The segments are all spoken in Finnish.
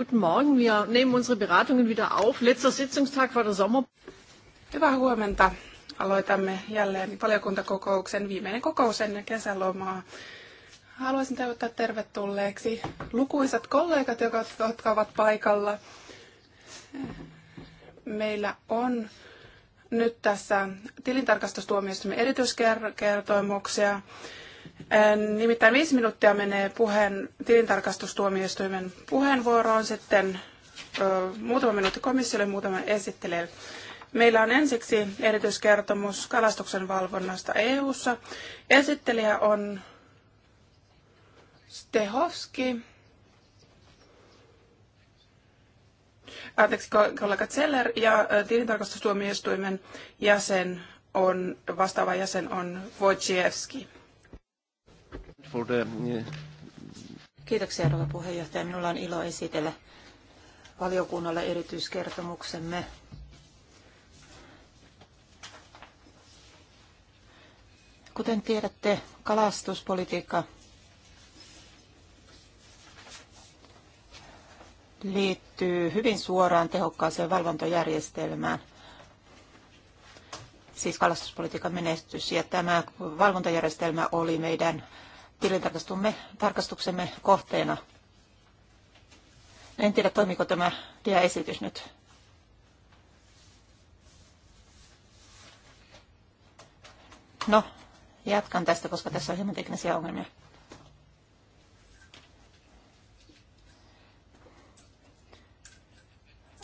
Guten Morgen. Wir nehmen unsere Beratungen wieder auf. Letzter Sitzungstag vor der Sommer. Hyvää huomenta. Aloitamme jälleen valiokuntakokouksen viimeinen kokous ennen kesälomaa. Haluaisin toivottaa tervetulleeksi lukuisat kollegat, jotka ovat paikalla. Meillä on nyt tässä tilintarkastustuomioistamme erityiskertoimuksia. Nimittäin viisi minuuttia menee puheen, tilintarkastustuomioistuimen puheenvuoroon, sitten muutama minuutti komissiolle, muutama esittelijälle. Meillä on ensiksi erityiskertomus kalastuksen valvonnasta EU-ssa. Esittelijä on Stehovski. Anteeksi, kollega Zeller ja tilintarkastustuomioistuimen jäsen on, vastaava jäsen on Wojciewski for Kiitoksia, rouva puheenjohtaja. Minulla on ilo esitellä valiokunnalle erityiskertomuksemme Kuten tiedätte, kalastuspolitiikka liittyy hyvin suoraan tehokkaaseen valvontajärjestelmään, siis kalastuspolitiikan menestys. Ja tämä valvontajärjestelmä oli meidän tilintarkastuksemme tarkastuksemme kohteena. En tiedä, toimiko tämä diaesitys nyt. No, jatkan tästä, koska tässä on hieman teknisiä ongelmia.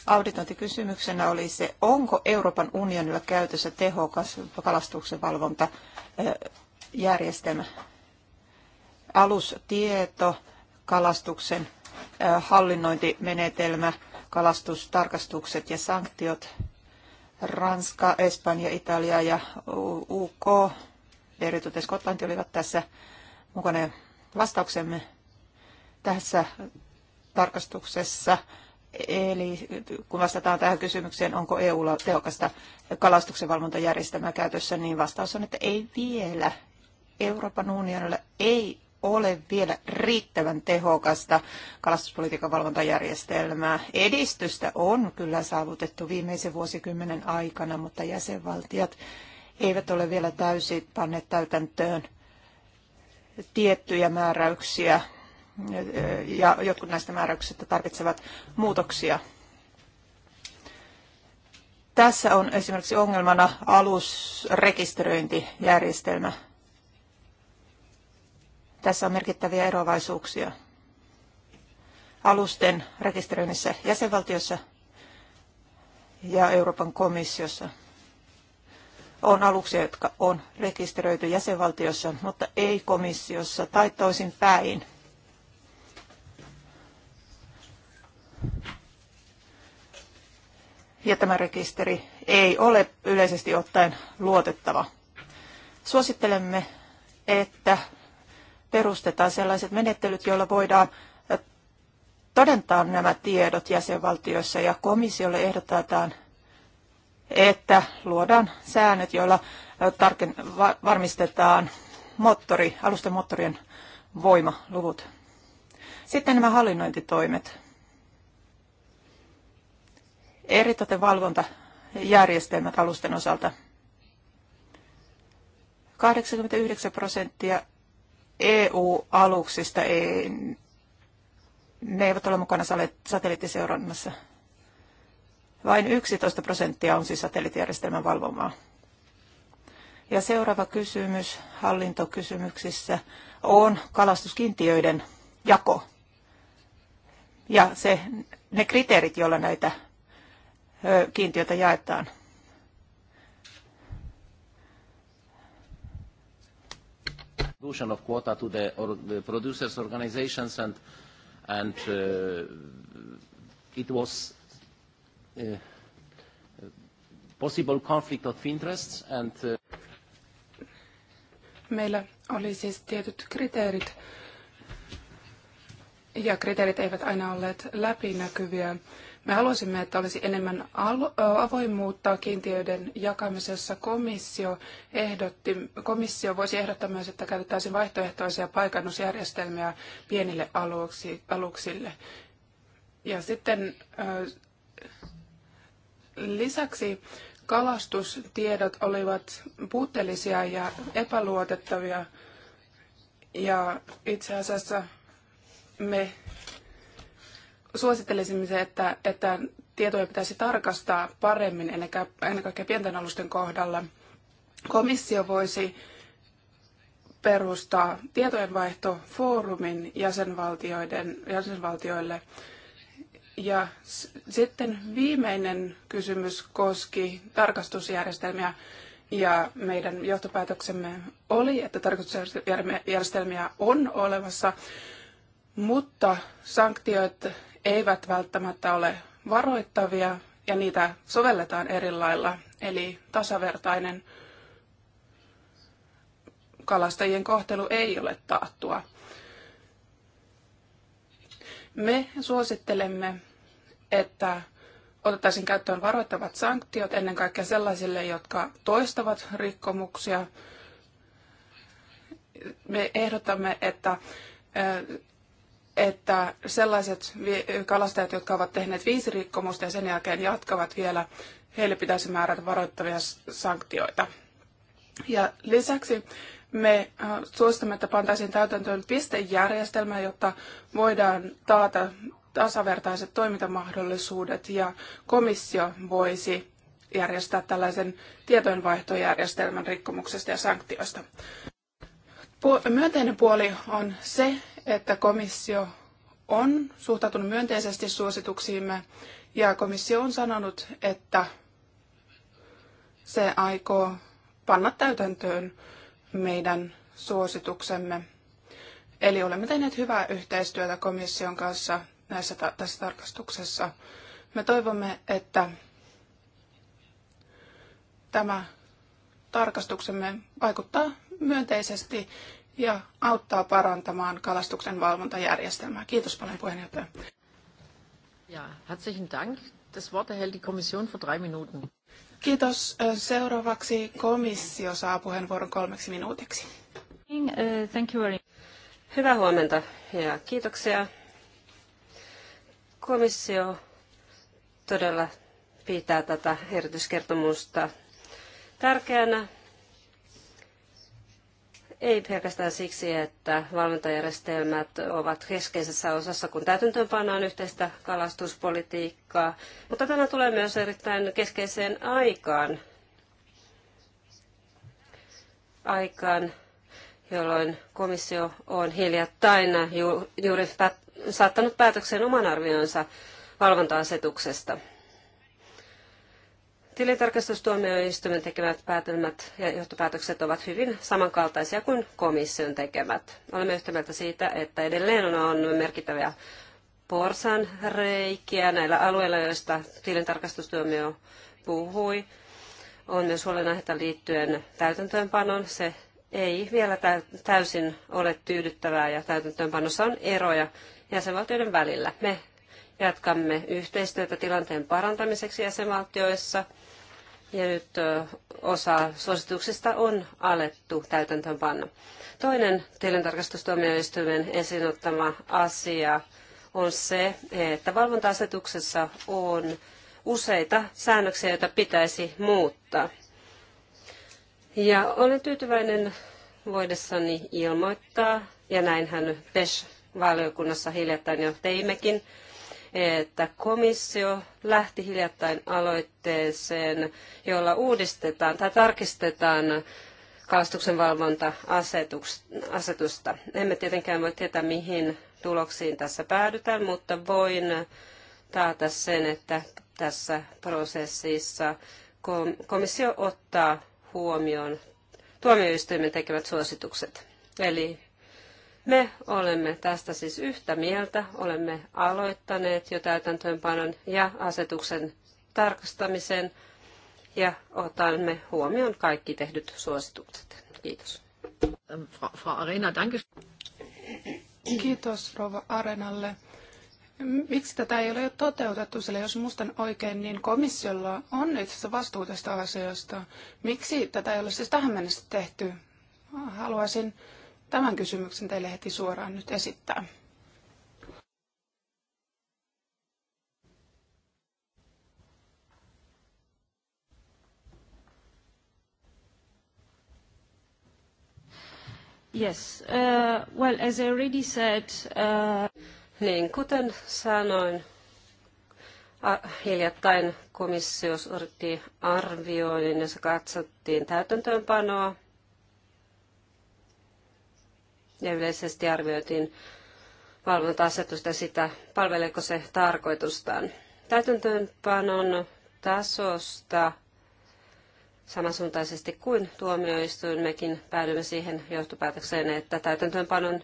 Auditointikysymyksenä oli se, onko Euroopan unionilla käytössä tehokas kalastuksen valvontajärjestelmä alustieto, kalastuksen hallinnointimenetelmä, kalastustarkastukset ja sanktiot. Ranska, Espanja, Italia ja UK, erityisesti Skotlanti olivat tässä mukana vastauksemme tässä tarkastuksessa. Eli kun vastataan tähän kysymykseen, onko EU: tehokasta kalastuksen valvontajärjestelmää käytössä, niin vastaus on, että ei vielä. Euroopan unionilla ei ole vielä riittävän tehokasta kalastuspolitiikan valvontajärjestelmää. Edistystä on kyllä saavutettu viimeisen vuosikymmenen aikana, mutta jäsenvaltiot eivät ole vielä täysin panneet täytäntöön tiettyjä määräyksiä ja jotkut näistä määräyksistä tarvitsevat muutoksia. Tässä on esimerkiksi ongelmana alusrekisteröintijärjestelmä. Tässä on merkittäviä eroavaisuuksia alusten rekisteröinnissä jäsenvaltiossa ja Euroopan komissiossa. On aluksia, jotka on rekisteröity jäsenvaltiossa, mutta ei komissiossa tai toisin päin. Ja tämä rekisteri ei ole yleisesti ottaen luotettava. Suosittelemme, että perustetaan sellaiset menettelyt, joilla voidaan todentaa nämä tiedot jäsenvaltioissa ja komissiolle ehdotetaan, että luodaan säännöt, joilla tarken, varmistetaan moottori, alusten moottorien voimaluvut. Sitten nämä hallinnointitoimet. Eritoten valvontajärjestelmät alusten osalta. 89 prosenttia EU-aluksista ei, ne eivät ole mukana satelliittiseurannassa. Vain 11 prosenttia on siis satelliittijärjestelmän valvomaa. Ja seuraava kysymys hallintokysymyksissä on kalastuskiintiöiden jako. Ja se, ne kriteerit, joilla näitä kiintiöitä jaetaan. distribution of quota to the, or the producers' organizations, and, and uh, it was uh, possible conflict of interests. And, uh... Meillä oli siis tietyt kriteerit, ja kriteerit eivät aina olleet läpinäkyviä. Me haluaisimme, että olisi enemmän avoimuutta kiintiöiden jakamisessa. Komissio, ehdotti, komissio voisi ehdottaa myös, että käytettäisiin vaihtoehtoisia paikannusjärjestelmiä pienille aluksi, aluksille. Ja sitten lisäksi kalastustiedot olivat puutteellisia ja epäluotettavia. Ja itse asiassa me suosittelisimme, että, että tietoja pitäisi tarkastaa paremmin, ennen kaikkea pienten alusten kohdalla. Komissio voisi perustaa tietojenvaihtofoorumin jäsenvaltioiden, jäsenvaltioille. Ja sitten viimeinen kysymys koski tarkastusjärjestelmiä. Ja meidän johtopäätöksemme oli, että tarkastusjärjestelmiä on olemassa, mutta sanktiot eivät välttämättä ole varoittavia ja niitä sovelletaan eri lailla, eli tasavertainen kalastajien kohtelu ei ole taattua. Me suosittelemme, että otettaisiin käyttöön varoittavat sanktiot ennen kaikkea sellaisille, jotka toistavat rikkomuksia. Me ehdotamme, että että sellaiset kalastajat, jotka ovat tehneet viisi rikkomusta ja sen jälkeen jatkavat vielä, heille pitäisi määrätä varoittavia sanktioita. Ja lisäksi me äh, suostamme, että pantaisiin täytäntöön pistejärjestelmä, jotta voidaan taata tasavertaiset toimintamahdollisuudet ja komissio voisi järjestää tällaisen tietojenvaihtojärjestelmän rikkomuksesta ja sanktioista. Myönteinen puoli on se, että komissio on suhtautunut myönteisesti suosituksiimme ja komissio on sanonut, että se aikoo panna täytäntöön meidän suosituksemme. Eli olemme tehneet hyvää yhteistyötä komission kanssa näissä, tässä tarkastuksessa. Me toivomme, että tämä tarkastuksemme vaikuttaa myönteisesti ja auttaa parantamaan kalastuksen valvontajärjestelmää. Kiitos paljon puheenjohtaja. Ja, herzlichen Dank. Das Wort erhält die Kommission für drei Minuten. Kiitos. Seuraavaksi komissio saa puheenvuoron kolmeksi minuutiksi. Thank you very Hyvää huomenta ja kiitoksia. Komissio todella pitää tätä erityiskertomusta tärkeänä ei pelkästään siksi, että valvontajärjestelmät ovat keskeisessä osassa, kun täytäntöönpannaan yhteistä kalastuspolitiikkaa, mutta tämä tulee myös erittäin keskeiseen aikaan, aikaan jolloin komissio on hiljattain juuri saattanut päätöksen oman arvionsa valvonta-asetuksesta. Tilintarkastustuomioistuimen tekemät päätelmät ja johtopäätökset ovat hyvin samankaltaisia kuin komission tekemät. Olemme yhtä mieltä siitä, että edelleen on merkittäviä porsan reikiä näillä alueilla, joista tilintarkastustuomio puhui. On myös huolenaiheita liittyen täytäntöönpanoon. Se ei vielä täysin ole tyydyttävää ja täytäntöönpanossa on eroja jäsenvaltioiden välillä. Me Jatkamme yhteistyötä tilanteen parantamiseksi jäsenvaltioissa. Ja nyt osa suosituksista on alettu täytäntöönpanna. Toinen tilintarkastustuomioistuimen esiin ottama asia on se, että valvonta-asetuksessa on useita säännöksiä, joita pitäisi muuttaa. Ja olen tyytyväinen voidessani ilmoittaa, ja näinhän PES-valiokunnassa hiljattain jo teimmekin, että komissio lähti hiljattain aloitteeseen, jolla uudistetaan tai tarkistetaan kalastuksen valvonta-asetusta. Emme tietenkään voi tietää, mihin tuloksiin tässä päädytään, mutta voin taata sen, että tässä prosessissa komissio ottaa huomioon tuomioistuimen tekemät suositukset. Eli me olemme tästä siis yhtä mieltä. Olemme aloittaneet jo täytäntöönpanon ja asetuksen tarkastamisen ja otamme huomioon kaikki tehdyt suositukset. Kiitos. Frau Arena, danke. Kiitos Rova Arenalle. Miksi tätä ei ole jo toteutettu, sillä jos muistan oikein, niin komissiolla on itse asiassa vastuu tästä asiasta. Miksi tätä ei ole siis tähän mennessä tehty? Haluaisin tämän kysymyksen teille heti suoraan nyt esittää. Yes. Uh, well, as I already said, uh... Niin, kuten sanoin, hiljattain komissio suoritti arvioinnin, se katsottiin täytäntöönpanoa ja yleisesti arvioitiin valvonta-asetusta ja sitä, palveleeko se tarkoitustaan. Täytäntöönpanon tasosta samansuuntaisesti kuin tuomioistuimmekin päädymme siihen johtopäätökseen, että täytäntöönpanon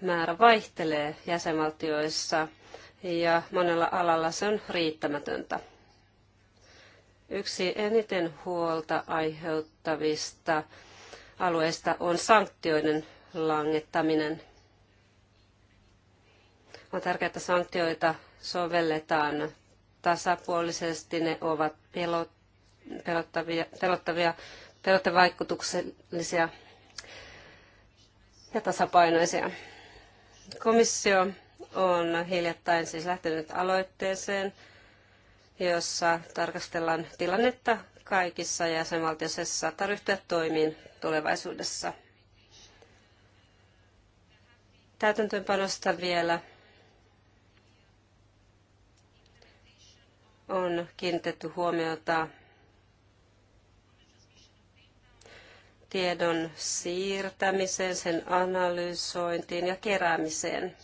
määrä vaihtelee jäsenvaltioissa ja monella alalla se on riittämätöntä. Yksi eniten huolta aiheuttavista alueista on sanktioiden langettaminen. On tärkeää, että sanktioita sovelletaan tasapuolisesti. Ne ovat pelottavia, pelottavia vaikutuksellisia ja tasapainoisia. Komissio on hiljattain siis lähtenyt aloitteeseen, jossa tarkastellaan tilannetta kaikissa jäsenvaltioissa, saattaa ryhtyä toimiin tulevaisuudessa. Täytäntöönpanosta vielä on kiinnitetty huomiota tiedon siirtämiseen, sen analysointiin ja keräämiseen.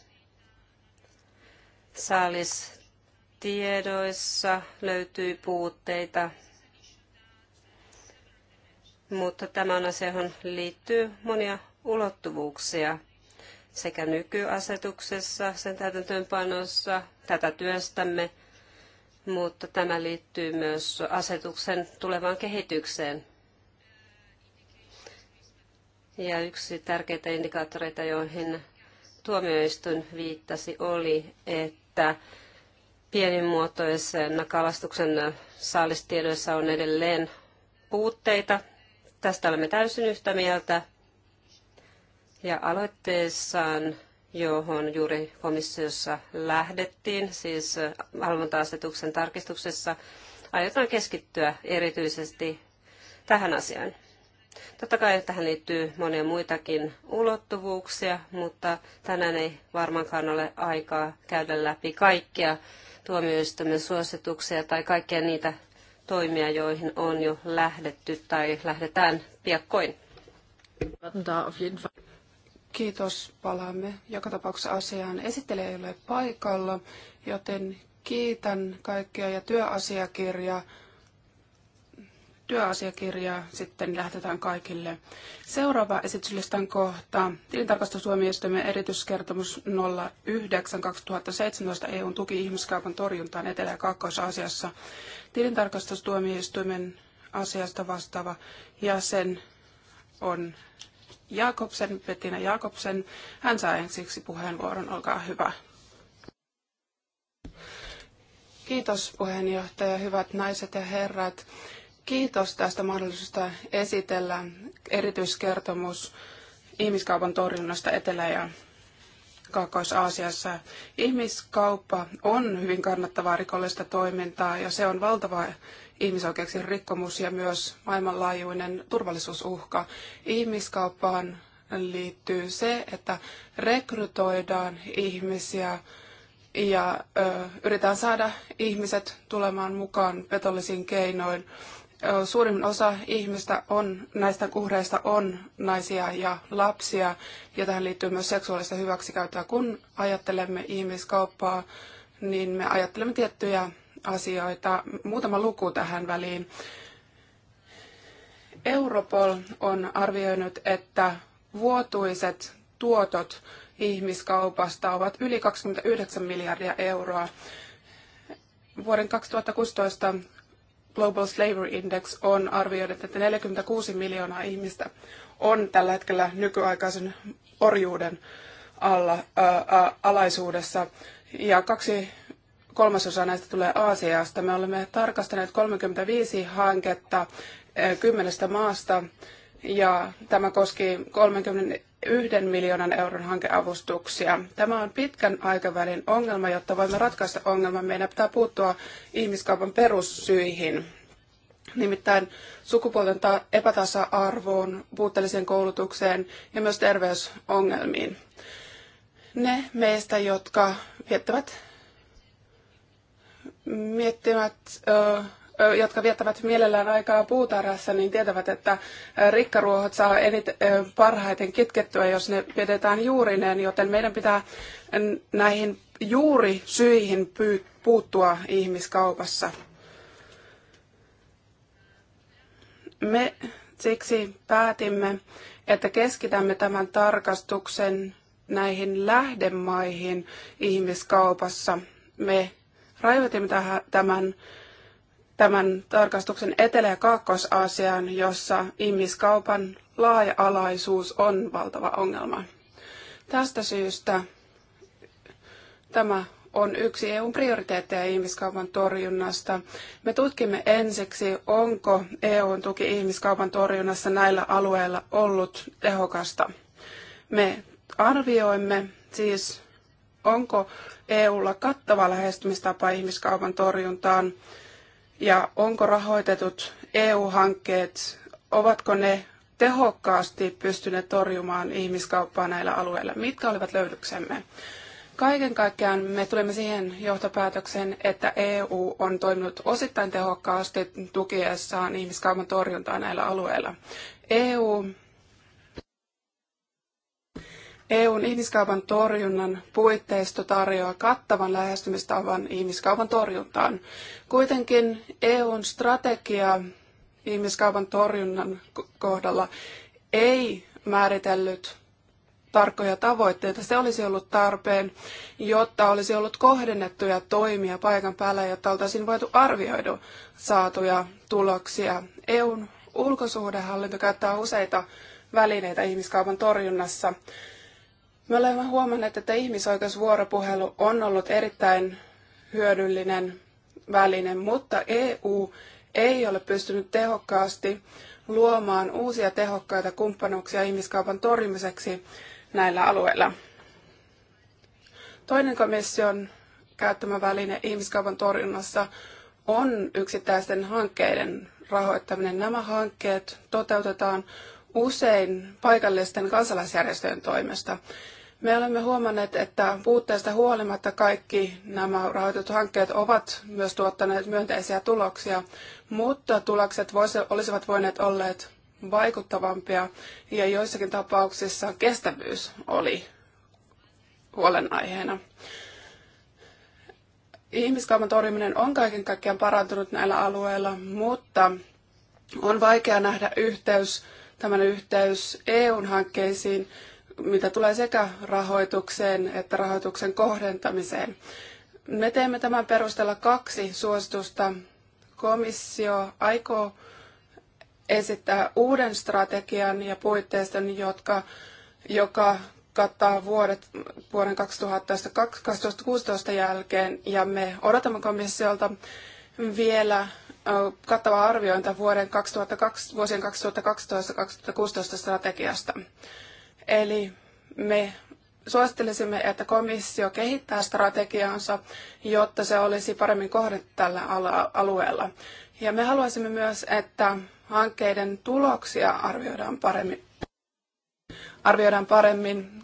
Saalistiedoissa löytyy puutteita, mutta tämä on asia, johon liittyy monia ulottuvuuksia sekä nykyasetuksessa, sen täytäntöönpanossa, tätä työstämme, mutta tämä liittyy myös asetuksen tulevaan kehitykseen. Ja yksi tärkeitä indikaattoreita, joihin tuomioistuin viittasi, oli, että pienimuotoisen kalastuksen saalistiedoissa on edelleen puutteita. Tästä olemme täysin yhtä mieltä. Ja aloitteessaan, johon juuri komissiossa lähdettiin, siis valvonta-asetuksen tarkistuksessa, aiotaan keskittyä erityisesti tähän asiaan. Totta kai tähän liittyy monia muitakin ulottuvuuksia, mutta tänään ei varmaankaan ole aikaa käydä läpi kaikkia tuomioistuimen suosituksia tai kaikkia niitä toimia, joihin on jo lähdetty tai lähdetään piakkoin. Kiitos, palaamme joka tapauksessa asiaan. Esittelijä ei ole paikalla, joten kiitän kaikkia ja työasiakirjaa työasiakirjaa sitten lähetetään kaikille. Seuraava esityslistan kohta. Tilintarkastustuomioistuimen erityiskertomus 09-2017 EUn tuki ihmiskaupan torjuntaan Etelä- ja Kaakkois-Asiassa. Tilintarkastustuomioistuimen asiasta vastaava jäsen on Jakobsen, Bettina Jakobsen. Hän saa ensiksi puheenvuoron. Olkaa hyvä. Kiitos puheenjohtaja, hyvät naiset ja herrat. Kiitos tästä mahdollisuudesta esitellä erityiskertomus ihmiskaupan torjunnasta Etelä- ja Kaakkois-Aasiassa. Ihmiskauppa on hyvin kannattavaa rikollista toimintaa ja se on valtava ihmisoikeuksien rikkomus ja myös maailmanlaajuinen turvallisuusuhka. Ihmiskauppaan liittyy se, että rekrytoidaan ihmisiä ja ö, yritetään saada ihmiset tulemaan mukaan petollisiin keinoin. suurin osa ihmistä on, näistä uhreista on naisia ja lapsia, ja tähän liittyy myös seksuaalista hyväksikäyttöä. Kun ajattelemme ihmiskauppaa, niin me ajattelemme tiettyjä asioita. Muutama luku tähän väliin. Europol on arvioinut, että vuotuiset tuotot ihmiskaupasta ovat yli 29 miljardia euroa. Vuoden 2016 Global Slavery Index on arvioinut, että 46 miljoonaa ihmistä on tällä hetkellä nykyaikaisen orjuuden alla, ää, ää, alaisuudessa. Ja kaksi kolmasosa näistä tulee Aasiasta. Me olemme tarkastaneet 35 hanketta eh, kymmenestä maasta ja tämä koski 31 miljoonan euron hankeavustuksia. Tämä on pitkän aikavälin ongelma, jotta voimme ratkaista ongelman. Meidän pitää puuttua ihmiskaupan perussyihin. Nimittäin sukupuolten epätasa-arvoon, puutteelliseen koulutukseen ja myös terveysongelmiin. Ne meistä, jotka viettävät miettivät, jotka viettävät mielellään aikaa puutarhassa, niin tietävät, että rikkaruohot saa eniten, parhaiten kitkettyä, jos ne pidetään juurineen, joten meidän pitää näihin juuri syihin puuttua ihmiskaupassa. Me siksi päätimme, että keskitämme tämän tarkastuksen näihin lähdemaihin ihmiskaupassa. Me rajoitimme tämän, tämän tarkastuksen Etelä- ja Kaakkois-Aasiaan, jossa ihmiskaupan laaja-alaisuus on valtava ongelma. Tästä syystä tämä on yksi EUn prioriteetteja ihmiskaupan torjunnasta. Me tutkimme ensiksi, onko EUn tuki ihmiskaupan torjunnassa näillä alueilla ollut tehokasta. Me arvioimme siis onko EUlla kattava lähestymistapa ihmiskaupan torjuntaan ja onko rahoitetut EU-hankkeet, ovatko ne tehokkaasti pystyneet torjumaan ihmiskauppaa näillä alueilla? Mitkä olivat löydöksemme? Kaiken kaikkiaan me tulimme siihen johtopäätökseen, että EU on toiminut osittain tehokkaasti tukiessaan ihmiskaupan torjuntaa näillä alueilla. EU EUn ihmiskaupan torjunnan puitteisto tarjoaa kattavan lähestymistavan ihmiskaupan torjuntaan. Kuitenkin EUn strategia ihmiskaupan torjunnan kohdalla ei määritellyt tarkkoja tavoitteita. Se olisi ollut tarpeen, jotta olisi ollut kohdennettuja toimia paikan päällä, jotta oltaisiin voitu arvioida saatuja tuloksia. EUn ulkosuhdehallinto käyttää useita välineitä ihmiskaupan torjunnassa. Me olemme huomanneet, että ihmisoikeusvuoropuhelu on ollut erittäin hyödyllinen väline, mutta EU ei ole pystynyt tehokkaasti luomaan uusia tehokkaita kumppanuuksia ihmiskaupan torjumiseksi näillä alueilla. Toinen komission käyttämä väline ihmiskaupan torjunnassa on yksittäisten hankkeiden rahoittaminen. Nämä hankkeet toteutetaan usein paikallisten kansalaisjärjestöjen toimesta. Me olemme huomanneet, että puutteesta huolimatta kaikki nämä rahoitetut hankkeet ovat myös tuottaneet myönteisiä tuloksia, mutta tulokset olisivat voineet olleet vaikuttavampia ja joissakin tapauksissa kestävyys oli huolenaiheena. Ihmiskaupan torjuminen on kaiken kaikkiaan parantunut näillä alueilla, mutta on vaikea nähdä yhteys, tämän yhteys eu hankkeisiin, mitä tulee sekä rahoitukseen että rahoituksen kohdentamiseen. Me teemme tämän perusteella kaksi suositusta. Komissio aikoo esittää uuden strategian ja puitteiston, jotka, joka kattaa vuodet vuoden 2016 jälkeen, ja me odotamme komissiolta vielä kattavaa arviointa vuoden 2002, vuosien 2012-2016 strategiasta. Eli me suosittelisimme, että komissio kehittää strategiaansa, jotta se olisi paremmin kohdettu tällä alueella. Ja me haluaisimme myös, että hankkeiden tuloksia arvioidaan paremmin. Arvioidaan paremmin.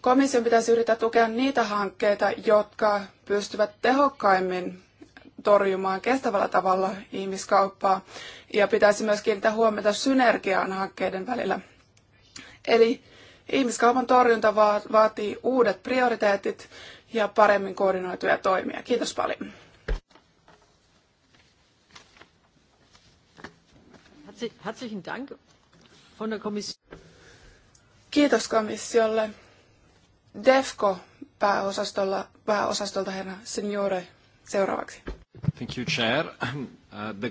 Komission pitäisi yrittää tukea niitä hankkeita, jotka pystyvät tehokkaimmin torjumaan kestävällä tavalla ihmiskauppaa. Ja pitäisi myös kiinnittää huomiota synergiaan hankkeiden välillä. Eli ihmiskaupan torjunta vaatii uudet prioriteetit ja paremmin koordinoituja toimia. Kiitos paljon. Herzlichen Dank von der Kommission. Kiitos komissiolle. DEFCO pääosastolla, pääosastolta herra seniore seuraavaksi. Thank you, Chair.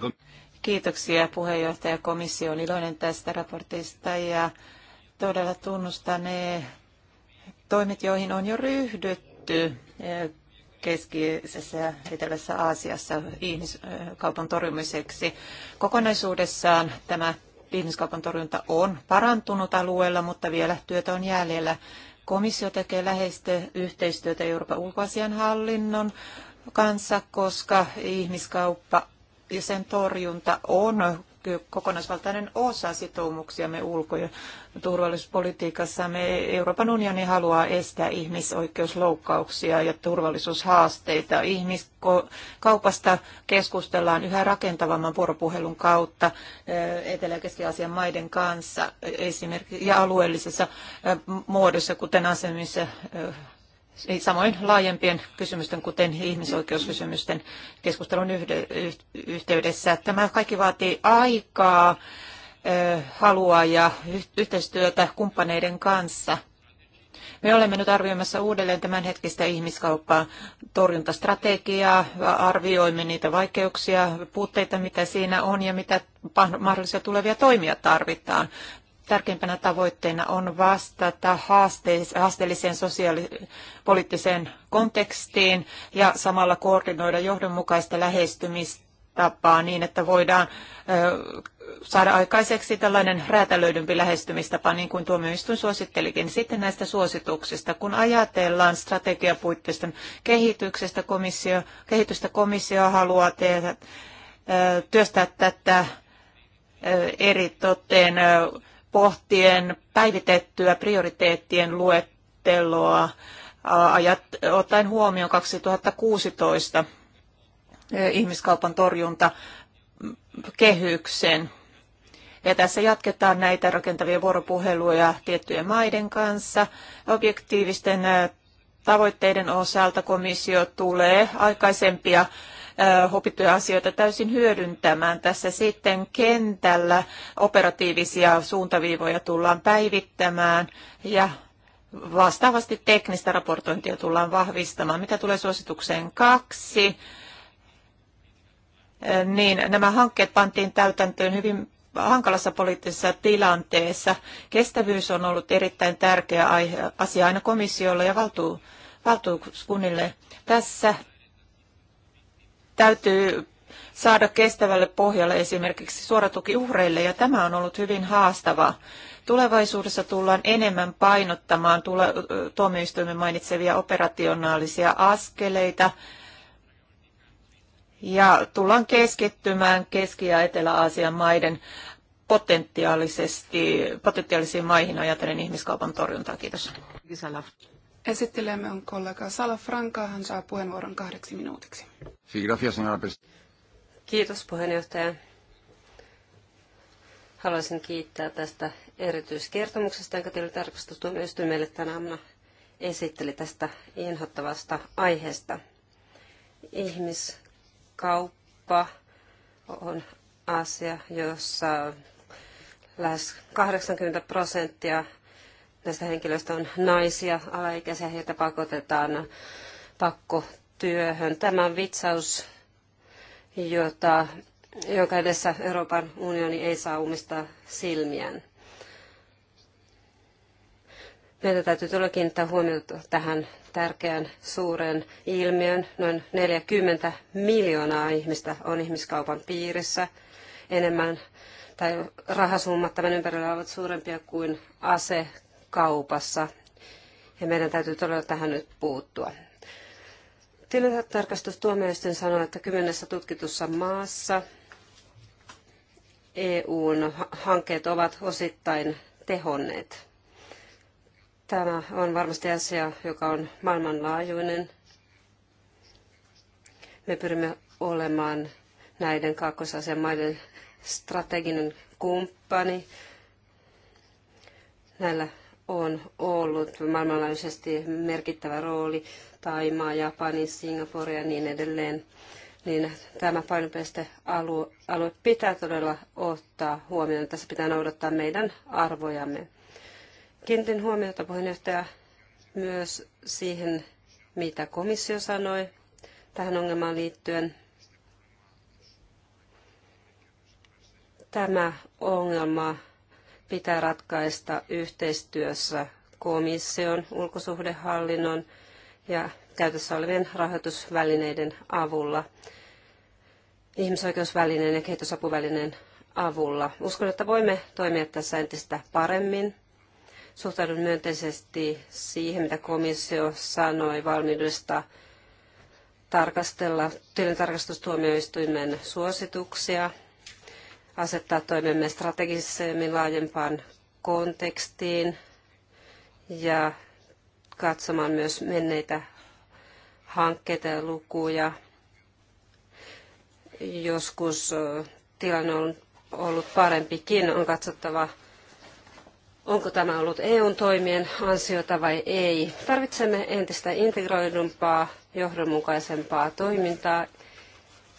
Uh, Kiitoksia puheenjohtaja. Komissio on iloinen tästä raportista ja todella tunnustaa ne toimet, joihin on jo ryhdytty eh, keskisessä ja etelässä Aasiassa ihmiskaupan torjumiseksi. Kokonaisuudessaan tämä ihmiskaupan torjunta on parantunut alueella, mutta vielä työtä on jäljellä. Komissio tekee läheistä yhteistyötä Euroopan ulkoasianhallinnon kanssa, koska ihmiskauppa ja sen torjunta on kokonaisvaltainen osa sitoumuksiamme ulko- ja me Euroopan unioni haluaa estää ihmisoikeusloukkauksia ja turvallisuushaasteita. Ihmiskaupasta keskustellaan yhä rakentavamman vuoropuhelun kautta eh, Etelä- ja Keski-Aasian maiden kanssa esimerkiksi ja alueellisessa eh, muodossa, kuten asemissa eh, samoin laajempien kysymysten, kuten ihmisoikeuskysymysten keskustelun yhteydessä. Tämä kaikki vaatii aikaa, halua ja yhteistyötä kumppaneiden kanssa. Me olemme nyt arvioimassa uudelleen tämänhetkistä ihmiskauppaa torjuntastrategiaa, arvioimme niitä vaikeuksia, puutteita, mitä siinä on ja mitä mahdollisia tulevia toimia tarvitaan tärkeimpänä tavoitteena on vastata haasteelliseen sosiaalipoliittiseen kontekstiin ja samalla koordinoida johdonmukaista lähestymistapaa niin, että voidaan saada aikaiseksi tällainen räätälöidympi lähestymistapa, niin kuin tuomioistuin suosittelikin. Sitten näistä suosituksista, kun ajatellaan strategiapuitteisten kehityksestä, komissio, kehitystä komissio haluaa tehdä, työstää tätä eri toteen pohtien päivitettyä prioriteettien luetteloa ajat, ottaen huomioon 2016 ihmiskaupan torjunta mm, kehyksen. Ja tässä jatketaan näitä rakentavia vuoropuheluja tiettyjen maiden kanssa. Objektiivisten tavoitteiden osalta komissio tulee aikaisempia opittuja asioita täysin hyödyntämään. Tässä sitten kentällä operatiivisia suuntaviivoja tullaan päivittämään ja vastaavasti teknistä raportointia tullaan vahvistamaan. Mitä tulee suositukseen kaksi, niin nämä hankkeet pantiin täytäntöön hyvin hankalassa poliittisessa tilanteessa. Kestävyys on ollut erittäin tärkeä aihe, asia aina komissiolle ja valtuuskunnille. Tässä täytyy saada kestävälle pohjalle esimerkiksi suoratuki uhreille, ja tämä on ollut hyvin haastavaa. Tulevaisuudessa tullaan enemmän painottamaan tule- tuomioistuimen mainitsevia operationaalisia askeleita, ja tullaan keskittymään Keski- ja Etelä-Aasian maiden potentiaalisesti, potentiaalisiin maihin ajatellen ihmiskaupan torjuntaa. Kiitos. Esittelemme on kollega Sala Franka. Hän saa puheenvuoron kahdeksi minuutiksi. Kiitos puheenjohtaja. Haluaisin kiittää tästä erityiskertomuksesta, jonka teille tarkastustuomioistuimelle tänä aamuna esitteli tästä inhottavasta aiheesta. Ihmiskauppa on asia, jossa lähes 80 prosenttia näistä henkilöistä on naisia, alaikäisiä, heitä pakotetaan pakkotyöhön. Tämä on vitsaus, jota, jonka edessä Euroopan unioni ei saa umista silmiään. Meidän täytyy todella kiinnittää huomiota tähän tärkeään suuren ilmiön. Noin 40 miljoonaa ihmistä on ihmiskaupan piirissä. Enemmän tai rahasummat tämän ympärillä ovat suurempia kuin ase kaupassa. Ja meidän täytyy todella tähän nyt puuttua. Tilintarkastustuomioistuin sanoi, että kymmenessä tutkitussa maassa EUn hankkeet ovat osittain tehonneet. Tämä on varmasti asia, joka on maailmanlaajuinen. Me pyrimme olemaan näiden kaakkoisasian maiden strateginen kumppani. Näillä on ollut maailmanlaajuisesti merkittävä rooli, Taimaa, Japani, Singapore ja niin edelleen, niin tämä painopistealue alue pitää todella ottaa huomioon. Tässä pitää noudattaa meidän arvojamme. Kiinnitin huomiota puheenjohtaja myös siihen, mitä komissio sanoi tähän ongelmaan liittyen. Tämä ongelma pitää ratkaista yhteistyössä komission, ulkosuhdehallinnon ja käytössä olevien rahoitusvälineiden avulla, ihmisoikeusvälineen ja kehitysapuvälineen avulla. Uskon, että voimme toimia tässä entistä paremmin. Suhtaudun myönteisesti siihen, mitä komissio sanoi valmiudesta tarkastella tilintarkastustuomioistuimen suosituksia asettaa toimemme strategisemmin laajempaan kontekstiin ja katsomaan myös menneitä hankkeita ja lukuja. Joskus tilanne on ollut parempikin. On katsottava, onko tämä ollut EUn toimien ansiota vai ei. Tarvitsemme entistä integroidumpaa, johdonmukaisempaa toimintaa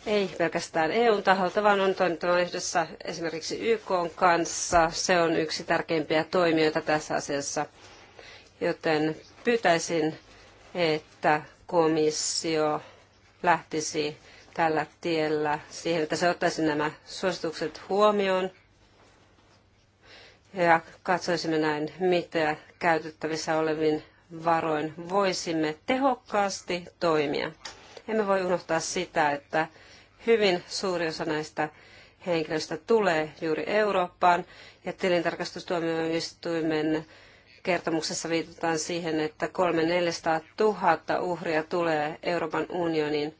ei pelkästään EUn taholta, vaan on toimittava yhdessä esimerkiksi YK kanssa. Se on yksi tärkeimpiä toimijoita tässä asiassa, joten pyytäisin, että komissio lähtisi tällä tiellä siihen, että se ottaisi nämä suositukset huomioon ja katsoisimme näin, mitä käytettävissä olevin varoin voisimme tehokkaasti toimia. Emme voi unohtaa sitä, että hyvin suuri osa näistä henkilöistä tulee juuri Eurooppaan. Ja tilintarkastustuomioistuimen kertomuksessa viitataan siihen, että 3 400 000 uhria tulee Euroopan unionin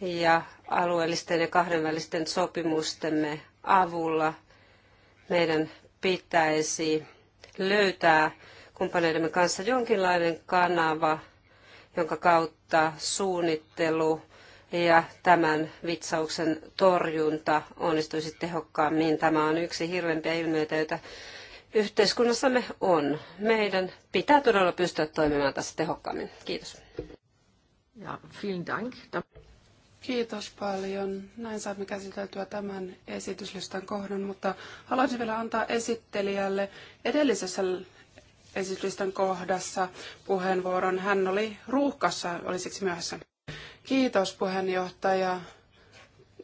ja alueellisten ja kahdenvälisten sopimustemme avulla meidän pitäisi löytää kumppaneidemme kanssa jonkinlainen kanava, jonka kautta mutta suunnittelu ja tämän vitsauksen torjunta onnistuisi tehokkaammin. Tämä on yksi hirveämpiä ilmiöitä, joita yhteiskunnassamme on. Meidän pitää todella pystyä toimimaan tässä tehokkaammin. Kiitos. Ja, vielen dank. Kiitos paljon. Näin saamme käsiteltyä tämän esityslistan kohdan, mutta haluaisin vielä antaa esittelijälle edellisessä esityslistan kohdassa puheenvuoron. Hän oli ruuhkassa, oli siksi myöhässä. Kiitos puheenjohtaja.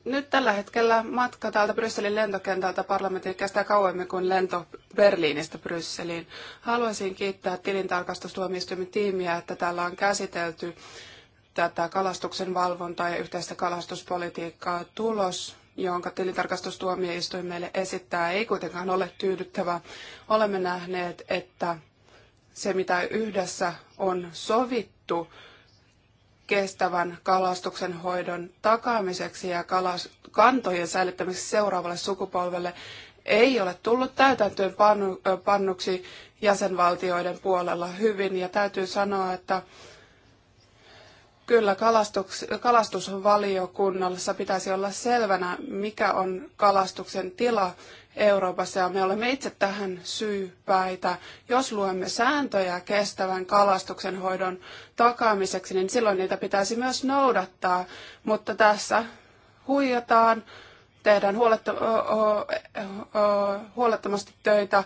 Nyt tällä hetkellä matka täältä Brysselin lentokentältä parlamentin kestää kauemmin kuin lento Berliinistä Brysseliin. Haluaisin kiittää tilintarkastustuomioistuimen tiimiä, että täällä on käsitelty tätä kalastuksen valvontaa ja yhteistä kalastuspolitiikkaa. Tulos, jonka tilintarkastustuomioistuin meille esittää, ei kuitenkaan ole tyydyttävä. Olemme nähneet, että se, mitä yhdessä on sovittu kestävän kalastuksen hoidon takaamiseksi ja kalas, kantojen säilyttämiseksi seuraavalle sukupolvelle, ei ole tullut täytäntöön pannuksi jäsenvaltioiden puolella hyvin. Ja täytyy sanoa, että kyllä kalastuks, kalastusvaliokunnassa pitäisi olla selvänä, mikä on kalastuksen tila Euroopassa ja me olemme itse tähän syypäitä. Jos luemme sääntöjä kestävän kalastuksen hoidon takaamiseksi, niin silloin niitä pitäisi myös noudattaa, mutta tässä huijataan, tehdään huolettomasti töitä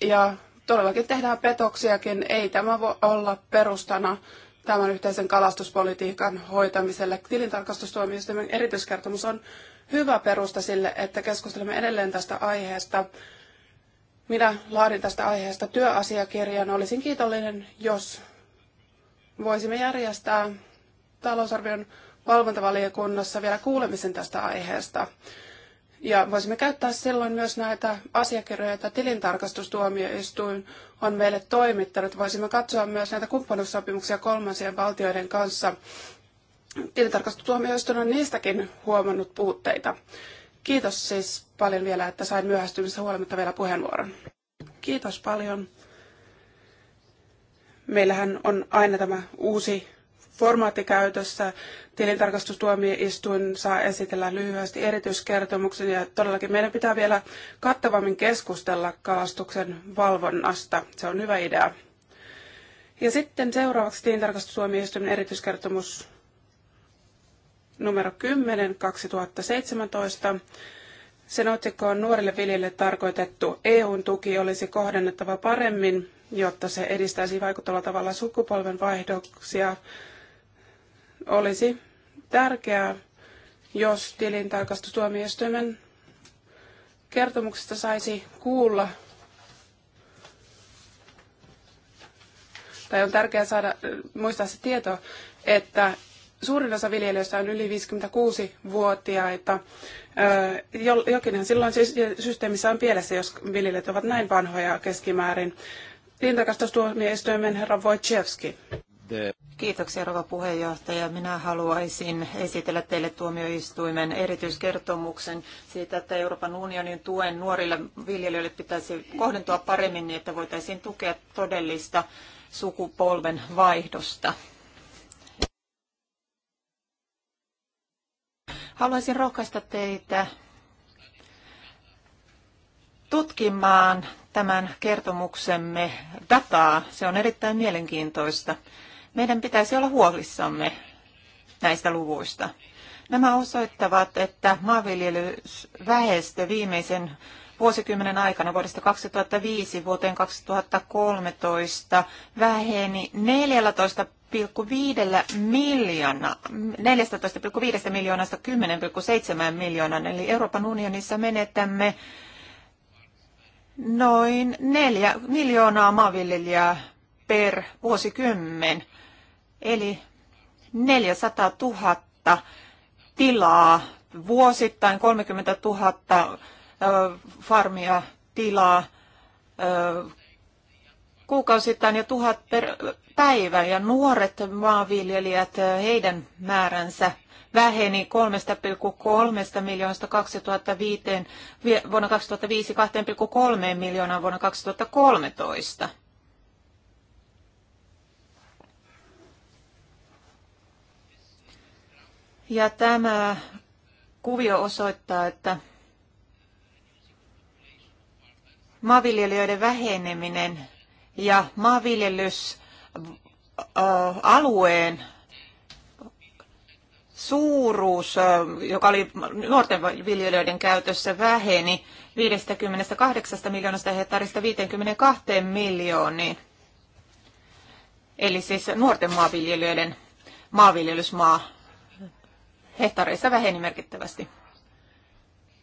ja todellakin tehdään petoksiakin. Ei tämä voi olla perustana tämän yhteisen kalastuspolitiikan hoitamiselle. Tilintarkastustuomioistuimen erityiskertomus on hyvä perusta sille, että keskustelemme edelleen tästä aiheesta. Minä laadin tästä aiheesta työasiakirjan. Olisin kiitollinen, jos voisimme järjestää talousarvion valvontavaliokunnassa vielä kuulemisen tästä aiheesta. Ja voisimme käyttää silloin myös näitä asiakirjoja, joita tilintarkastustuomioistuin on meille toimittanut. Voisimme katsoa myös näitä kumppanuussopimuksia kolmansien valtioiden kanssa tilintarkastustuomioistuin on niistäkin huomannut puutteita. Kiitos siis paljon vielä, että sain myöhästymisestä huolimatta vielä puheenvuoron. Kiitos paljon. Meillähän on aina tämä uusi formaatti käytössä. Tilintarkastustuomioistuin saa esitellä lyhyesti erityiskertomuksen ja todellakin meidän pitää vielä kattavammin keskustella kalastuksen valvonnasta. Se on hyvä idea. Ja sitten seuraavaksi tilintarkastustuomioistuimen erityiskertomus numero 10 2017. Sen otsikko on nuorille viljelijöille tarkoitettu EUn tuki olisi kohdennettava paremmin, jotta se edistäisi vaikuttavalla tavalla sukupolven vaihdoksia. Olisi tärkeää, jos tilintarkastustuomioistuimen kertomuksesta saisi kuulla tai on tärkeää saada, muistaa se tieto, että suurin osa viljelijöistä on yli 56-vuotiaita. Jokinhan silloin systeemissä on pielessä, jos viljelijät ovat näin vanhoja keskimäärin. Lintakastustuomioistuimen herra Wojciechowski. Kiitoksia rouva puheenjohtaja. Minä haluaisin esitellä teille tuomioistuimen erityiskertomuksen siitä, että Euroopan unionin tuen nuorille viljelijöille pitäisi kohdentua paremmin niin, että voitaisiin tukea todellista sukupolven vaihdosta. Haluaisin rohkaista teitä tutkimaan tämän kertomuksemme dataa. Se on erittäin mielenkiintoista. Meidän pitäisi olla huolissamme näistä luvuista. Nämä osoittavat, että maanviljelysväestö viimeisen vuosikymmenen aikana vuodesta 2005 vuoteen 2013 väheni 14 14,5 miljoona, 14,5 miljoonasta 10,7 miljoonaan, eli Euroopan unionissa menetämme noin 4 miljoonaa maanviljelijää per vuosikymmen, eli 400 000 tilaa vuosittain, 30 000 farmia, tilaa kuukausittain ja tuhat per päivä. Ja nuoret maanviljelijät, heidän määränsä väheni 3,3 miljoonasta 2005, vuonna 2005 2,3 miljoonaa vuonna 2013. Ja tämä kuvio osoittaa, että maanviljelijöiden väheneminen ja maanviljelysalueen suuruus, joka oli nuorten viljelijöiden käytössä, väheni 58 miljoonasta hehtaarista 52 miljooniin. Eli siis nuorten maanviljelijöiden maanviljelysmaa hehtaareissa väheni merkittävästi.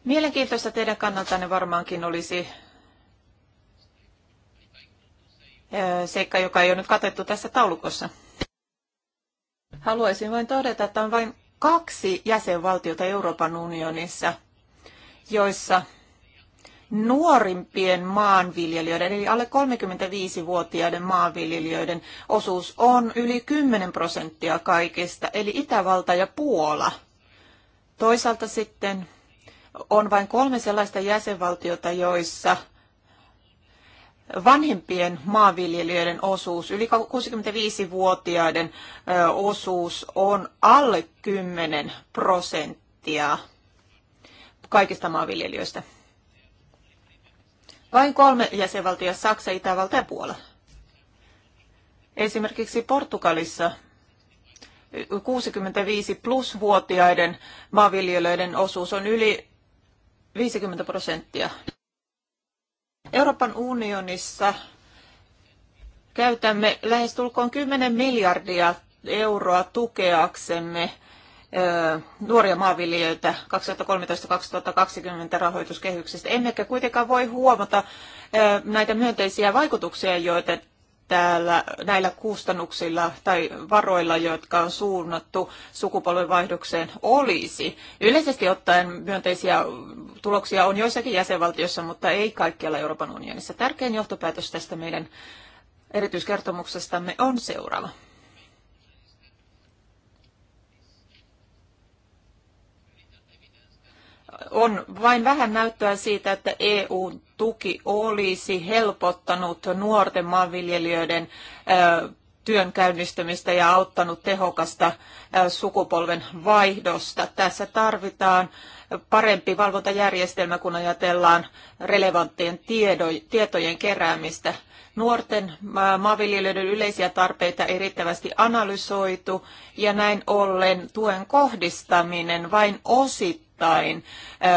Mielenkiintoista teidän kannaltanne varmaankin olisi seikka, joka ei ole nyt katettu tässä taulukossa. Haluaisin vain todeta, että on vain kaksi jäsenvaltiota Euroopan unionissa, joissa nuorimpien maanviljelijöiden, eli alle 35-vuotiaiden maanviljelijöiden osuus on yli 10 prosenttia kaikista, eli Itävalta ja Puola. Toisaalta sitten on vain kolme sellaista jäsenvaltiota, joissa vanhempien maanviljelijöiden osuus, yli 65-vuotiaiden osuus on alle 10 prosenttia kaikista maanviljelijöistä. Vain kolme jäsenvaltia, Saksa, Itävalta ja Puola. Esimerkiksi Portugalissa 65 plus vuotiaiden maanviljelijöiden osuus on yli 50 prosenttia. Euroopan unionissa käytämme lähestulkoon 10 miljardia euroa tukeaksemme nuoria maanviljelijöitä 2013-2020 rahoituskehyksestä. Emmekä kuitenkaan voi huomata näitä myönteisiä vaikutuksia, joita täällä näillä kustannuksilla tai varoilla, jotka on suunnattu sukupolvenvaihdokseen, olisi. Yleisesti ottaen myönteisiä tuloksia on joissakin jäsenvaltioissa, mutta ei kaikkialla Euroopan unionissa. Tärkein johtopäätös tästä meidän erityiskertomuksestamme on seuraava. on vain vähän näyttöä siitä, että eu tuki olisi helpottanut nuorten maanviljelijöiden työn käynnistämistä ja auttanut tehokasta sukupolven vaihdosta. Tässä tarvitaan parempi valvontajärjestelmä, kun ajatellaan relevanttien tietojen keräämistä. Nuorten maanviljelijöiden yleisiä tarpeita ei riittävästi analysoitu ja näin ollen tuen kohdistaminen vain osittain osittain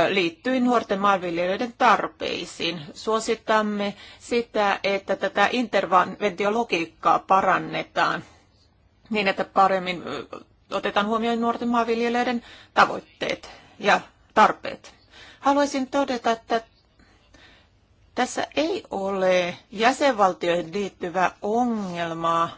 liittyy nuorten maanviljelijöiden tarpeisiin. Suositamme sitä, että tätä interventiologiikkaa parannetaan niin, että paremmin otetaan huomioon nuorten maanviljelijöiden tavoitteet ja tarpeet. Haluaisin todeta, että tässä ei ole jäsenvaltioihin liittyvää ongelmaa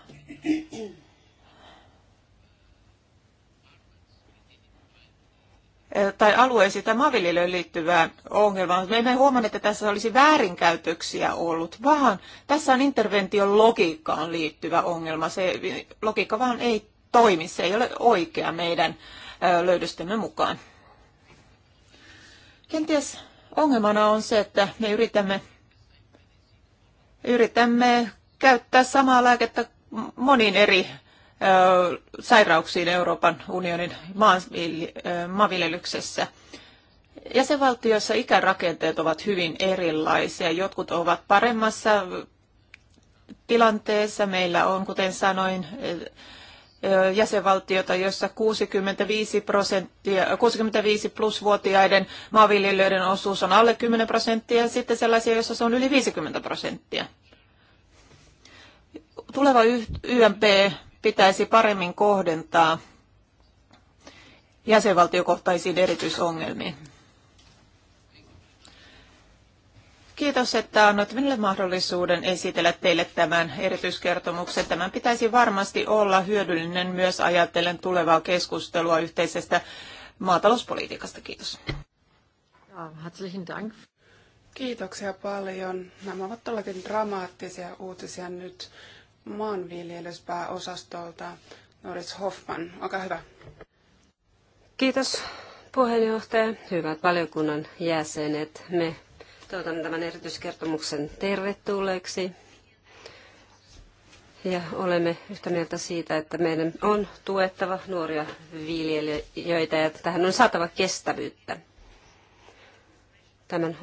tai alueisiin tai maanviljelijöihin liittyvää ongelmaa. Me emme huomanneet, että tässä olisi väärinkäytöksiä ollut, vaan tässä on intervention logiikkaan liittyvä ongelma. Se logiikka vaan ei toimi, se ei ole oikea meidän löydöstemme mukaan. Kenties ongelmana on se, että me yritämme, yritämme käyttää samaa lääkettä moniin eri sairauksiin Euroopan unionin maanviljelyksessä. Jäsenvaltioissa ikärakenteet ovat hyvin erilaisia. Jotkut ovat paremmassa tilanteessa. Meillä on, kuten sanoin, jäsenvaltiota, jossa 65, prosenttia, 65 plus vuotiaiden maanviljelijöiden osuus on alle 10 prosenttia ja sitten sellaisia, joissa se on yli 50 prosenttia. Tuleva YMP pitäisi paremmin kohdentaa jäsenvaltiokohtaisiin erityisongelmiin. Kiitos, että annoit minulle mahdollisuuden esitellä teille tämän erityiskertomuksen. Tämän pitäisi varmasti olla hyödyllinen myös ajatellen tulevaa keskustelua yhteisestä maatalouspolitiikasta. Kiitos. Herzlichen Dank. Kiitoksia paljon. Nämä ovat todellakin dramaattisia uutisia nyt maanviljelyspääosastolta Norris Hoffman. Olkaa hyvä. Kiitos puheenjohtaja, hyvät valiokunnan jäsenet. Me toivotamme tämän erityiskertomuksen tervetulleeksi. Ja olemme yhtä mieltä siitä, että meidän on tuettava nuoria viljelijöitä ja tähän on saatava kestävyyttä. Tämän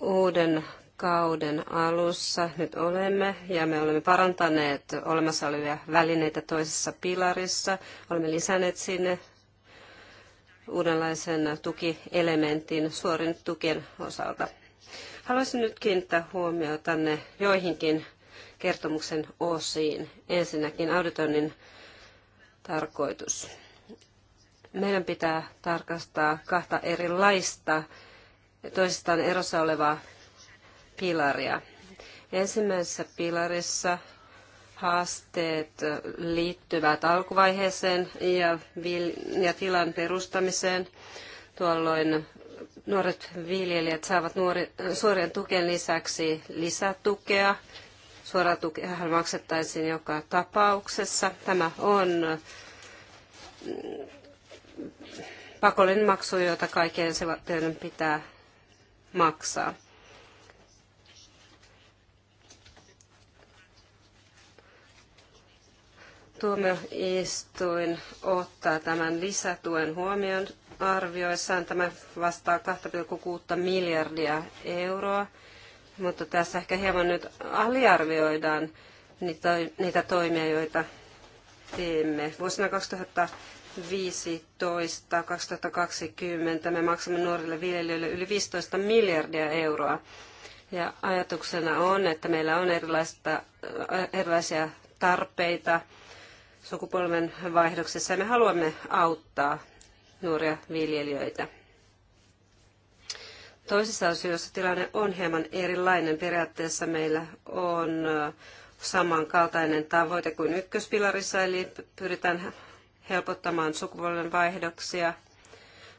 uuden kauden alussa nyt olemme ja me olemme parantaneet olemassa olevia välineitä toisessa pilarissa. Olemme lisänneet sinne uudenlaisen tukielementin suorin tukien osalta. Haluaisin nyt kiinnittää huomiota tänne joihinkin kertomuksen osiin. Ensinnäkin auditoinnin tarkoitus. Meidän pitää tarkastaa kahta erilaista toisistaan erossa olevaa pilaria. Ensimmäisessä pilarissa haasteet liittyvät alkuvaiheeseen ja, ja tilan perustamiseen. Tuolloin nuoret viljelijät saavat nuori, suorien tukien lisäksi lisätukea. Suora tukea maksettaisiin joka tapauksessa. Tämä on pakollinen maksu, jota kaikkien se pitää maksaa. Tuomioistuin ottaa tämän lisätuen huomioon arvioissaan. Tämä vastaa 2,6 miljardia euroa, mutta tässä ehkä hieman nyt aliarvioidaan niitä toimia, joita teemme. Vuosina 2015-2020 me maksamme nuorille viljelijöille yli 15 miljardia euroa. Ja ajatuksena on, että meillä on erilaisia tarpeita – sukupolven vaihdoksessa. Me haluamme auttaa nuoria viljelijöitä. Toisissa asioissa tilanne on hieman erilainen. Periaatteessa meillä on samankaltainen tavoite kuin ykköspilarissa, eli pyritään helpottamaan sukupolven vaihdoksia,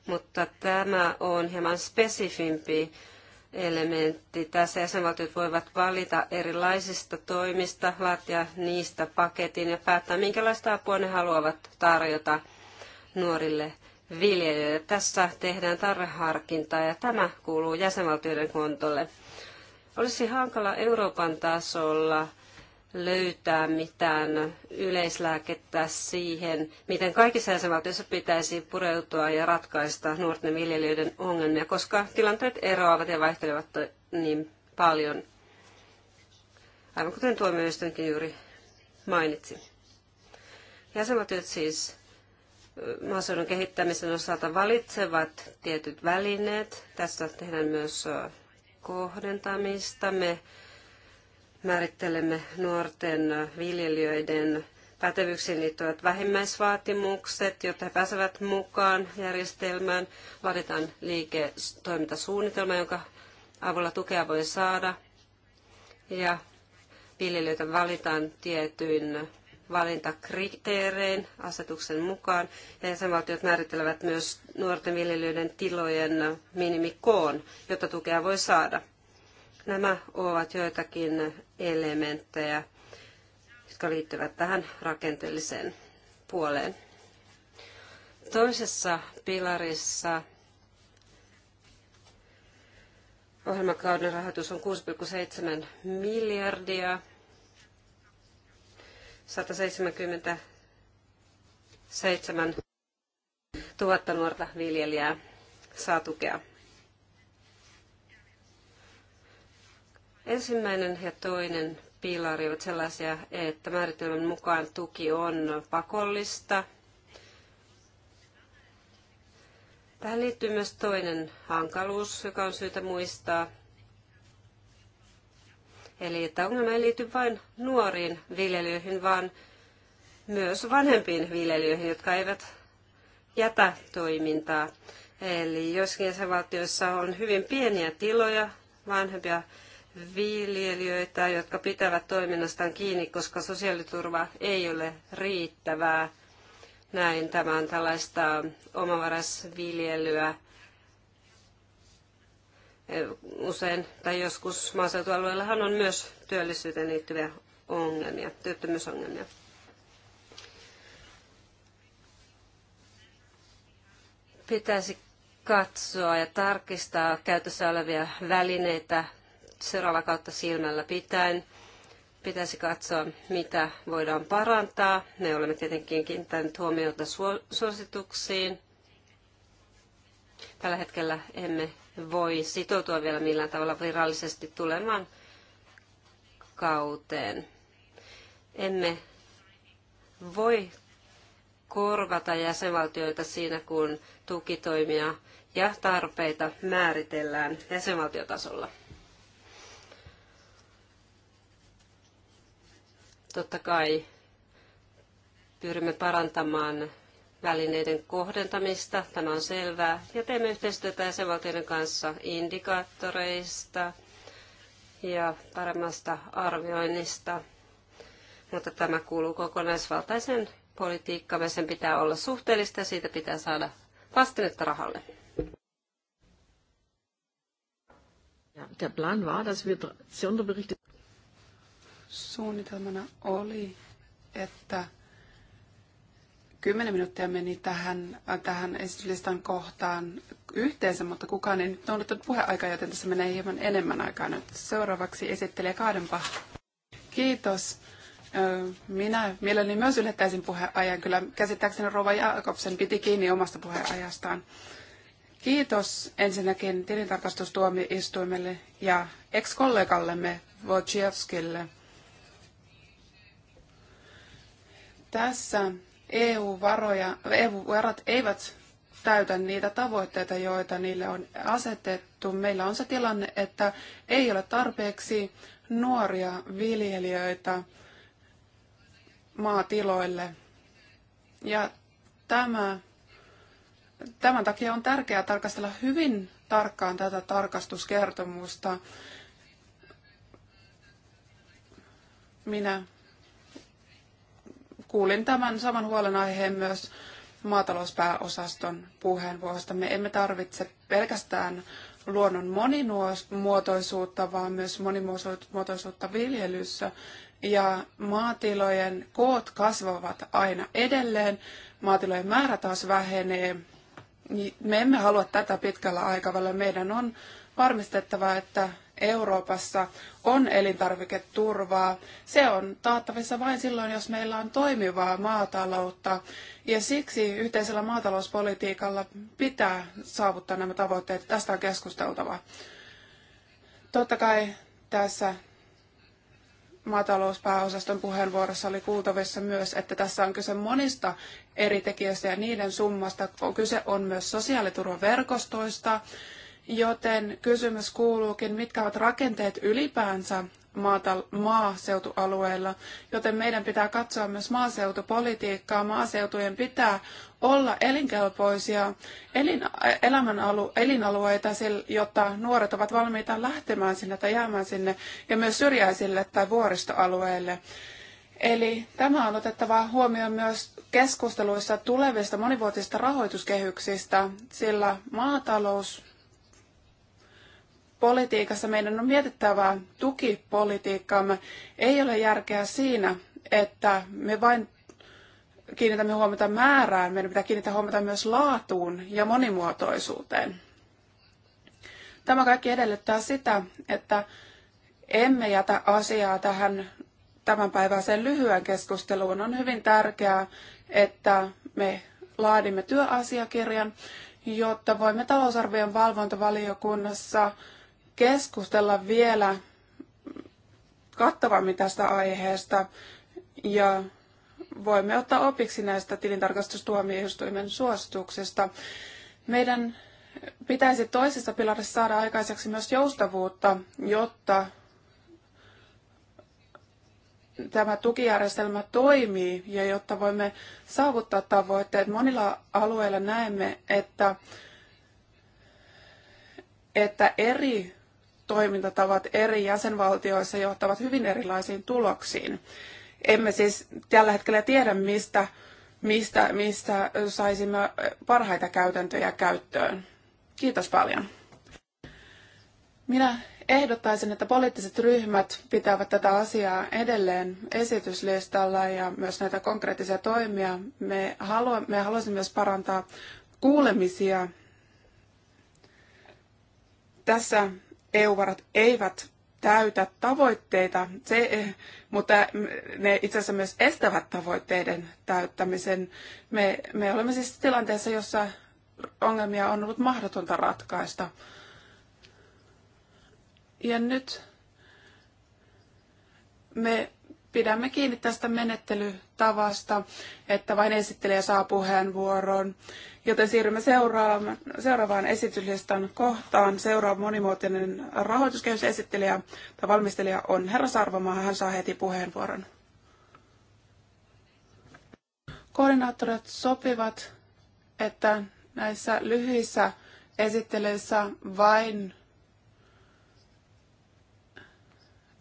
mutta tämä on hieman spesifimpi elementti. Tässä jäsenvaltiot voivat valita erilaisista toimista, laatia niistä paketin ja päättää, minkälaista apua ne haluavat tarjota nuorille viljelijöille. Tässä tehdään tarveharkintaa ja tämä kuuluu jäsenvaltioiden kontolle. Olisi hankala Euroopan tasolla löytää mitään yleislääkettä siihen, miten kaikissa jäsenvaltioissa pitäisi pureutua ja ratkaista nuorten viljelijöiden ongelmia, koska tilanteet eroavat ja vaihtelevat niin paljon, aivan kuten tuomioistuinkin juuri mainitsi. Jäsenvaltiot siis maaseudun kehittämisen osalta valitsevat tietyt välineet. Tässä tehdään myös kohdentamista. Me määrittelemme nuorten viljelijöiden pätevyyksiin liittyvät vähimmäisvaatimukset, jotta he pääsevät mukaan järjestelmään. Laaditaan liiketoimintasuunnitelma, jonka avulla tukea voi saada. Ja viljelijöitä valitaan tietyin valintakriteerein asetuksen mukaan. Ja jäsenvaltiot määrittelevät myös nuorten viljelijöiden tilojen minimikoon, jotta tukea voi saada. Nämä ovat joitakin elementtejä, jotka liittyvät tähän rakenteelliseen puoleen. Toisessa pilarissa ohjelmakauden rahoitus on 6,7 miljardia, 177 tuhatta nuorta viljelijää saa tukea. Ensimmäinen ja toinen pilari ovat sellaisia, että määritelmän mukaan tuki on pakollista. Tähän liittyy myös toinen hankaluus, joka on syytä muistaa. Eli että ongelma ei liity vain nuoriin viljelijöihin, vaan myös vanhempiin viljelijöihin, jotka eivät jätä toimintaa. Eli joskin jäsenvaltioissa on hyvin pieniä tiloja, vanhempia viljelijöitä, jotka pitävät toiminnastaan kiinni, koska sosiaaliturva ei ole riittävää. Näin tämä on tällaista omavaraisviljelyä usein tai joskus maaseutualueillahan on myös työllisyyteen liittyviä ongelmia, työttömyysongelmia. Pitäisi katsoa ja tarkistaa käytössä olevia välineitä seuraava kautta silmällä pitäen. Pitäisi katsoa, mitä voidaan parantaa. Me olemme tietenkin kiinnittäneet huomiota suosituksiin. Tällä hetkellä emme voi sitoutua vielä millään tavalla virallisesti tulemaan kauteen. Emme voi korvata jäsenvaltioita siinä, kun tukitoimia ja tarpeita määritellään jäsenvaltiotasolla. Totta kai pyrimme parantamaan välineiden kohdentamista, tämä on selvää, ja teemme yhteistyötä jäsenvaltioiden kanssa indikaattoreista ja paremmasta arvioinnista. Mutta tämä kuuluu kokonaisvaltaisen politiikkaan, sen pitää olla suhteellista ja siitä pitää saada vastinetta rahalle. Ja, der Plan war, dass wir Suunnitelmana oli, että kymmenen minuuttia meni tähän, tähän esityslistan kohtaan yhteensä, mutta kukaan ei nyt noudattanut puheaikaa, joten tässä menee hieman enemmän aikaa nyt. Seuraavaksi esittelee Kaadenpa. Kiitos. Minä mielelläni myös yllättäisin puheajan. Kyllä käsittääkseni Rova Jakobsen piti kiinni omasta puheajastaan. Kiitos ensinnäkin tilintarkastustuomioistuimelle ja ex-kollegallemme Wojciechowskille – Tässä EU-varoja, EU-varat eivät täytä niitä tavoitteita, joita niille on asetettu. Meillä on se tilanne, että ei ole tarpeeksi nuoria viljelijöitä maatiloille. Ja tämä, tämän takia on tärkeää tarkastella hyvin tarkkaan tätä tarkastuskertomusta. Minä kuulin tämän saman huolenaiheen myös maatalouspääosaston puheenvuorosta. Me emme tarvitse pelkästään luonnon monimuotoisuutta, vaan myös monimuotoisuutta viljelyssä. Ja maatilojen koot kasvavat aina edelleen, maatilojen määrä taas vähenee. Me emme halua tätä pitkällä aikavälillä. Meidän on varmistettava, että Euroopassa on elintarviketurvaa. Se on taattavissa vain silloin, jos meillä on toimivaa maataloutta. Ja siksi yhteisellä maatalouspolitiikalla pitää saavuttaa nämä tavoitteet. Tästä on keskusteltava. Totta kai tässä maatalouspääosaston puheenvuorossa oli kuultavissa myös, että tässä on kyse monista eri tekijöistä ja niiden summasta. Kyse on myös sosiaaliturvaverkostoista, verkostoista Joten kysymys kuuluukin, mitkä ovat rakenteet ylipäänsä maaseutualueilla, joten meidän pitää katsoa myös maaseutupolitiikkaa. Maaseutujen pitää olla elinkelpoisia elin, elinalueita, jotta nuoret ovat valmiita lähtemään sinne tai jäämään sinne, ja myös syrjäisille tai vuoristoalueille. Eli tämä on otettava huomioon myös keskusteluissa tulevista monivuotisista rahoituskehyksistä, sillä maatalous politiikassa meidän on mietittävä tukipolitiikkaamme. Ei ole järkeä siinä, että me vain kiinnitämme huomiota määrään, meidän pitää kiinnittää huomiota myös laatuun ja monimuotoisuuteen. Tämä kaikki edellyttää sitä, että emme jätä asiaa tähän tämänpäiväiseen lyhyen keskusteluun. On hyvin tärkeää, että me laadimme työasiakirjan, jotta voimme talousarvion valvontavaliokunnassa keskustella vielä kattavammin tästä aiheesta ja voimme ottaa opiksi näistä tilintarkastustuomioistuimen suosituksista. Meidän pitäisi toisessa pilarissa saada aikaiseksi myös joustavuutta, jotta tämä tukijärjestelmä toimii ja jotta voimme saavuttaa tavoitteet. Monilla alueilla näemme, että, että eri toimintatavat eri jäsenvaltioissa johtavat hyvin erilaisiin tuloksiin. Emme siis tällä hetkellä tiedä, mistä, mistä, mistä saisimme parhaita käytäntöjä käyttöön. Kiitos paljon. Minä ehdottaisin, että poliittiset ryhmät pitävät tätä asiaa edelleen esityslistalla ja myös näitä konkreettisia toimia. Me, haluamme, me haluaisimme myös parantaa kuulemisia. Tässä EU-varat eivät täytä tavoitteita, se, mutta ne itse asiassa myös estävät tavoitteiden täyttämisen. Me, me olemme siis tilanteessa, jossa ongelmia on ollut mahdotonta ratkaista. Ja nyt me pidämme kiinni tästä menettelytavasta, että vain esittelijä saa puheenvuoron. Joten siirrymme seuraavaan, seuraavaan esityslistan kohtaan. Seuraava monimuotoinen rahoituskehys esittelijä tai valmistelija on herra Sarvamaa. Hän saa heti puheenvuoron. Koordinaattorit sopivat, että näissä lyhyissä esittelyissä vain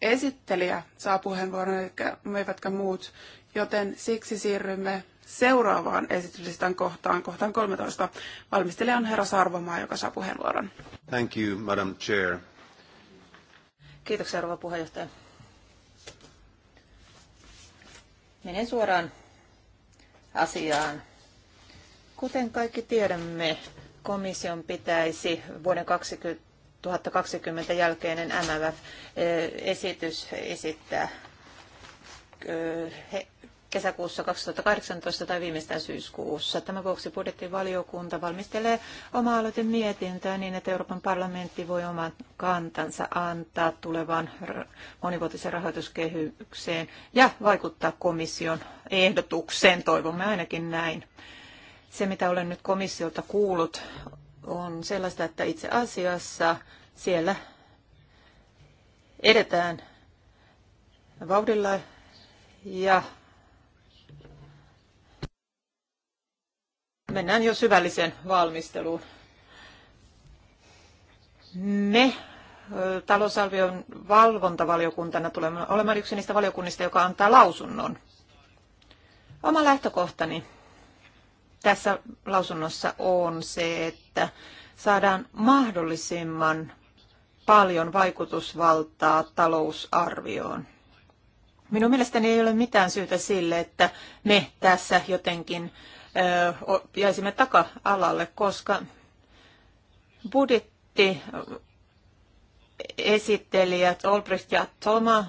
esittelijä saa puheenvuoron, eivätkä, eivätkä muut, joten siksi siirrymme seuraavaan esityslistan kohtaan, kohtaan 13. Valmistelija on herra Sarvomaa, joka saa puheenvuoron. Thank you, Madam Chair. Kiitoksia, rouva puheenjohtaja. Menen suoraan asiaan. Kuten kaikki tiedämme, komission pitäisi vuoden 20 2020 jälkeinen MMF-esitys eh, esittää eh, kesäkuussa 2018 tai viimeistään syyskuussa. Tämän vuoksi budjettivaliokunta valmistelee oma mietintöä niin, että Euroopan parlamentti voi oman kantansa antaa tulevaan monivuotiseen rahoituskehykseen ja vaikuttaa komission ehdotukseen. Toivomme ainakin näin. Se, mitä olen nyt komissiolta kuullut, on sellaista, että itse asiassa siellä edetään vauhdilla ja mennään jo syvälliseen valmisteluun. Me talousalvion valvontavaliokuntana tulemme olemaan yksi niistä valiokunnista, joka antaa lausunnon. Oma lähtökohtani tässä lausunnossa on se, että saadaan mahdollisimman paljon vaikutusvaltaa talousarvioon. Minun mielestäni ei ole mitään syytä sille, että me tässä jotenkin ö, jäisimme taka-alalle, koska budjetti esittelijät Olbricht ja Toma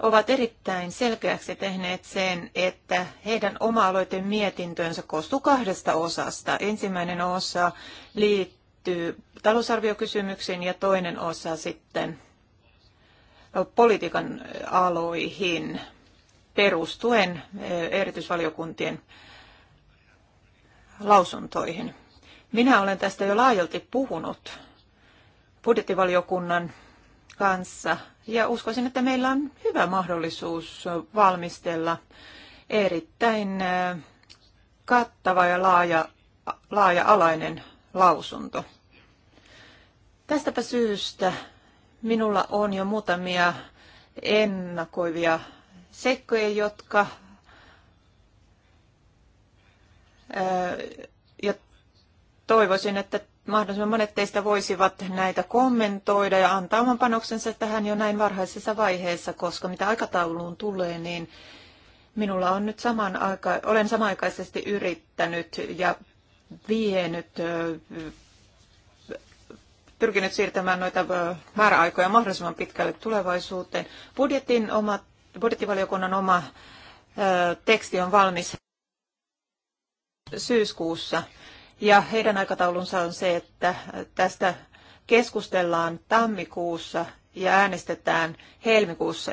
ovat erittäin selkeäksi tehneet sen, että heidän oma-aloite mietintönsä koostuu kahdesta osasta. Ensimmäinen osa liittyy talousarviokysymyksiin ja toinen osa sitten politiikan aloihin perustuen eh, erityisvaliokuntien lausuntoihin. Minä olen tästä jo laajalti puhunut budjettivaliokunnan kanssa. Ja uskoisin, että meillä on hyvä mahdollisuus valmistella erittäin kattava ja laaja, laaja-alainen lausunto. Tästäpä syystä minulla on jo muutamia ennakoivia seikkoja, jotka ja toivoisin, että mahdollisimman monet teistä voisivat näitä kommentoida ja antaa oman panoksensa tähän jo näin varhaisessa vaiheessa, koska mitä aikatauluun tulee, niin minulla on nyt saman aika, olen samaaikaisesti yrittänyt ja vienyt, pyrkinyt siirtämään noita määräaikoja mahdollisimman pitkälle tulevaisuuteen. Budjetin oma, budjettivaliokunnan oma teksti on valmis syyskuussa ja heidän aikataulunsa on se, että tästä keskustellaan tammikuussa ja äänestetään helmikuussa.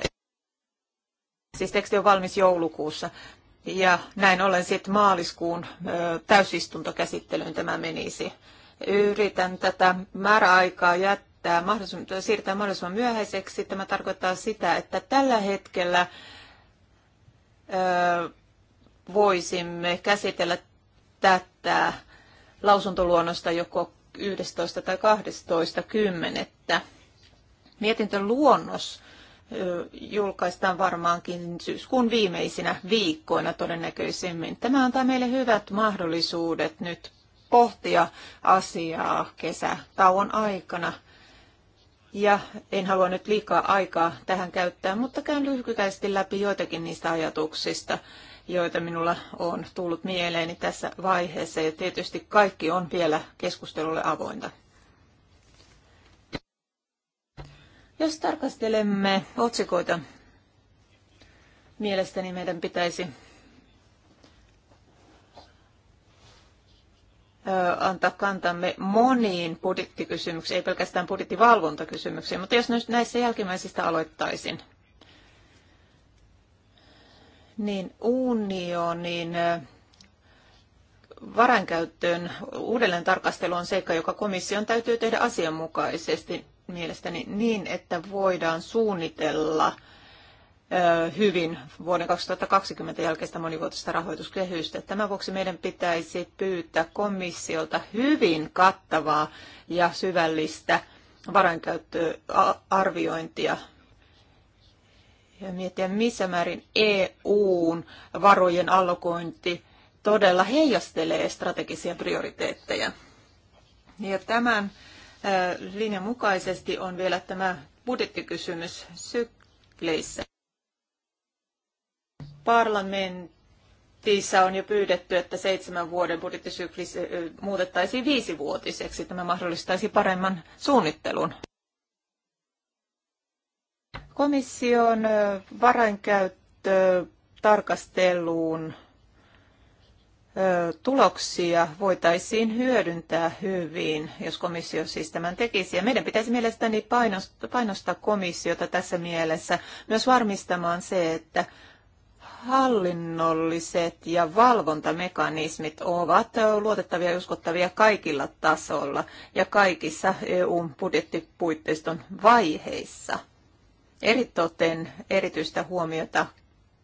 Siis teksti on valmis joulukuussa. Ja näin ollen sitten maaliskuun täysistuntokäsittelyyn tämä menisi. Yritän tätä määräaikaa jättää, mahdollisimman, siirtää mahdollisimman myöhäiseksi. Tämä tarkoittaa sitä, että tällä hetkellä voisimme käsitellä tätä lausuntoluonnosta joko 11. tai 12.10. Mietintöluonnos julkaistaan varmaankin syyskuun viimeisinä viikkoina todennäköisemmin. Tämä antaa meille hyvät mahdollisuudet nyt pohtia asiaa kesätauon aikana. Ja en halua nyt liikaa aikaa tähän käyttää, mutta käyn lyhykäisesti läpi joitakin niistä ajatuksista, joita minulla on tullut mieleeni tässä vaiheessa. Ja tietysti kaikki on vielä keskustelulle avointa. Jos tarkastelemme otsikoita, mielestäni meidän pitäisi antaa kantamme moniin budjettikysymyksiin, ei pelkästään budjettivalvontakysymyksiin, mutta jos nyt näissä jälkimmäisistä aloittaisin niin unionin varankäyttöön uudelleen tarkastelu on seikka, joka komission täytyy tehdä asianmukaisesti mielestäni niin, että voidaan suunnitella hyvin vuoden 2020 jälkeistä monivuotista rahoituskehystä. Tämän vuoksi meidän pitäisi pyytää komissiolta hyvin kattavaa ja syvällistä varainkäyttöarviointia miettiä, missä määrin EUn varojen allokointi todella heijastelee strategisia prioriteetteja. Ja tämän linjan mukaisesti on vielä tämä budjettikysymys sykleissä. Parlamentissa on jo pyydetty, että seitsemän vuoden budjettisykli muutettaisiin viisivuotiseksi. Tämä mahdollistaisi paremman suunnittelun. Komission varainkäyttö tuloksia voitaisiin hyödyntää hyvin, jos komissio siis tämän tekisi. Ja meidän pitäisi mielestäni painostaa komissiota tässä mielessä myös varmistamaan se, että hallinnolliset ja valvontamekanismit ovat luotettavia ja uskottavia kaikilla tasolla ja kaikissa EUn budjettipuitteiston vaiheissa – Eritoten erityistä huomiota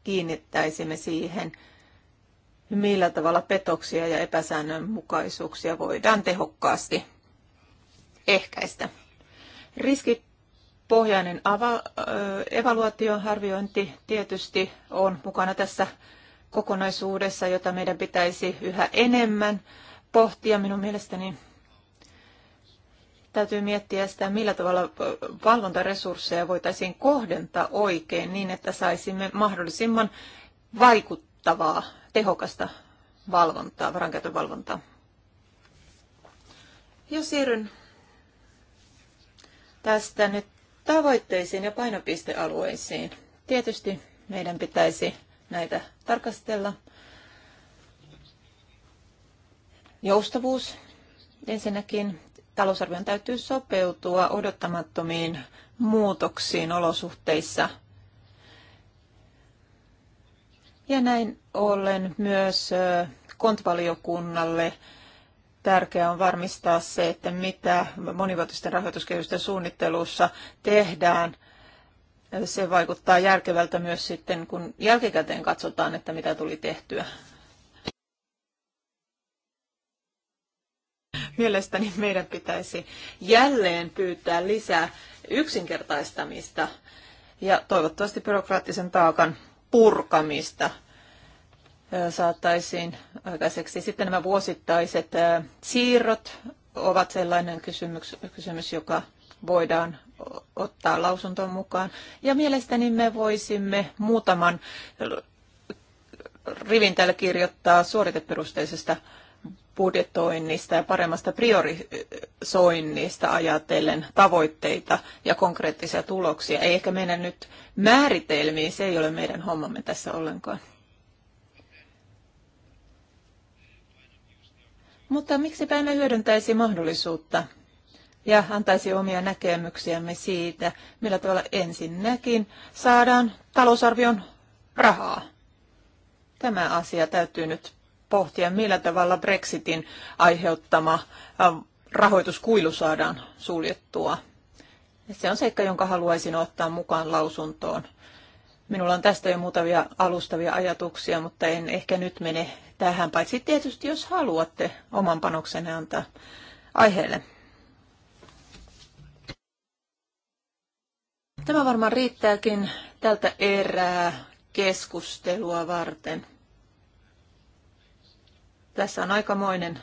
kiinnittäisimme siihen, millä tavalla petoksia ja epäsäännönmukaisuuksia voidaan tehokkaasti ehkäistä. Riskipohjainen ava- tietysti on mukana tässä kokonaisuudessa, jota meidän pitäisi yhä enemmän pohtia minun mielestäni Täytyy miettiä sitä, millä tavalla valvontaresursseja voitaisiin kohdentaa oikein niin, että saisimme mahdollisimman vaikuttavaa, tehokasta valvontaa, varankäytön valvontaa. Jos siirryn tästä nyt tavoitteisiin ja painopistealueisiin. Tietysti meidän pitäisi näitä tarkastella. Joustavuus ensinnäkin talousarvion täytyy sopeutua odottamattomiin muutoksiin olosuhteissa. Ja näin ollen myös kontvaliokunnalle tärkeää on varmistaa se, että mitä monivuotisten rahoituskehysten suunnittelussa tehdään. Se vaikuttaa järkevältä myös sitten, kun jälkikäteen katsotaan, että mitä tuli tehtyä. Mielestäni meidän pitäisi jälleen pyytää lisää yksinkertaistamista ja toivottavasti byrokraattisen taakan purkamista saataisiin aikaiseksi. Sitten nämä vuosittaiset siirrot ovat sellainen kysymys, kysymys joka voidaan ottaa lausuntoon mukaan. Ja mielestäni me voisimme muutaman rivin täällä kirjoittaa suoriteperusteisesta budjetoinnista ja paremmasta priorisoinnista ajatellen tavoitteita ja konkreettisia tuloksia. Ei ehkä mennä nyt määritelmiin, se ei ole meidän hommamme tässä ollenkaan. Mutta miksi emme hyödyntäisi mahdollisuutta ja antaisi omia näkemyksiämme siitä, millä tavalla ensinnäkin saadaan talousarvion rahaa. Tämä asia täytyy nyt pohtia, millä tavalla Brexitin aiheuttama rahoituskuilu saadaan suljettua. Se on seikka, jonka haluaisin ottaa mukaan lausuntoon. Minulla on tästä jo muutamia alustavia ajatuksia, mutta en ehkä nyt mene tähän, paitsi tietysti jos haluatte oman panoksenne antaa aiheelle. Tämä varmaan riittääkin tältä erää keskustelua varten. Tässä on aikamoinen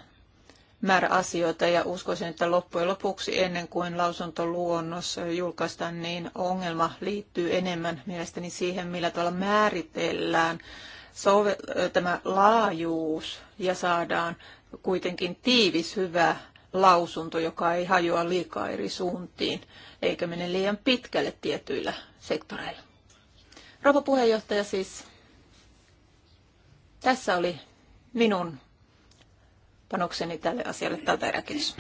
määrä asioita ja uskoisin, että loppujen lopuksi ennen kuin lausuntoluonnos julkaistaan, niin ongelma liittyy enemmän mielestäni siihen, millä tavalla määritellään sove- tämä laajuus ja saadaan kuitenkin tiivis hyvä lausunto, joka ei hajoa liikaa eri suuntiin eikä mene liian pitkälle tietyillä sektoreilla. Rouva puheenjohtaja siis, tässä oli minun panokseni tälle asialle tältä erää. Kiitos.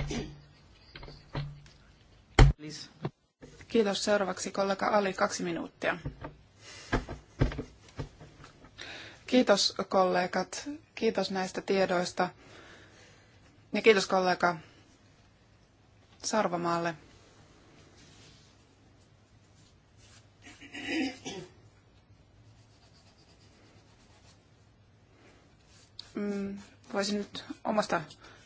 Kiitos. Seuraavaksi kollega Ali, kaksi minuuttia. Kiitos kollegat, kiitos näistä tiedoista ja kiitos kollega Sarvamaalle. Mm Voisin nyt omasta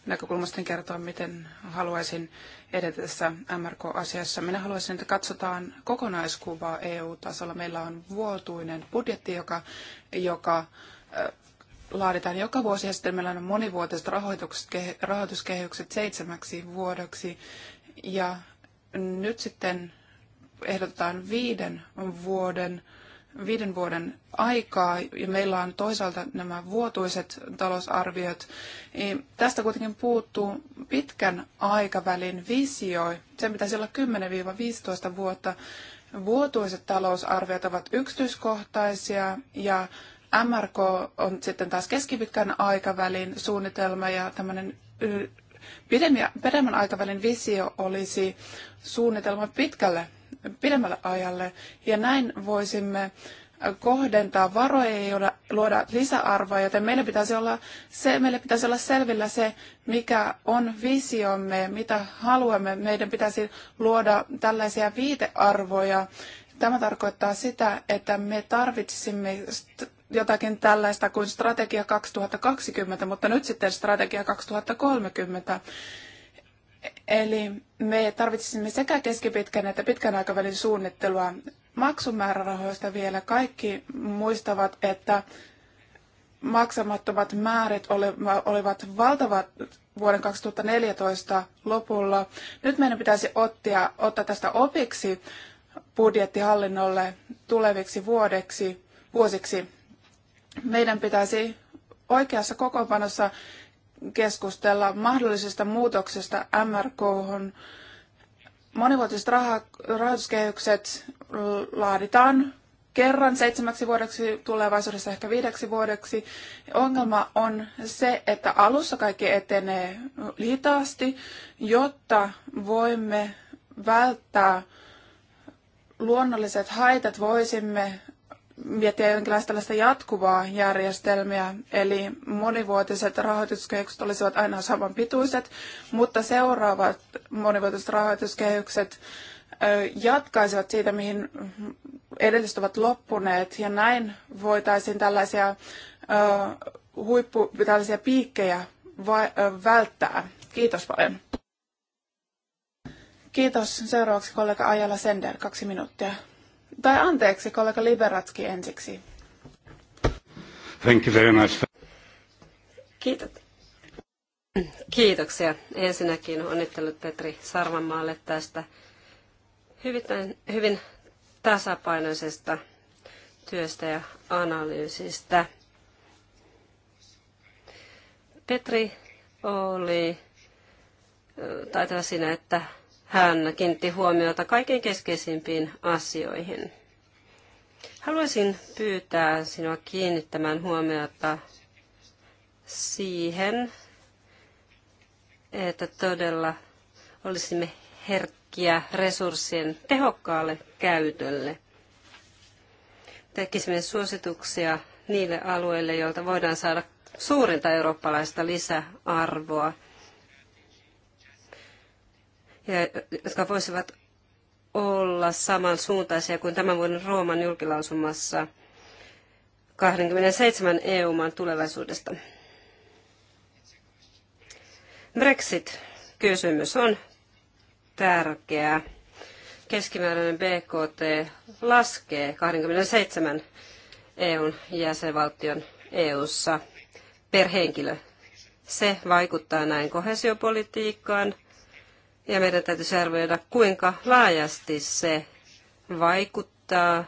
näkökulmastani kertoa, miten haluaisin edetä tässä MRK-asiassa. Minä haluaisin, että katsotaan kokonaiskuvaa EU-tasolla. Meillä on vuotuinen budjetti, joka, joka laaditaan joka vuosi ja sitten meillä on monivuotiset rahoituskehykset seitsemäksi vuodeksi. Ja nyt sitten ehdotetaan viiden vuoden viiden vuoden aikaa ja meillä on toisaalta nämä vuotuiset talousarviot. Niin tästä kuitenkin puuttuu pitkän aikavälin visio. Se pitäisi olla 10-15 vuotta. Vuotuiset talousarviot ovat yksityiskohtaisia ja MRK on sitten taas keskipitkän aikavälin suunnitelma ja tämmöinen pidemmän aikavälin visio olisi suunnitelma pitkälle pidemmälle ajalle. Ja näin voisimme kohdentaa varoja ja luoda lisäarvoa, joten meidän pitäisi olla, se, meille pitäisi olla selvillä se, mikä on visiomme, mitä haluamme. Meidän pitäisi luoda tällaisia viitearvoja. Tämä tarkoittaa sitä, että me tarvitsisimme jotakin tällaista kuin strategia 2020, mutta nyt sitten strategia 2030. Eli me tarvitsisimme sekä keskipitkän että pitkän aikavälin suunnittelua. Maksumäärärahoista vielä kaikki muistavat, että maksamattomat määrät olivat valtavat vuoden 2014 lopulla. Nyt meidän pitäisi ottia, ottaa tästä opiksi budjettihallinnolle tuleviksi vuodeksi, vuosiksi. Meidän pitäisi oikeassa kokoonpanossa keskustella mahdollisesta muutoksesta MRK. -hon. Monivuotiset rahoituskehykset laaditaan kerran seitsemäksi vuodeksi, tulevaisuudessa ehkä viideksi vuodeksi. Ongelma on se, että alussa kaikki etenee hitaasti, jotta voimme välttää luonnolliset haitat, voisimme miettiä jonkinlaista tällaista jatkuvaa järjestelmiä, eli monivuotiset rahoituskehykset olisivat aina samanpituiset, mutta seuraavat monivuotiset rahoituskehykset jatkaisivat siitä, mihin edelliset ovat loppuneet, ja näin voitaisiin tällaisia huippu, tällaisia piikkejä välttää. Kiitos paljon. Kiitos. Seuraavaksi kollega Ajala Sender, kaksi minuuttia. Tai anteeksi, kollega Liberatski ensiksi. Thank you very much. Kiitos. Kiitoksia. Ensinnäkin onnittelut Petri Sarvamaalle tästä hyvin, hyvin tasapainoisesta työstä ja analyysistä. Petri oli taitava siinä, että hän kiinnitti huomiota kaikkein keskeisimpiin asioihin. Haluaisin pyytää sinua kiinnittämään huomiota siihen, että todella olisimme herkkiä resurssien tehokkaalle käytölle. Tekisimme suosituksia niille alueille, joilta voidaan saada suurinta eurooppalaista lisäarvoa jotka voisivat olla samansuuntaisia kuin tämän vuoden Rooman julkilausumassa 27 EU-maan tulevaisuudesta. Brexit-kysymys on tärkeä. Keskimääräinen BKT laskee 27 EUn jäsenvaltion EUssa per henkilö. Se vaikuttaa näin kohesiopolitiikkaan, ja meidän täytyisi arvioida, kuinka laajasti se vaikuttaa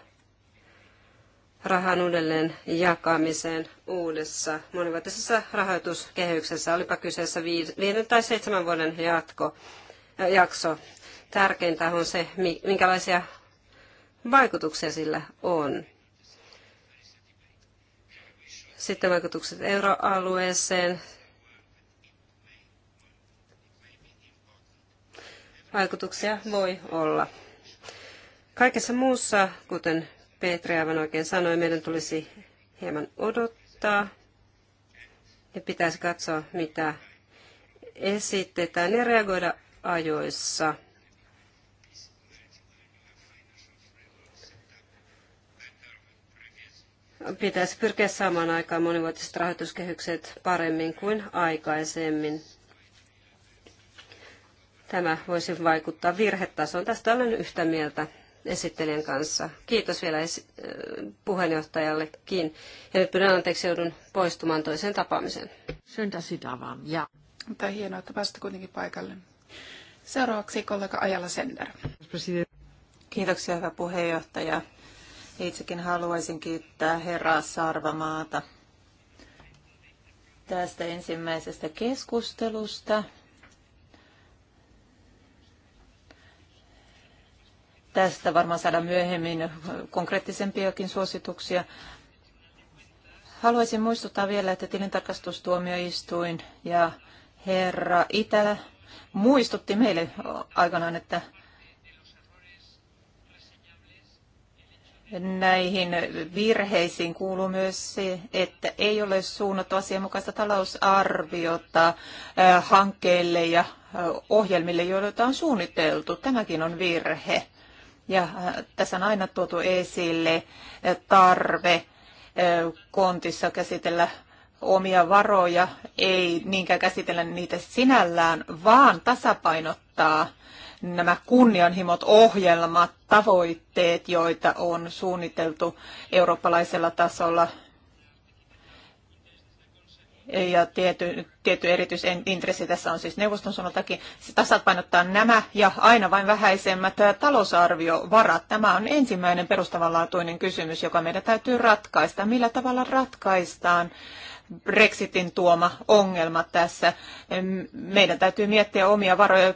rahan uudelleen jakamiseen uudessa monivuotisessa rahoituskehyksessä, olipa kyseessä viiden tai seitsemän vuoden jatko, äh, jakso. Tärkeintä on se, minkälaisia vaikutuksia sillä on. Sitten vaikutukset euroalueeseen, vaikutuksia voi olla. Kaikessa muussa, kuten Petri aivan oikein sanoi, meidän tulisi hieman odottaa ja pitäisi katsoa, mitä esitetään ja reagoida ajoissa. Pitäisi pyrkiä saamaan aikaan monivuotiset rahoituskehykset paremmin kuin aikaisemmin tämä voisi vaikuttaa virhetasoon. Tästä olen yhtä mieltä esittelijän kanssa. Kiitos vielä esi- äh, puheenjohtajallekin. Ja nyt pyydän anteeksi, joudun poistumaan toiseen tapaamiseen. Syntasi tavan, ja. Mutta hienoa, että päästä kuitenkin paikalle. Seuraavaksi kollega Ajala Sender. Kiitoksia, hyvä puheenjohtaja. Itsekin haluaisin kiittää herraa Sarvamaata tästä ensimmäisestä keskustelusta Tästä varmaan saada myöhemmin konkreettisempiakin suosituksia. Haluaisin muistuttaa vielä, että tilintarkastustuomioistuin ja herra Itälä muistutti meille aikanaan, että Näihin virheisiin kuuluu myös se, että ei ole suunnattu asianmukaista talousarviota eh, hankkeille ja eh, ohjelmille, joita on suunniteltu. Tämäkin on virhe. Ja äh, tässä on aina tuotu esille äh, tarve äh, kontissa käsitellä omia varoja, ei niinkään käsitellä niitä sinällään, vaan tasapainottaa nämä kunnianhimot, ohjelmat, tavoitteet, joita on suunniteltu eurooppalaisella tasolla – ja tietty, tietty erityisintressi tässä on siis neuvoston suunnaltakin tasapainottaa nämä ja aina vain vähäisemmät talousarviovarat. Tämä on ensimmäinen perustavanlaatuinen kysymys, joka meidän täytyy ratkaista. Millä tavalla ratkaistaan Brexitin tuoma ongelma tässä? Meidän täytyy miettiä omia varoja,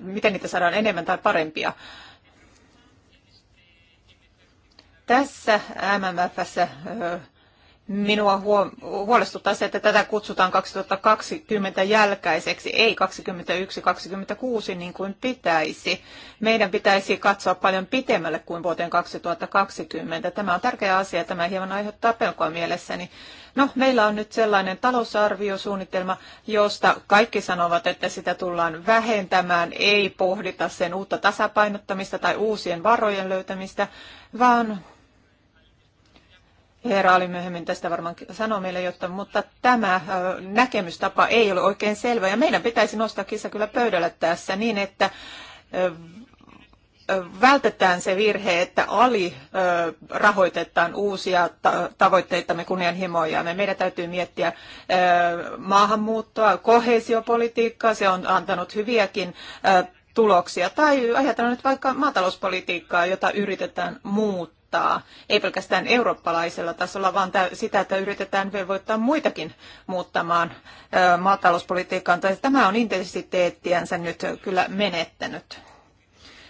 miten niitä saadaan enemmän tai parempia. Tässä MMFssä Minua huolestuttaa se, että tätä kutsutaan 2020 jälkäiseksi, ei 2021-2026 niin kuin pitäisi. Meidän pitäisi katsoa paljon pitemmälle kuin vuoteen 2020. Tämä on tärkeä asia, tämä hieman aiheuttaa pelkoa mielessäni. No, meillä on nyt sellainen talousarviosuunnitelma, josta kaikki sanovat, että sitä tullaan vähentämään, ei pohdita sen uutta tasapainottamista tai uusien varojen löytämistä, vaan Heraali myöhemmin tästä varmaan sanoo meille jotta, mutta tämä näkemystapa ei ole oikein selvä ja meidän pitäisi nostaa kissa kyllä pöydällä tässä niin, että vältetään se virhe, että ali rahoitetaan uusia tavoitteita, tavoitteitamme kunnianhimojamme. Meidän täytyy miettiä maahanmuuttoa, kohesiopolitiikkaa, se on antanut hyviäkin tuloksia. Tai ajatellaan nyt vaikka maatalouspolitiikkaa, jota yritetään muuttaa velvoittaa, ei pelkästään eurooppalaisella tasolla, vaan sitä, että yritetään velvoittaa muitakin muuttamaan maatalouspolitiikkaan. Tämä on intensiteettiänsä nyt kyllä menettänyt.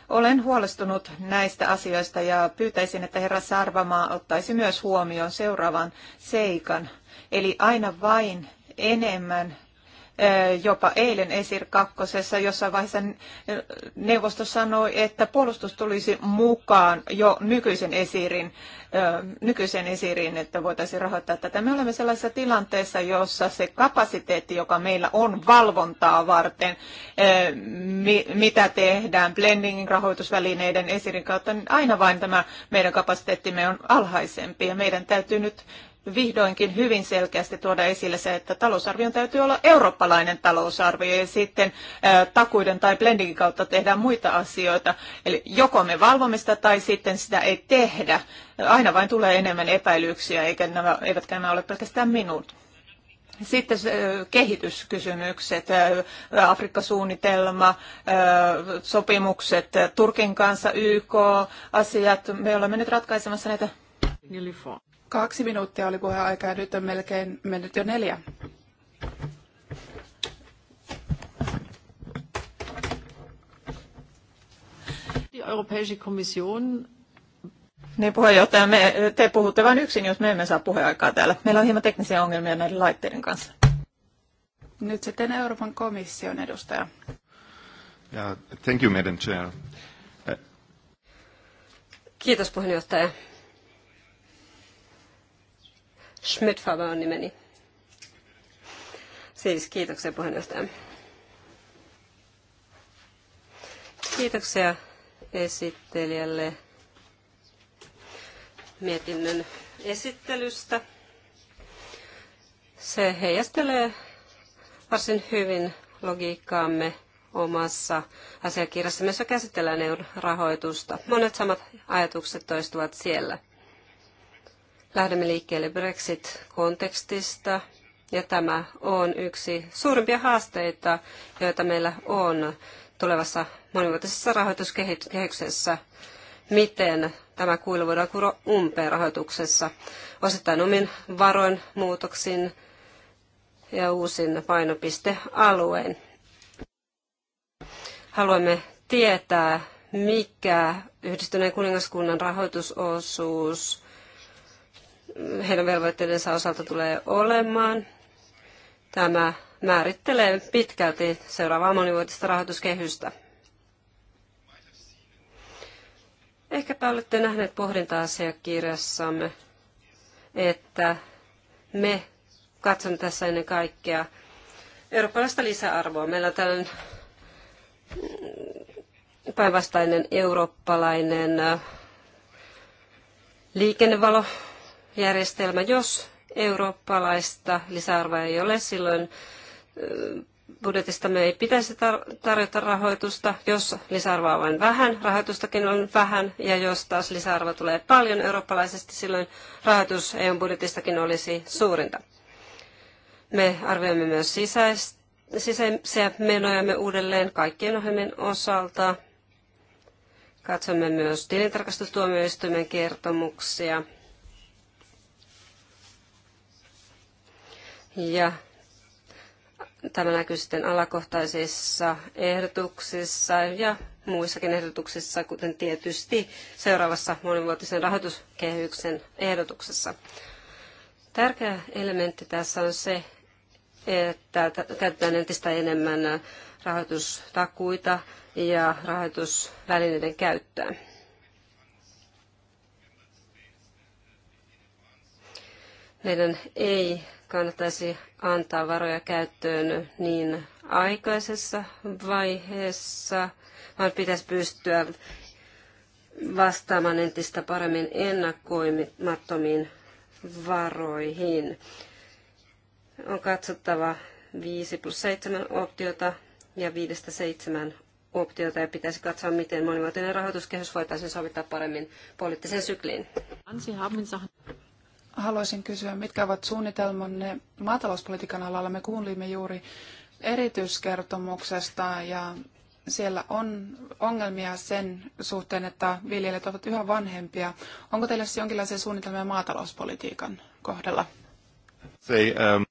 Olen huolestunut näistä asioista ja pyytäisin, että herra Sarvamaa ottaisi myös huomioon seuraavan seikan. Eli aina vain enemmän jopa eilen ESIR kakkosessa, Jossain vaiheessa neuvosto sanoi, että puolustus tulisi mukaan jo nykyisen esirin, nykyisen esirin, että voitaisiin rahoittaa tätä. Me olemme sellaisessa tilanteessa, jossa se kapasiteetti, joka meillä on valvontaa varten, mitä tehdään blendingin rahoitusvälineiden esirin kautta, niin aina vain tämä meidän kapasiteettimme on alhaisempi ja meidän täytyy nyt vihdoinkin hyvin selkeästi tuoda esille se, että talousarvion täytyy olla eurooppalainen talousarvio ja sitten takuiden tai blendingin kautta tehdään muita asioita. Eli joko me valvomme sitä tai sitten sitä ei tehdä. Aina vain tulee enemmän epäilyksiä, eikä nämä, eivätkä nämä ole pelkästään minut. Sitten kehityskysymykset, Afrikka-suunnitelma, sopimukset Turkin kanssa, YK-asiat. Me olemme nyt ratkaisemassa näitä Kaksi minuuttia oli puheaika ja nyt on melkein mennyt jo neljä. niin puheenjohtaja, me, te puhutte vain yksin, jos me emme saa puheaikaa täällä. Meillä on hieman teknisiä ongelmia näiden laitteiden kanssa. Nyt sitten Euroopan komission edustaja. Yeah, thank you, Madam Chair. Kiitos puheenjohtaja. Schmidfaba on nimeni. Siis kiitoksia puheenjohtaja. Kiitoksia esittelijälle mietinnön esittelystä. Se heijastelee varsin hyvin logiikkaamme omassa asiakirjassamme jossa käsitellään EU-rahoitusta. Monet samat ajatukset toistuvat siellä. Lähdemme liikkeelle Brexit-kontekstista, ja tämä on yksi suurimpia haasteita, joita meillä on tulevassa monivuotisessa rahoituskehyksessä. Miten tämä kuilu voidaan kuroa umpeen rahoituksessa osittain omin varoin muutoksin ja uusin painopistealueen. Haluamme tietää, mikä yhdistyneen kuningaskunnan rahoitusosuus heidän velvoitteidensa osalta tulee olemaan. Tämä määrittelee pitkälti seuraavaa monivuotista rahoituskehystä. Ehkäpä olette nähneet pohdinta-asiakirjassamme, että me katsomme tässä ennen kaikkea eurooppalaista lisäarvoa. Meillä on tällainen päinvastainen eurooppalainen liikennevalo järjestelmä. Jos eurooppalaista lisäarvoa ei ole, silloin budjetista me ei pitäisi tarjota rahoitusta. Jos lisäarvoa on vain vähän, rahoitustakin on vähän, ja jos taas lisäarvo tulee paljon eurooppalaisesti, silloin rahoitus EU-budjetistakin olisi suurinta. Me arvioimme myös sisäistä sisäisiä menojamme uudelleen kaikkien ohjelmien osalta. Katsomme myös tilintarkastustuomioistuimen kertomuksia Ja tämä näkyy sitten alakohtaisissa ehdotuksissa ja muissakin ehdotuksissa, kuten tietysti seuraavassa monivuotisen rahoituskehyksen ehdotuksessa. Tärkeä elementti tässä on se, että käytetään entistä enemmän rahoitustakuita ja rahoitusvälineiden käyttöä. Meidän ei kannattaisi antaa varoja käyttöön niin aikaisessa vaiheessa, vaan pitäisi pystyä vastaamaan entistä paremmin ennakoimattomiin varoihin. On katsottava 5 plus 7 optiota ja 5-7 optiota ja pitäisi katsoa, miten monivuotinen rahoituskehys voitaisiin sovittaa paremmin poliittiseen sykliin haluaisin kysyä, mitkä ovat suunnitelmanne maatalouspolitiikan alalla? Me kuulimme juuri erityiskertomuksesta ja siellä on ongelmia sen suhteen, että viljelijät ovat yhä vanhempia. Onko teillä siis jonkinlaisia suunnitelmia maatalouspolitiikan kohdalla? Say, um...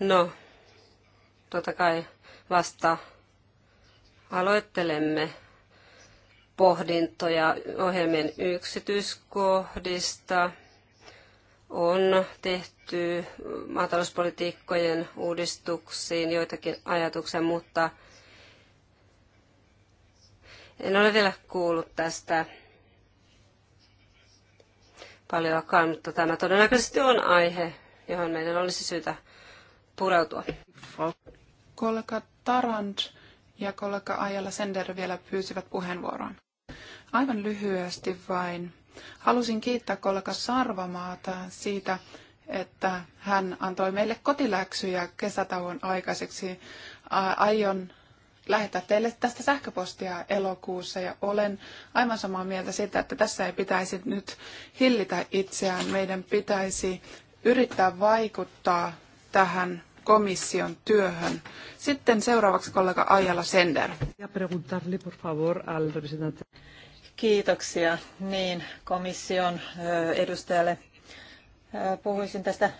No, totta kai vasta aloittelemme pohdintoja ohjelmien yksityiskohdista. On tehty maatalouspolitiikkojen uudistuksiin joitakin ajatuksia, mutta en ole vielä kuullut tästä paljonkaan, mutta tämä todennäköisesti on aihe, johon meidän olisi syytä pureutua. Kollega Tarant ja kollega Ajala Sender vielä pyysivät puheenvuoron. Aivan lyhyesti vain. Halusin kiittää kollega Sarvamaata siitä, että hän antoi meille kotiläksyjä kesätauon aikaiseksi. Aion lähettää teille tästä sähköpostia elokuussa ja olen aivan samaa mieltä siitä, että tässä ei pitäisi nyt hillitä itseään. Meidän pitäisi yrittää vaikuttaa tähän komission työhön. Sitten seuraavaksi kollega Ajala Sender. Kiitoksia niin komission edustajalle. Puhuisin tästä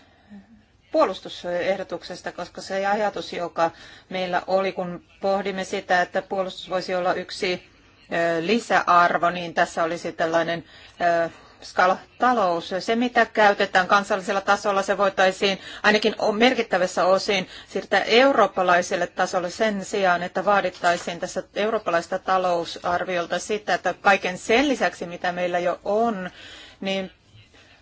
puolustusehdotuksesta, koska se ajatus, joka meillä oli, kun pohdimme sitä, että puolustus voisi olla yksi lisäarvo, niin tässä olisi tällainen talous, se mitä käytetään kansallisella tasolla, se voitaisiin ainakin merkittävässä osin siirtää eurooppalaiselle tasolle sen sijaan, että vaadittaisiin tässä eurooppalaista talousarviolta sitä, että kaiken sen lisäksi, mitä meillä jo on, niin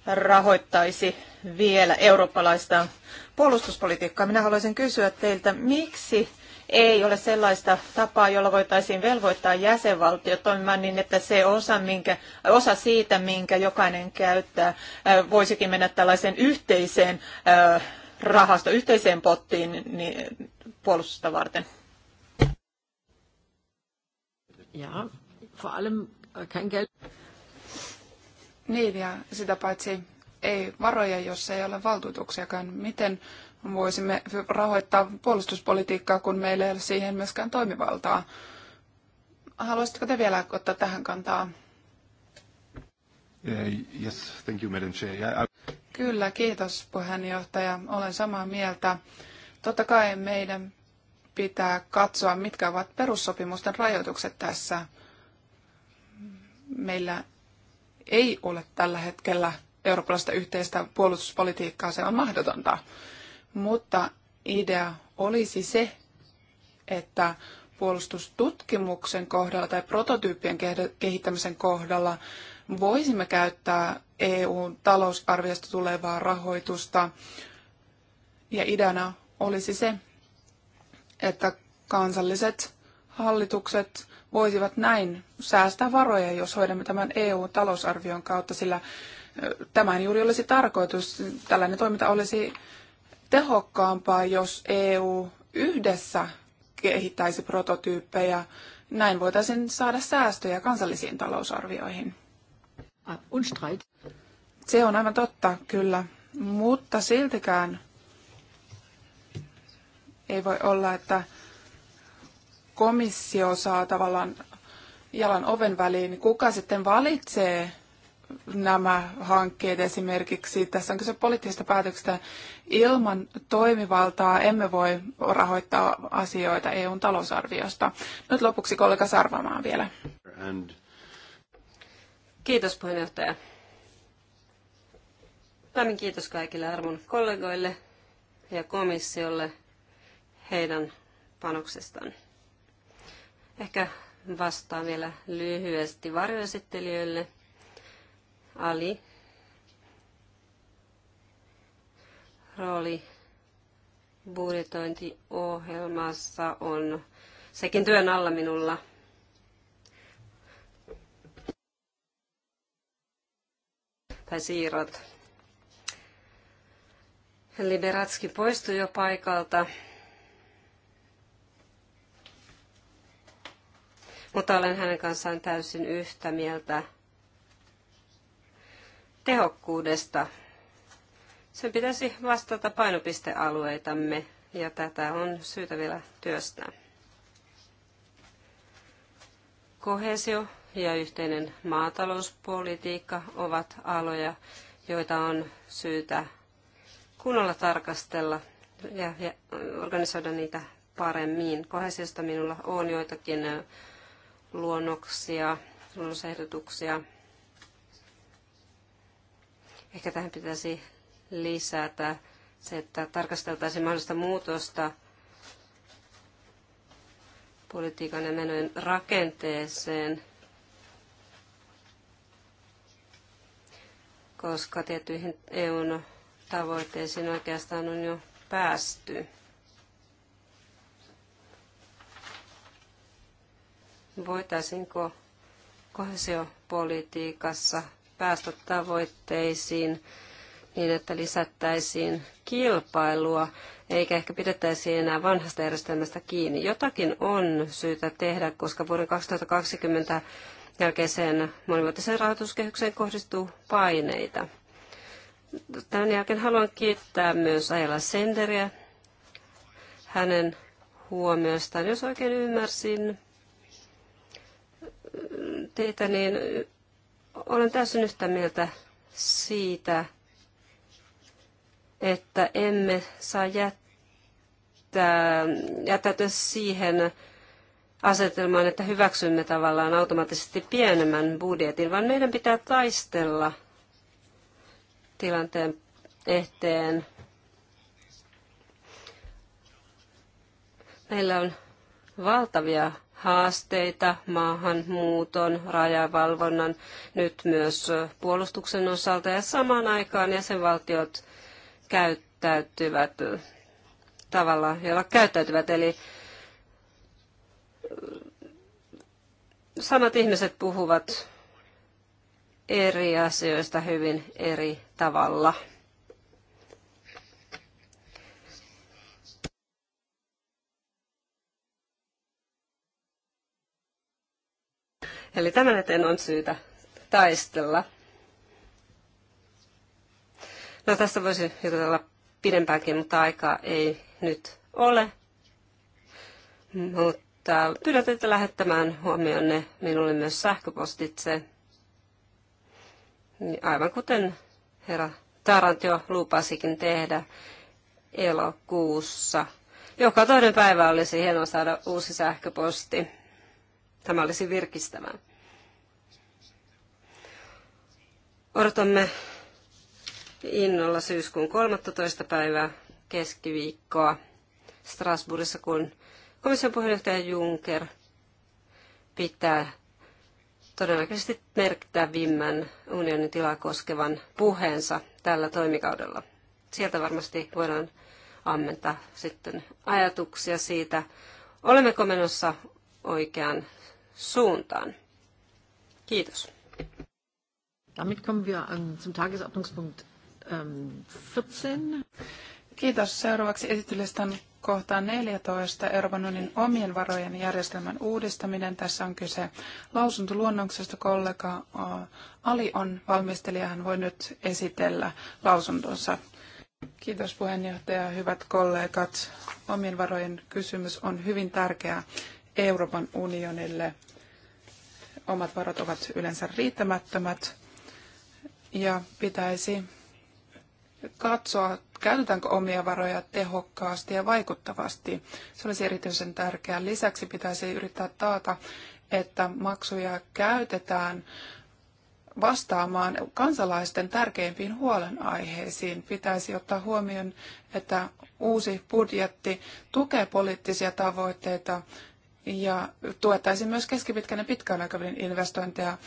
rahoittaisi vielä eurooppalaista puolustuspolitiikkaa. Minä haluaisin kysyä teiltä, miksi ei ole sellaista tapaa, jolla voitaisiin velvoittaa jäsenvaltio toimimaan niin, että se osa, minkä, osa siitä, minkä jokainen käyttää, äh, voisikin mennä tällaiseen yhteiseen äh, rahasto, yhteiseen pottiin niin, puolustusta varten. Ja, vor allem äh, kein Geld. Niin, ja sitä paitsi ei varoja, jos ei ole valtuutuksiakaan. Miten voisimme rahoittaa puolustuspolitiikkaa, kun meillä ei ole siihen myöskään toimivaltaa. Haluaisitko te vielä ottaa tähän kantaa? Eh, yes, thank you, Madam Chair. Yeah, I... Kyllä, kiitos puheenjohtaja. Olen samaa mieltä. Totta kai meidän pitää katsoa, mitkä ovat perussopimusten rajoitukset tässä. Meillä ei ole tällä hetkellä eurooppalaista yhteistä puolustuspolitiikkaa, se on mahdotonta mutta idea olisi se, että puolustustutkimuksen kohdalla tai prototyyppien kehittämisen kohdalla voisimme käyttää EU-talousarviosta tulevaa rahoitusta. Ja ideana olisi se, että kansalliset hallitukset voisivat näin säästää varoja, jos hoidamme tämän EU-talousarvion kautta, sillä tämän juuri olisi tarkoitus. Tällainen toiminta olisi tehokkaampaa, jos EU yhdessä kehittäisi prototyyppejä. Näin voitaisiin saada säästöjä kansallisiin talousarvioihin. Ah, Se on aivan totta, kyllä. Mutta siltikään ei voi olla, että komissio saa tavallaan jalan oven väliin. Kuka sitten valitsee nämä hankkeet esimerkiksi. Tässä on kyse poliittisesta päätöksestä. Ilman toimivaltaa emme voi rahoittaa asioita EUn talousarviosta. Nyt lopuksi kollega Sarvamaan vielä. And... Kiitos puheenjohtaja. Lämmin kiitos kaikille arvon kollegoille ja komissiolle heidän panoksestaan. Ehkä vastaan vielä lyhyesti varjoesittelijöille – Ali rooli budjetointiohjelmassa on sekin työn alla minulla. Tai siirrot. Liberatski poistui jo paikalta. Mutta olen hänen kanssaan täysin yhtä mieltä tehokkuudesta. Sen pitäisi vastata painopistealueitamme ja tätä on syytä vielä työstää. Kohesio ja yhteinen maatalouspolitiikka ovat aloja, joita on syytä kunnolla tarkastella ja, ja organisoida niitä paremmin. Kohesiosta minulla on joitakin luonnoksia, luonnosehdotuksia. Ehkä tähän pitäisi lisätä se, että tarkasteltaisiin mahdollista muutosta politiikan ja menojen rakenteeseen, koska tiettyihin EUn tavoitteisiin oikeastaan on jo päästy. Voitaisinko kohesiopolitiikassa päästötavoitteisiin niin, että lisättäisiin kilpailua, eikä ehkä pidettäisi enää vanhasta järjestelmästä kiinni. Jotakin on syytä tehdä, koska vuoden 2020 jälkeiseen monivuotiseen rahoituskehykseen kohdistuu paineita. Tämän jälkeen haluan kiittää myös Ajala Senderiä hänen huomiostaan. Jos oikein ymmärsin teitä, niin olen täysin yhtä mieltä siitä, että emme saa jättää, jättäytyä siihen asetelmaan, että hyväksymme tavallaan automaattisesti pienemmän budjetin, vaan meidän pitää taistella tilanteen eteen. Meillä on valtavia haasteita maahanmuuton, rajavalvonnan, nyt myös puolustuksen osalta ja samaan aikaan jäsenvaltiot käyttäytyvät tavalla, jolla käyttäytyvät. Eli samat ihmiset puhuvat eri asioista hyvin eri tavalla. Eli tämän eteen on syytä taistella. No tästä voisi jutella pidempäänkin, mutta aikaa ei nyt ole. Mutta pyydän teitä lähettämään huomionne minulle myös sähköpostitse. Aivan kuten herra Tarant jo lupasikin tehdä elokuussa. Joka toinen päivä olisi hienoa saada uusi sähköposti. Tämä olisi virkistävää. Odotamme innolla syyskuun 13. päivää keskiviikkoa Strasbourgissa, kun komission puheenjohtaja Juncker pitää todennäköisesti merkittävimmän unionin tilaa koskevan puheensa tällä toimikaudella. Sieltä varmasti voidaan ammentaa sitten ajatuksia siitä, olemmeko menossa oikeaan suuntaan. Kiitos. Damit kommen wir an, ähm, zum Tagesordnungspunkt ähm, 14. Kiitos. Seuraavaksi esitylistan kohtaan 14 Euroopan unionin omien varojen järjestelmän uudistaminen. Tässä on kyse lausuntoluonnoksesta. Kollega Ali on valmistelija. Hän voi nyt esitellä lausuntonsa. Kiitos puheenjohtaja. Hyvät kollegat, omien varojen kysymys on hyvin tärkeä Euroopan unionille. Omat varat ovat yleensä riittämättömät ja pitäisi katsoa, käytetäänkö omia varoja tehokkaasti ja vaikuttavasti. Se olisi erityisen tärkeää. Lisäksi pitäisi yrittää taata, että maksuja käytetään vastaamaan kansalaisten tärkeimpiin huolenaiheisiin. Pitäisi ottaa huomioon, että uusi budjetti tukee poliittisia tavoitteita ja tuettaisiin myös keskipitkän ja pitkän aikavälin investointeja.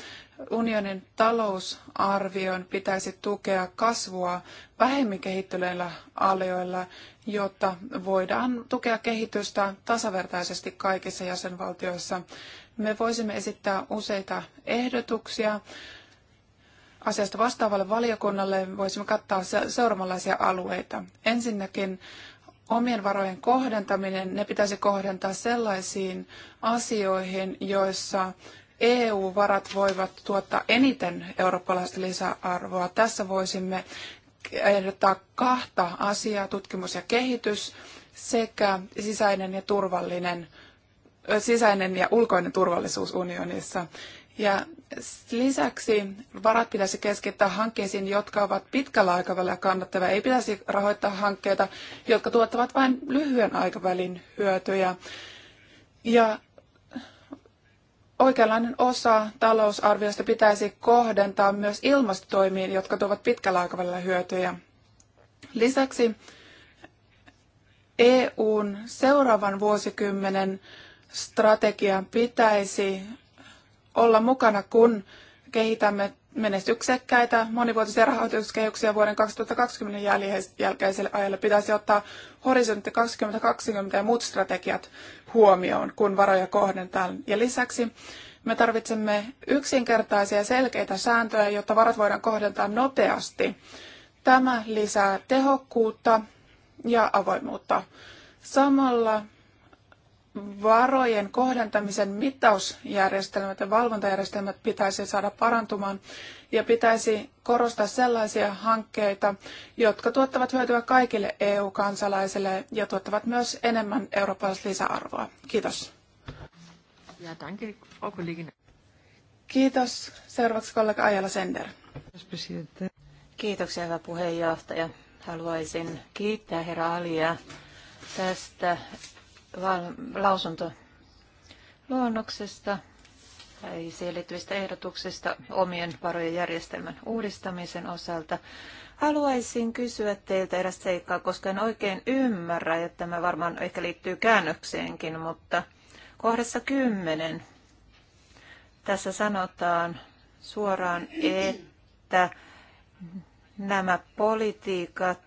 Unionin talousarvion pitäisi tukea kasvua vähemmän kehittyneillä alueilla, jotta voidaan tukea kehitystä tasavertaisesti kaikissa jäsenvaltioissa. Me voisimme esittää useita ehdotuksia asiasta vastaavalle valiokunnalle. Voisimme kattaa seuraavanlaisia alueita. Ensinnäkin omien varojen kohdentaminen, ne pitäisi kohdentaa sellaisiin asioihin, joissa EU-varat voivat tuottaa eniten eurooppalaista lisäarvoa. Tässä voisimme ehdottaa kahta asiaa, tutkimus ja kehitys sekä sisäinen ja turvallinen sisäinen ja ulkoinen turvallisuus unionissa. Ja lisäksi varat pitäisi keskittää hankkeisiin, jotka ovat pitkällä aikavälillä kannattavia. Ei pitäisi rahoittaa hankkeita, jotka tuottavat vain lyhyen aikavälin hyötyjä. Ja oikeanlainen osa talousarviosta pitäisi kohdentaa myös ilmastotoimiin, jotka tuovat pitkällä aikavälillä hyötyjä. Lisäksi EUn seuraavan vuosikymmenen strategian pitäisi olla mukana, kun kehitämme menestyksekkäitä monivuotisia rahoituskehyksiä vuoden 2020 jälkeiselle ajalle pitäisi ottaa horisontti 2020 ja muut strategiat huomioon, kun varoja kohdentaan. Ja lisäksi me tarvitsemme yksinkertaisia ja selkeitä sääntöjä, jotta varat voidaan kohdentaa nopeasti. Tämä lisää tehokkuutta ja avoimuutta. Samalla varojen kohdentamisen mittausjärjestelmät ja valvontajärjestelmät pitäisi saada parantumaan ja pitäisi korostaa sellaisia hankkeita, jotka tuottavat hyötyä kaikille EU-kansalaisille ja tuottavat myös enemmän eurooppalaista lisäarvoa. Kiitos. Ja danke, Kiitos. Seuraavaksi kollega Ajala Sender. Kiitoksia, hyvä puheenjohtaja. Haluaisin kiittää herra Alia tästä lausunto luonnoksesta tai siihen liittyvistä ehdotuksista omien varojen järjestelmän uudistamisen osalta. Haluaisin kysyä teiltä eräs seikkaa, koska en oikein ymmärrä, että tämä varmaan ehkä liittyy käännökseenkin, mutta kohdassa 10 tässä sanotaan suoraan, että nämä politiikat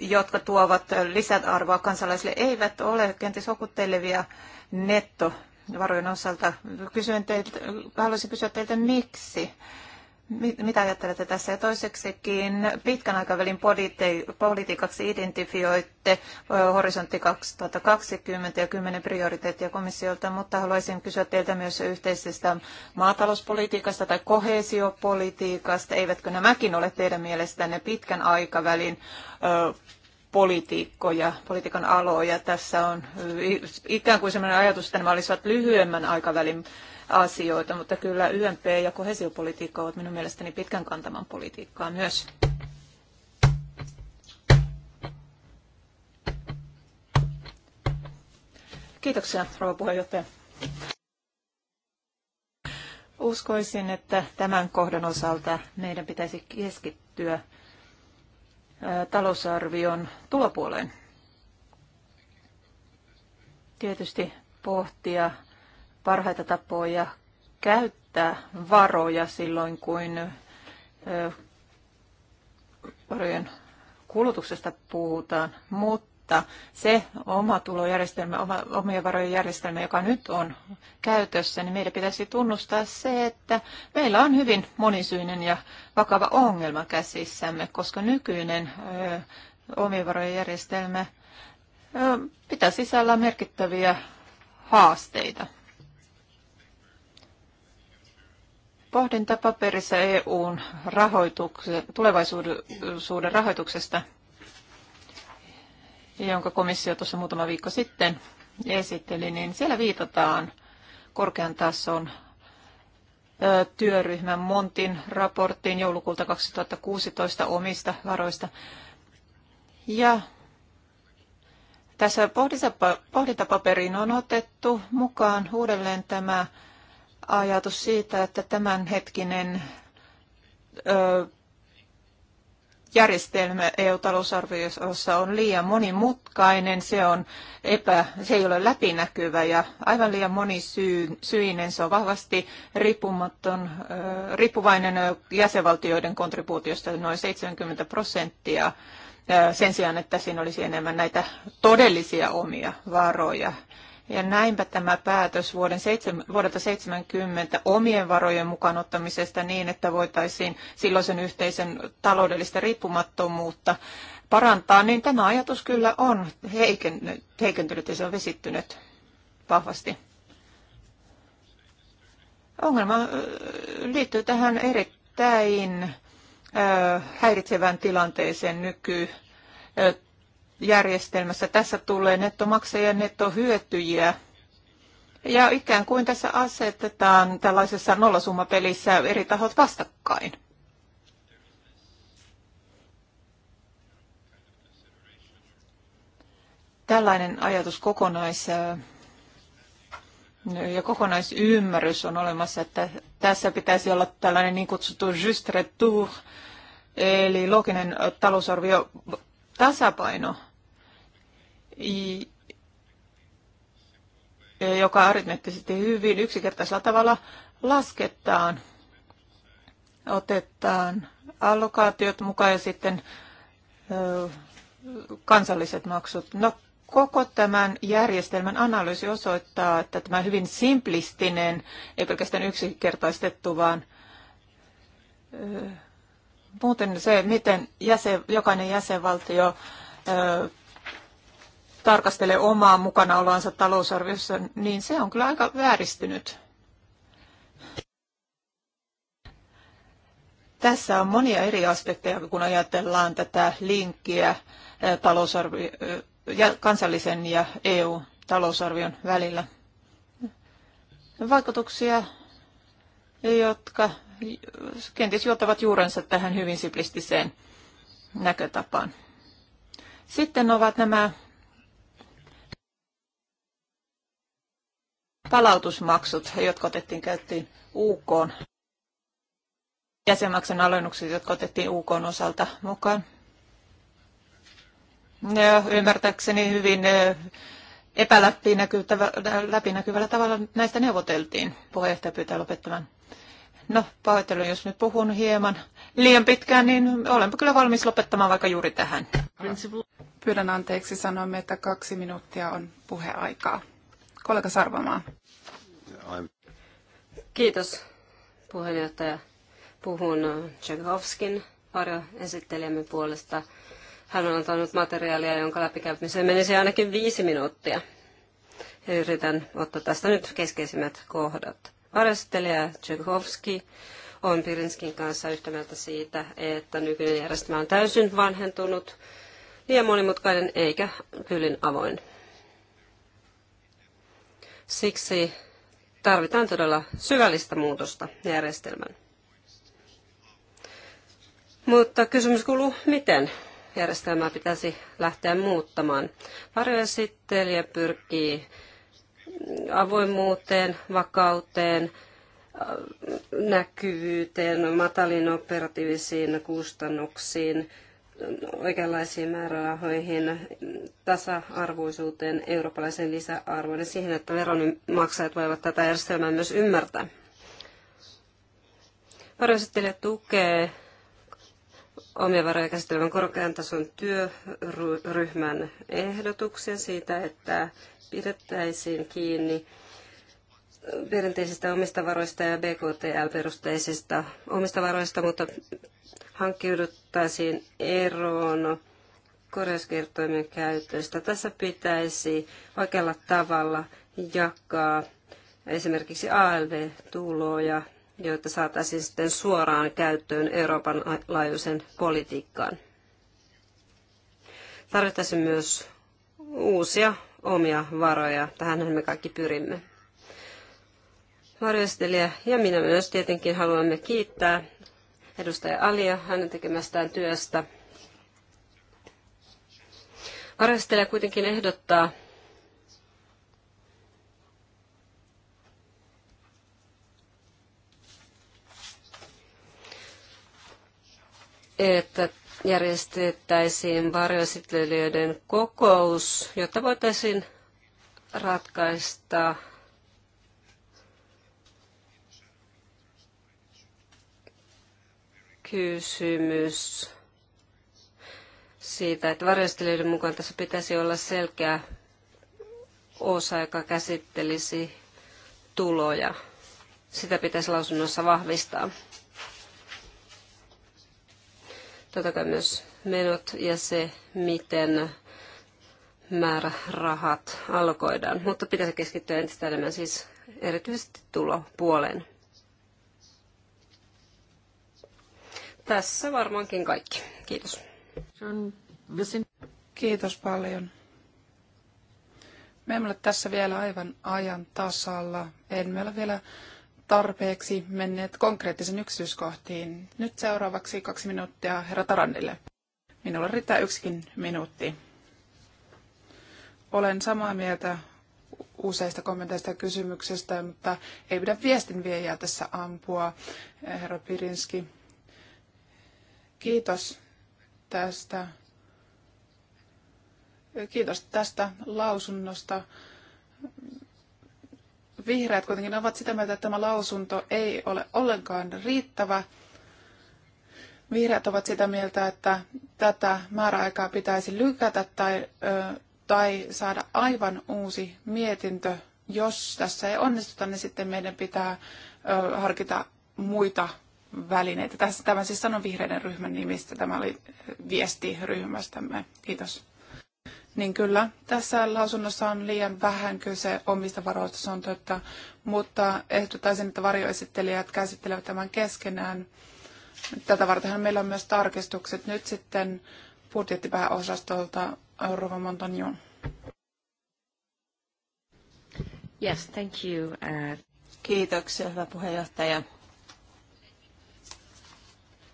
jotka tuovat lisäarvoa kansalaisille, eivät ole kenties houkuttelevia nettovarojen osalta. Kysyin teiltä, haluaisin kysyä teiltä, miksi? mitä ajattelette tässä? Ja toiseksikin pitkän aikavälin politiikaksi identifioitte horisontti 2020 ja 10 prioriteettia komissiolta, mutta haluaisin kysyä teiltä myös yhteisestä maatalouspolitiikasta tai kohesiopolitiikasta. Eivätkö nämäkin ole teidän mielestänne pitkän aikavälin politiikkoja, politiikan aloja. Tässä on ikään kuin sellainen ajatus, että nämä olisivat lyhyemmän aikavälin asioita, mutta kyllä YMP ja kohesiopolitiikka ovat minun mielestäni pitkän kantaman politiikkaa myös. Kiitoksia, rouva puheenjohtaja. Uskoisin, että tämän kohdan osalta meidän pitäisi keskittyä talousarvion tulopuoleen. Tietysti pohtia parhaita tapoja käyttää varoja silloin, kun varojen kulutuksesta puhutaan, mutta se oma tulojärjestelmä, oma, omien varojen järjestelmä, joka nyt on käytössä, niin meidän pitäisi tunnustaa se, että meillä on hyvin monisyinen ja vakava ongelma käsissämme, koska nykyinen ö, omien varojen järjestelmä ö, pitää sisällä merkittäviä haasteita. pohdintapaperissa EUn tulevaisuuden rahoituksesta, jonka komissio tuossa muutama viikko sitten esitteli, niin siellä viitataan korkean tason työryhmän Montin raporttiin joulukuulta 2016 omista varoista. Ja tässä pohdintapaperiin on otettu mukaan uudelleen tämä ajatus siitä, että tämänhetkinen ö, järjestelmä EU-talousarviossa on liian monimutkainen, se, on epä, se ei ole läpinäkyvä ja aivan liian monisyinen. Se on vahvasti riippumaton, riippuvainen jäsenvaltioiden kontribuutiosta noin 70 prosenttia sen sijaan, että siinä olisi enemmän näitä todellisia omia varoja. Ja näinpä tämä päätös vuoden seitsem- vuodelta 70 omien varojen mukaanottamisesta niin, että voitaisiin silloisen yhteisen taloudellista riippumattomuutta parantaa, niin tämä ajatus kyllä on heikentynyt ja se on vesittynyt vahvasti. Ongelma liittyy tähän erittäin häiritsevään tilanteeseen nyky järjestelmässä. Tässä tulee nettomaksajia ja nettohyötyjiä. Ja ikään kuin tässä asetetaan tällaisessa nollasummapelissä eri tahot vastakkain. Tällainen ajatus kokonais ja kokonaisymmärrys on olemassa, että tässä pitäisi olla tällainen niin kutsuttu juste retour, eli loginen talousarvio tasapaino E, joka aritmettisesti hyvin yksinkertaisella tavalla lasketaan. Otetaan allokaatiot mukaan ja sitten e, kansalliset maksut. No, koko tämän järjestelmän analyysi osoittaa, että tämä hyvin simplistinen, ei pelkästään yksinkertaistettu, vaan e, muuten se, miten jäsen, jokainen jäsenvaltio tarkastele omaa mukanaoloansa talousarviossa, niin se on kyllä aika vääristynyt. Tässä on monia eri aspekteja, kun ajatellaan tätä linkkiä talousarvio, kansallisen ja EU-talousarvion välillä. Vaikutuksia, jotka kenties juottavat juurensa tähän hyvin simplistiseen näkötapaan. Sitten ovat nämä palautusmaksut, jotka otettiin käyttiin UK jäsenmaksen alennukset, jotka otettiin UK osalta mukaan. Ja ymmärtääkseni hyvin epäläpinäkyvällä tavalla näistä neuvoteltiin. Puheenjohtaja pyytää lopettamaan. No, pahoittelen, jos nyt puhun hieman liian pitkään, niin olenpa kyllä valmis lopettamaan vaikka juuri tähän. Pyydän anteeksi, sanomme, että kaksi minuuttia on puheaikaa. Kollega Sarvamaa. Kiitos puheenjohtaja. Puhun äh, Tchaikovskin varjoesittelijämme puolesta. Hän on antanut materiaalia, jonka läpikäymiseen menisi ainakin viisi minuuttia. yritän ottaa tästä nyt keskeisimmät kohdat. Varjoesittelijä Tchaikovski on Pirinskin kanssa yhtä mieltä siitä, että nykyinen järjestelmä on täysin vanhentunut, liian monimutkainen eikä kyllin avoin. Siksi tarvitaan todella syvällistä muutosta järjestelmän. Mutta kysymys kuuluu, miten järjestelmää pitäisi lähteä muuttamaan. Varjoesittelijä pyrkii avoimuuteen, vakauteen, äh, näkyvyyteen, matalin operatiivisiin kustannuksiin, oikeanlaisiin määrärahoihin, tasa-arvoisuuteen, eurooppalaisen lisäarvoon ja siihen, että veronmaksajat voivat tätä järjestelmää myös ymmärtää. Varoesittelijä tukee omia varoja käsittelevän korkean tason työryhmän ehdotuksen siitä, että pidettäisiin kiinni perinteisistä omista varoista ja BKTL-perusteisista omista varoista, mutta hankkiuduttaisiin eroon korjauskertoimen käytöstä. Tässä pitäisi oikealla tavalla jakaa esimerkiksi ALV-tuloja, joita saataisiin sitten suoraan käyttöön Euroopan laajuisen politiikkaan. Tarvittaisiin myös uusia omia varoja. Tähän me kaikki pyrimme. Varjostelija ja minä myös tietenkin haluamme kiittää edustaja Alia hänen tekemästään työstä. Varastelija kuitenkin ehdottaa, että järjestettäisiin varjoesittelijöiden kokous, jotta voitaisiin ratkaista kysymys siitä, että varjostelijoiden mukaan tässä pitäisi olla selkeä osa, joka käsittelisi tuloja. Sitä pitäisi lausunnossa vahvistaa. Totta kai myös menot ja se, miten määrärahat alkoidaan. Mutta pitäisi keskittyä entistä enemmän siis erityisesti tulopuoleen. Tässä varmaankin kaikki. Kiitos. Kiitos paljon. Me emme ole tässä vielä aivan ajan tasalla. me ole vielä tarpeeksi menneet konkreettisen yksityiskohtiin. Nyt seuraavaksi kaksi minuuttia herra Tarannille. Minulla riittää yksikin minuutti. Olen samaa mieltä useista kommenteista ja kysymyksistä, mutta ei pidä viestinviejää tässä ampua, herra Pirinski Kiitos tästä. Kiitos tästä lausunnosta. Vihreät kuitenkin ovat sitä mieltä, että tämä lausunto ei ole ollenkaan riittävä. Vihreät ovat sitä mieltä, että tätä määräaikaa pitäisi lykätä tai, tai saada aivan uusi mietintö. Jos tässä ei onnistuta, niin sitten meidän pitää harkita muita välineitä. Tässä tämä siis sanon vihreiden ryhmän nimistä. Tämä oli eh, viesti ryhmästämme. Kiitos. Niin kyllä, tässä lausunnossa on liian vähän kyse omista varoista, se on totta, mutta ehdottaisin, että varjoesittelijät käsittelevät tämän keskenään. Tätä vartenhan meillä on myös tarkistukset nyt sitten budjettipääosastolta Euroopan Montagnon. Yes, thank you. Uh... Kiitoksia, hyvä puheenjohtaja.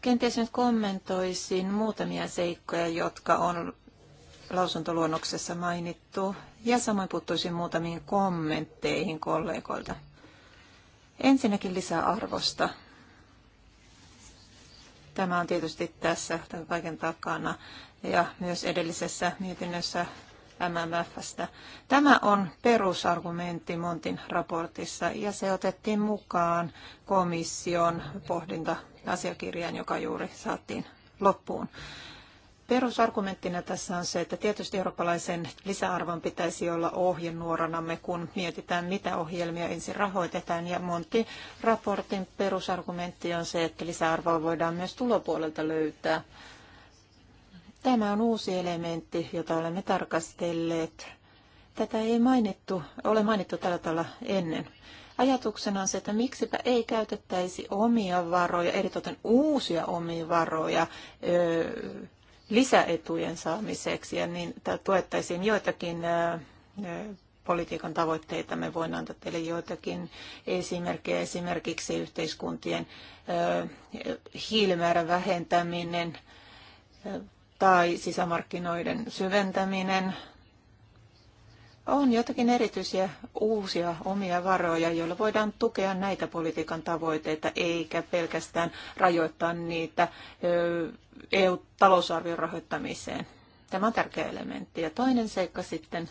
Kenties nyt kommentoisin muutamia seikkoja, jotka on lausuntoluonnoksessa mainittu, ja samoin puuttuisin muutamiin kommentteihin kollegoilta. Ensinnäkin lisää arvosta. Tämä on tietysti tässä tämän kaiken takana ja myös edellisessä mietinnössä MMFstä. Tämä on perusargumentti Montin raportissa ja se otettiin mukaan komission pohdinta-asiakirjaan, joka juuri saatiin loppuun. Perusargumenttina tässä on se, että tietysti eurooppalaisen lisäarvon pitäisi olla ohjenuoranamme, kun mietitään, mitä ohjelmia ensin rahoitetaan. Ja Montin raportin perusargumentti on se, että lisäarvoa voidaan myös tulopuolelta löytää Tämä on uusi elementti, jota olemme tarkastelleet. Tätä ei mainittu, ole mainittu tällä tavalla ennen. Ajatuksena on se, että miksipä ei käytettäisi omia varoja, eritoten uusia omia varoja, öö, lisäetujen saamiseksi ja niin tuettaisiin joitakin politiikan tavoitteita. Me voin antaa teille joitakin esimerkkejä, esimerkiksi yhteiskuntien hiilimäärän vähentäminen, tai sisämarkkinoiden syventäminen. On jotakin erityisiä uusia omia varoja, joilla voidaan tukea näitä politiikan tavoitteita, eikä pelkästään rajoittaa niitä EU-talousarvion rahoittamiseen. Tämä on tärkeä elementti. Ja toinen seikka sitten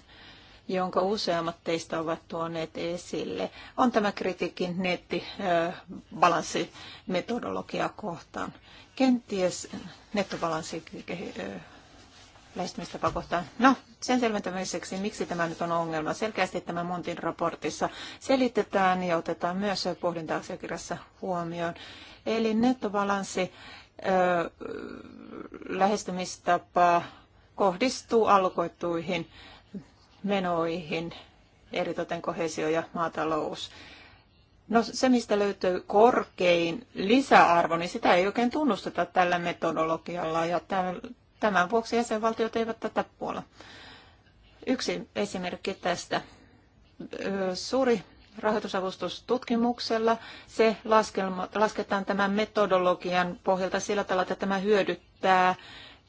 jonka useammat teistä ovat tuoneet esille, on tämä kritiikin nettibalanssimetodologia kohtaan. Kenties nettobalanssi lähestymistapa kohtaan. No, sen selventämiseksi, miksi tämä nyt on ongelma. Selkeästi tämä Montin raportissa selitetään ja otetaan myös pohdinta-asiakirjassa huomioon. Eli nettobalanssi lähestymistapa kohdistuu alkoituihin menoihin, eritoten kohesio ja maatalous. No se, mistä löytyy korkein lisäarvo, niin sitä ei oikein tunnusteta tällä metodologialla ja tämän vuoksi jäsenvaltiot eivät tätä puolella. Yksi esimerkki tästä. Suuri rahoitusavustus tutkimuksella. Se laskelma, lasketaan tämän metodologian pohjalta sillä tavalla, että tämä hyödyttää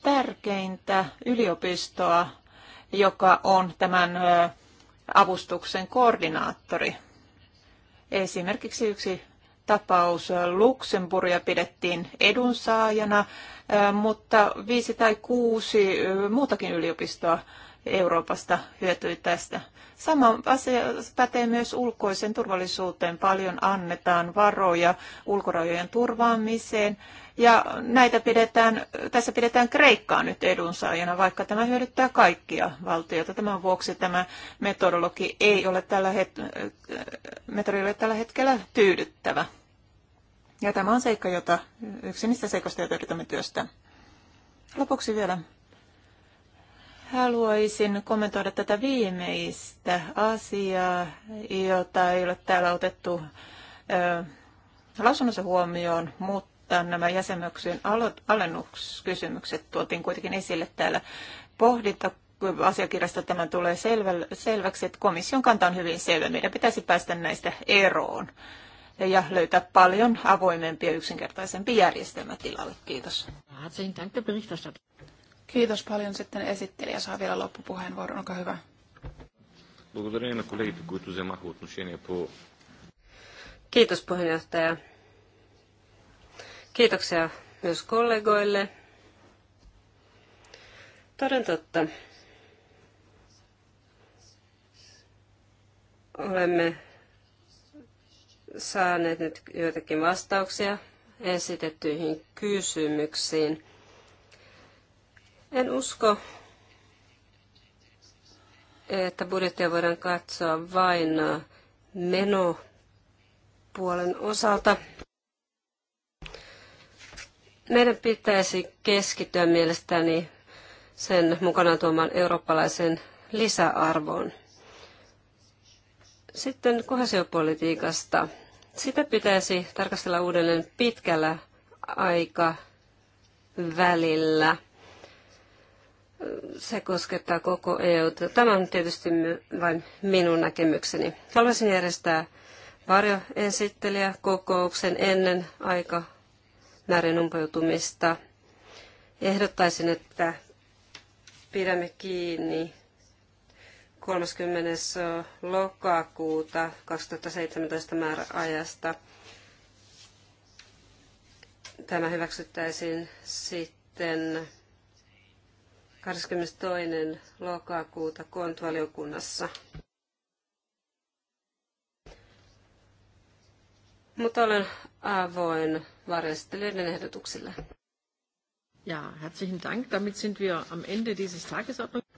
tärkeintä yliopistoa joka on tämän avustuksen koordinaattori. Esimerkiksi yksi tapaus Luxemburgia pidettiin edunsaajana, mutta viisi tai kuusi muutakin yliopistoa Euroopasta hyötyi tästä. Sama asia pätee myös ulkoisen turvallisuuteen. Paljon annetaan varoja ulkorajojen turvaamiseen ja näitä pidetään, tässä pidetään Kreikkaa nyt edunsaajana, vaikka tämä hyödyttää kaikkia valtioita. Tämän vuoksi tämä metodologi ei ole tällä, het- ole tällä hetkellä tyydyttävä. Ja tämä on seikka, jota, yksi niistä seikoista, joita yritämme työstää. Lopuksi vielä Haluaisin kommentoida tätä viimeistä asiaa, jota ei ole täällä otettu ö, lausunnossa huomioon, mutta nämä jäsenmaksujen alennuskysymykset tuotiin kuitenkin esille täällä pohdinta asiakirjasta tämä tulee selvä, selväksi, että komission kanta on hyvin selvä. Meidän pitäisi päästä näistä eroon ja löytää paljon avoimempi ja yksinkertaisempi järjestelmä tilalle. Kiitos. Kiitos paljon. Sitten esittelijä saa vielä loppupuheenvuoron. Olkaa hyvä. Kiitos puheenjohtaja. Kiitoksia myös kollegoille. Toden totta. Olemme saaneet nyt joitakin vastauksia esitettyihin kysymyksiin. En usko, että budjettia voidaan katsoa vain äh, menopuolen osalta. Meidän pitäisi keskittyä mielestäni sen mukana tuomaan eurooppalaisen lisäarvoon. Sitten kohesiopolitiikasta. Sitä pitäisi tarkastella uudelleen pitkällä aikavälillä – se koskettaa koko EUta. Tämä on tietysti vain minun näkemykseni. Haluaisin järjestää kokouksen ennen aika määrin umpeutumista. Ehdottaisin, että pidämme kiinni 30. lokakuuta 2017 määräajasta. Tämä hyväksyttäisiin sitten 22. lokakuuta kontvaliokunnassa. Mutta olen avoin varjastelijoiden ehdotuksille. Ja, herzlichen Dank. Damit sind wir am Ende dieses Tagesordnungs.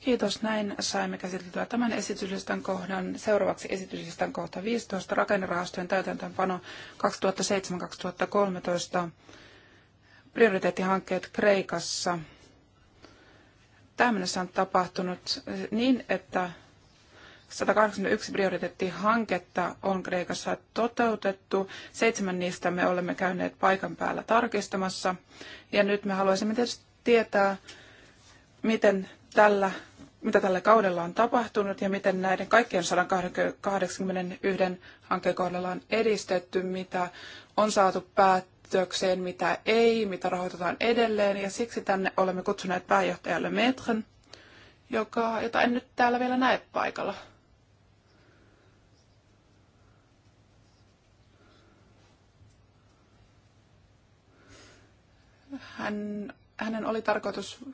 Kiitos. Näin saimme käsiteltyä tämän esityslistan kohdan. Seuraavaksi esityslistan kohta 15, rakennerahastojen täytäntöönpano 2007-2013, prioriteettihankkeet Kreikassa. Tähän mennessä on tapahtunut eh, niin, että 181 prioriteettihanketta on Kreikassa toteutettu. Seitsemän niistä me olemme käyneet paikan päällä tarkistamassa. Ja nyt me haluaisimme tietysti tietää, miten tällä, mitä tällä kaudella on tapahtunut ja miten näiden kaikkien 181 hankkeen kohdalla on edistetty, mitä on saatu päättää käyttöökseen, mitä ei, mitä rahoitetaan edelleen, ja siksi tänne olemme kutsuneet pääjohtajalle Metren, joka, jota en nyt täällä vielä näe paikalla. Hän, hänen oli tarkoitus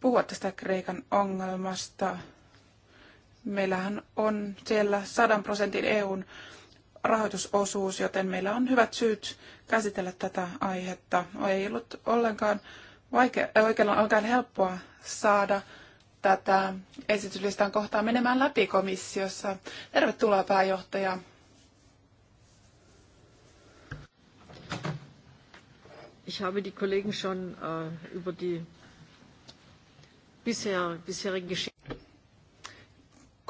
puhua tästä Kreikan ongelmasta. Meillähän on siellä 100 prosentin EUn rahoitusosuus, joten meillä on hyvät syyt käsitellä tätä aihetta. Ei ollut ollenkaan vaikea, äh, oikein helppoa saada tätä esityslistan kohtaa menemään läpi komissiossa. Tervetuloa pääjohtaja. Ich habe die Kollegen schon äh, über die bisher, bisherigen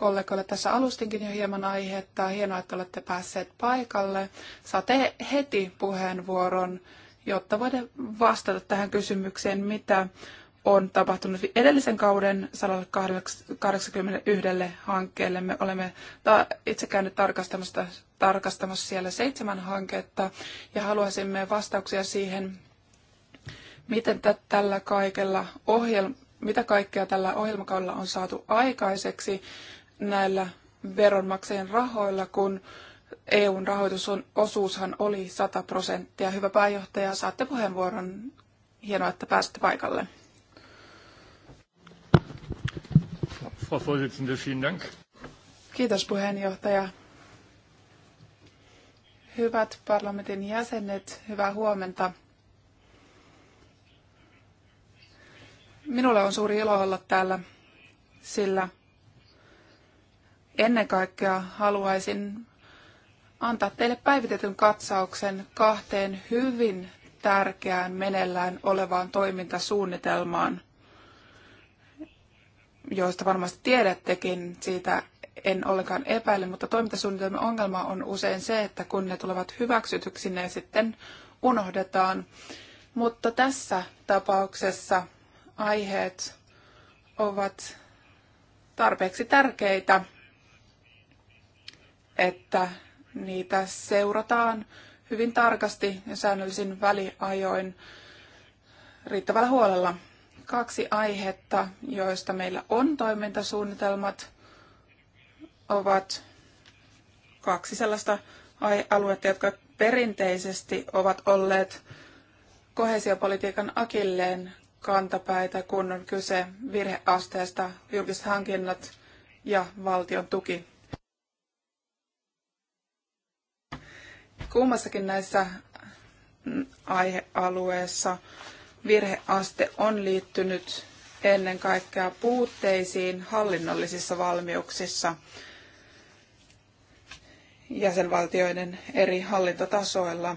kollegoille. Tässä alustinkin jo hieman aihetta. Hienoa, että olette päässeet paikalle. Saatte heti puheenvuoron, jotta voitte vastata tähän kysymykseen, mitä on tapahtunut edellisen kauden 181 hankkeelle. Me olemme itse käyneet tarkastamassa, tarkastamassa siellä seitsemän hanketta ja haluaisimme vastauksia siihen, miten tällä kaikella ohjel- mitä kaikkea tällä ohjelmakaudella on saatu aikaiseksi näillä veronmaksajien rahoilla, kun EUn rahoitusosuushan oli 100 prosenttia. Hyvä pääjohtaja, saatte puheenvuoron. Hienoa, että pääsitte paikalle. Kiitos puheenjohtaja. Hyvät parlamentin jäsenet, hyvää huomenta. Minulle on suuri ilo olla täällä, sillä Ennen kaikkea haluaisin antaa teille päivitetyn katsauksen kahteen hyvin tärkeään meneillään olevaan toimintasuunnitelmaan, joista varmasti tiedättekin, siitä en ollenkaan epäile, mutta toimintasuunnitelman ongelma on usein se, että kun ne tulevat hyväksytyksi, ne sitten unohdetaan. Mutta tässä tapauksessa aiheet ovat tarpeeksi tärkeitä että niitä seurataan hyvin tarkasti ja säännöllisin väliajoin riittävällä huolella. Kaksi aihetta, joista meillä on toimintasuunnitelmat, ovat kaksi sellaista aluetta, jotka perinteisesti ovat olleet kohesiopolitiikan akilleen kantapäitä, kun on kyse virheasteesta, julkiset hankinnat ja valtion tuki. kummassakin näissä mm, aihealueessa virheaste on liittynyt ennen kaikkea puutteisiin hallinnollisissa valmiuksissa jäsenvaltioiden eri hallintotasoilla.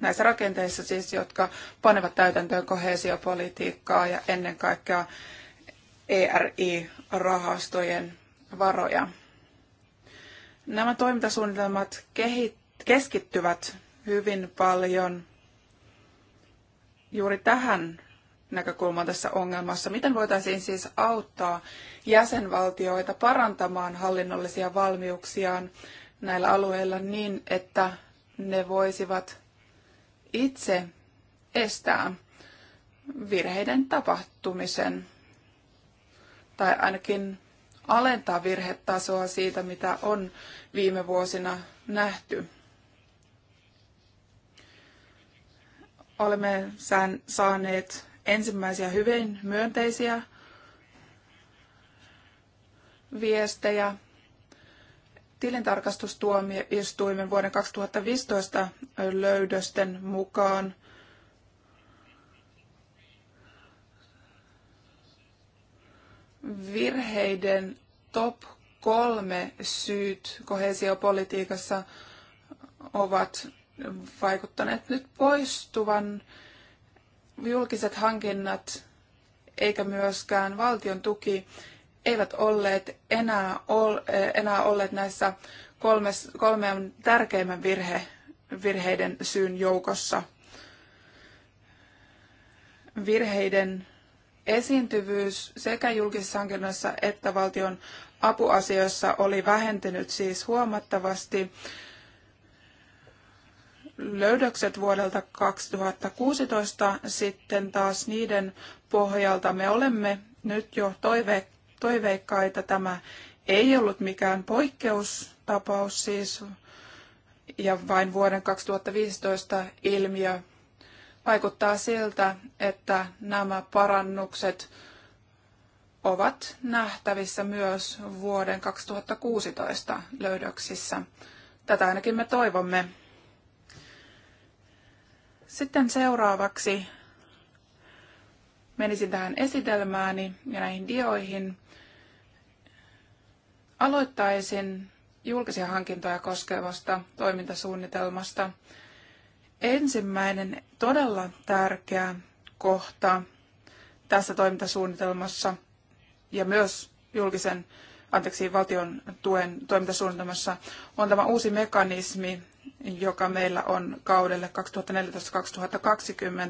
Näissä rakenteissa siis, jotka panevat täytäntöön kohesiopolitiikkaa ja ennen kaikkea ERI-rahastojen varoja. Nämä toimintasuunnitelmat keskittyvät hyvin paljon juuri tähän näkökulmaan tässä ongelmassa. Miten voitaisiin siis auttaa jäsenvaltioita parantamaan hallinnollisia valmiuksiaan näillä alueilla niin, että ne voisivat itse estää virheiden tapahtumisen tai ainakin alentaa virhetasoa siitä, mitä on viime vuosina nähty. Olemme saaneet ensimmäisiä hyvin myönteisiä viestejä tilintarkastustuomioistuimen vuoden 2015 löydösten mukaan virheiden top kolme syyt kohesiopolitiikassa ovat vaikuttaneet nyt poistuvan julkiset hankinnat eikä myöskään valtion tuki eivät olleet enää, ol, enää olleet näissä kolmes, kolmeen tärkeimmän virhe, virheiden syyn joukossa. Virheiden esiintyvyys sekä julkisissa hankinnoissa että valtion apuasioissa oli vähentynyt siis huomattavasti. Löydökset vuodelta 2016 sitten taas niiden pohjalta me olemme nyt jo toive, toiveikkaita. Tämä ei ollut mikään poikkeustapaus siis, ja vain vuoden 2015 ilmiö Vaikuttaa siltä, että nämä parannukset ovat nähtävissä myös vuoden 2016 löydöksissä. Tätä ainakin me toivomme. Sitten seuraavaksi menisin tähän esitelmääni ja näihin dioihin. Aloittaisin julkisia hankintoja koskevasta toimintasuunnitelmasta – Ensimmäinen todella tärkeä kohta tässä toimintasuunnitelmassa ja myös julkisen, anteeksi, valtion tuen toimintasuunnitelmassa on tämä uusi mekanismi, joka meillä on kaudelle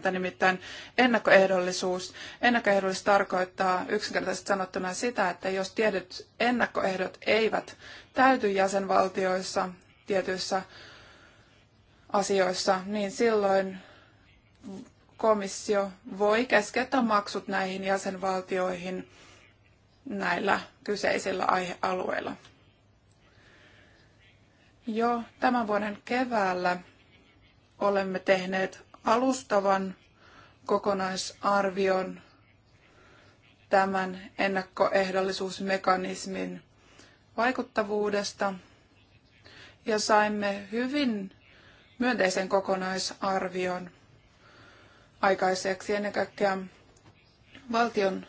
2014-2020, nimittäin ennakkoehdollisuus. Ennakkoehdollisuus tarkoittaa yksinkertaisesti sanottuna sitä, että jos tietyt ennakkoehdot eivät täyty jäsenvaltioissa tietyissä asioissa, niin silloin komissio voi keskeyttää maksut näihin jäsenvaltioihin näillä kyseisillä aihealueilla. Jo tämän vuoden keväällä olemme tehneet alustavan kokonaisarvion tämän ennakkoehdollisuusmekanismin vaikuttavuudesta ja saimme hyvin myönteisen kokonaisarvion aikaiseksi ennen kaikkea valtion,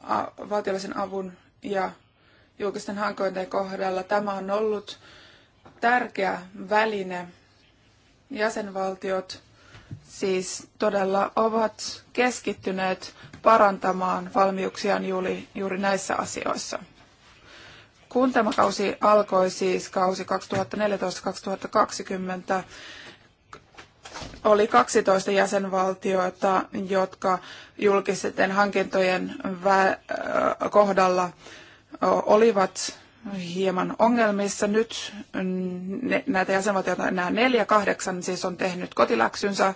a, valtiollisen avun ja julkisten hankintojen kohdalla. Tämä on ollut tärkeä väline. Jäsenvaltiot siis todella ovat keskittyneet parantamaan valmiuksiaan juuri, juuri näissä asioissa. Kun tämä kausi alkoi siis kausi 2014-2020, oli 12 jäsenvaltiota, jotka julkisten hankintojen kohdalla olivat hieman ongelmissa. Nyt ne, näitä jäsenvaltioita enää neljä, kahdeksan siis on tehnyt kotiläksynsä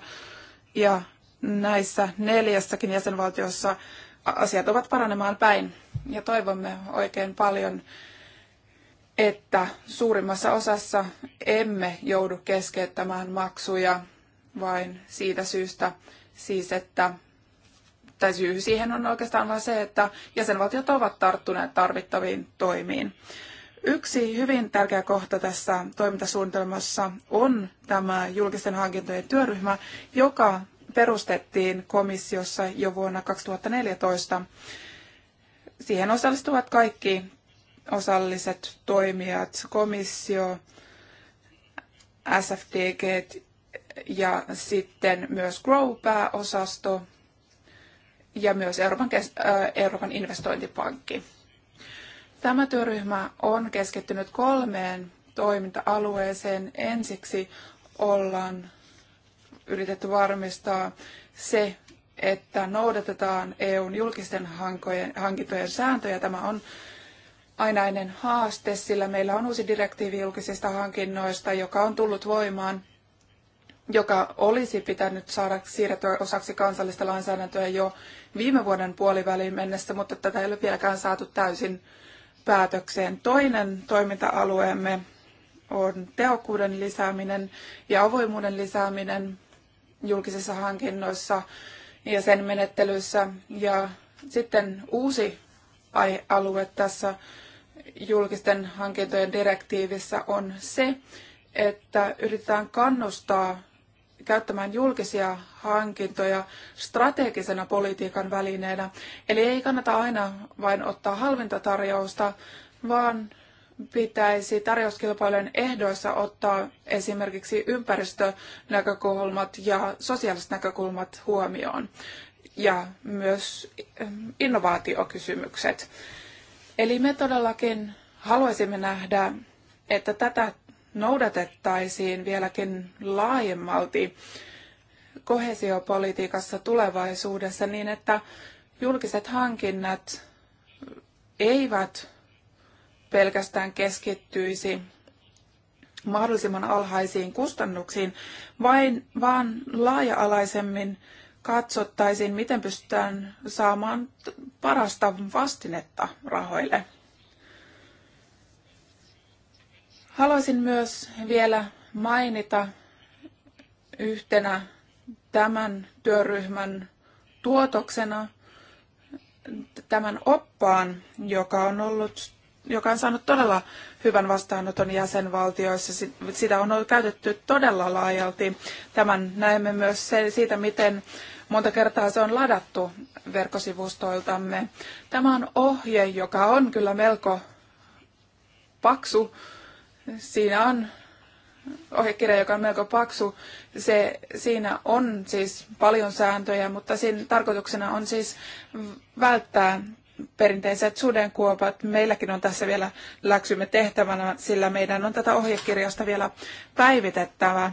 ja näissä neljässäkin jäsenvaltiossa asiat ovat paranemaan päin ja toivomme oikein paljon että suurimmassa osassa emme joudu keskeyttämään maksuja vain siitä syystä, siis että, tai syy siihen on oikeastaan vain se, että jäsenvaltiot ovat tarttuneet tarvittaviin toimiin. Yksi hyvin tärkeä kohta tässä toimintasuunnitelmassa on tämä julkisten hankintojen työryhmä, joka perustettiin komissiossa jo vuonna 2014. Siihen osallistuvat kaikki osalliset toimijat, komissio, SFDG ja sitten myös Grow-pääosasto ja myös Euroopan, äh, Euroopan investointipankki. Tämä työryhmä on keskittynyt kolmeen toiminta-alueeseen. Ensiksi ollaan yritetty varmistaa se, että noudatetaan EUn julkisten hankojen, hankintojen sääntöjä. Tämä on ainainen haaste, sillä meillä on uusi direktiivi julkisista hankinnoista, joka on tullut voimaan, joka olisi pitänyt saada siirrettyä osaksi kansallista lainsäädäntöä jo viime vuoden puoliväliin mennessä, mutta tätä ei ole vieläkään saatu täysin päätökseen. Toinen toiminta-alueemme on tehokkuuden lisääminen ja avoimuuden lisääminen julkisissa hankinnoissa ja sen menettelyssä. Ja sitten uusi alue tässä julkisten hankintojen direktiivissä on se, että yritetään kannustaa käyttämään julkisia hankintoja strategisena politiikan välineenä. Eli ei kannata aina vain ottaa halvinta tarjousta, vaan pitäisi tarjouskilpailujen ehdoissa ottaa esimerkiksi ympäristönäkökulmat ja sosiaaliset näkökulmat huomioon ja myös mm, innovaatiokysymykset. Eli me todellakin haluaisimme nähdä, että tätä noudatettaisiin vieläkin laajemmalti kohesiopolitiikassa tulevaisuudessa niin, että julkiset hankinnat eivät pelkästään keskittyisi mahdollisimman alhaisiin kustannuksiin, vain, vaan laaja-alaisemmin katsottaisiin, miten pystytään saamaan parasta vastinetta rahoille. Haluaisin myös vielä mainita yhtenä tämän työryhmän tuotoksena tämän oppaan, joka on ollut joka on saanut todella hyvän vastaanoton jäsenvaltioissa. Sitä on käytetty todella laajalti. Tämän näemme myös siitä, miten Monta kertaa se on ladattu verkkosivustoiltamme. Tämä on ohje, joka on kyllä melko paksu. Siinä on ohjekirja, joka on melko paksu. Se, siinä on siis paljon sääntöjä, mutta siinä tarkoituksena on siis välttää perinteiset sudenkuopat. Meilläkin on tässä vielä läksymme tehtävänä, sillä meidän on tätä ohjekirjasta vielä päivitettävä.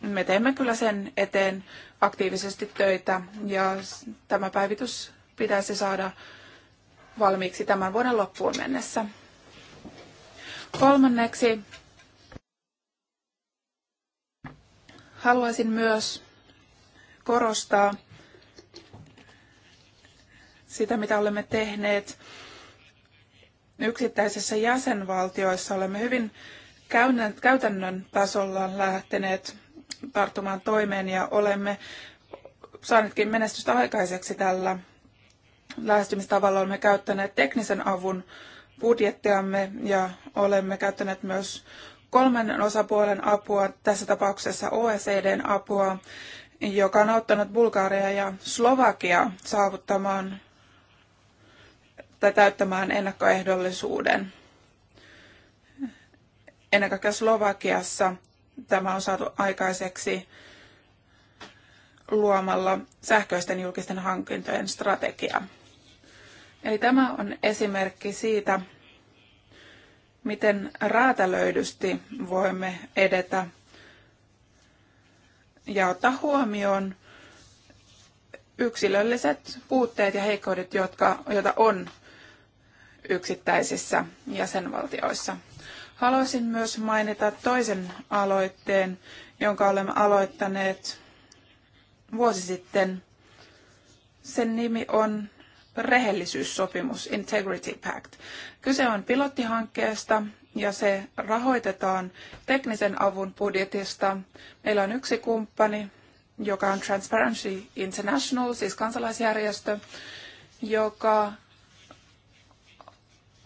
Me teemme kyllä sen eteen aktiivisesti töitä ja tämä päivitys pitäisi saada valmiiksi tämän vuoden loppuun mennessä. Kolmanneksi haluaisin myös korostaa sitä, mitä olemme tehneet yksittäisissä jäsenvaltioissa. Olemme hyvin käytännön tasolla lähteneet tarttumaan toimeen ja olemme saaneetkin menestystä aikaiseksi tällä lähestymistavalla. Olemme käyttäneet teknisen avun budjettiamme ja olemme käyttäneet myös kolmannen osapuolen apua, tässä tapauksessa OECDn apua, joka on auttanut Bulgaria ja Slovakia saavuttamaan tai täyttämään ennakkoehdollisuuden. Ennen kaikkea Slovakiassa Tämä on saatu aikaiseksi luomalla sähköisten julkisten hankintojen strategia. Eli tämä on esimerkki siitä, miten räätälöidysti voimme edetä ja ottaa huomioon yksilölliset puutteet ja heikkoudet, jotka, joita on yksittäisissä jäsenvaltioissa. Haluaisin myös mainita toisen aloitteen, jonka olemme aloittaneet vuosi sitten. Sen nimi on rehellisyyssopimus, Integrity Pact. Kyse on pilottihankkeesta ja se rahoitetaan teknisen avun budjetista. Meillä on yksi kumppani, joka on Transparency International, siis kansalaisjärjestö, joka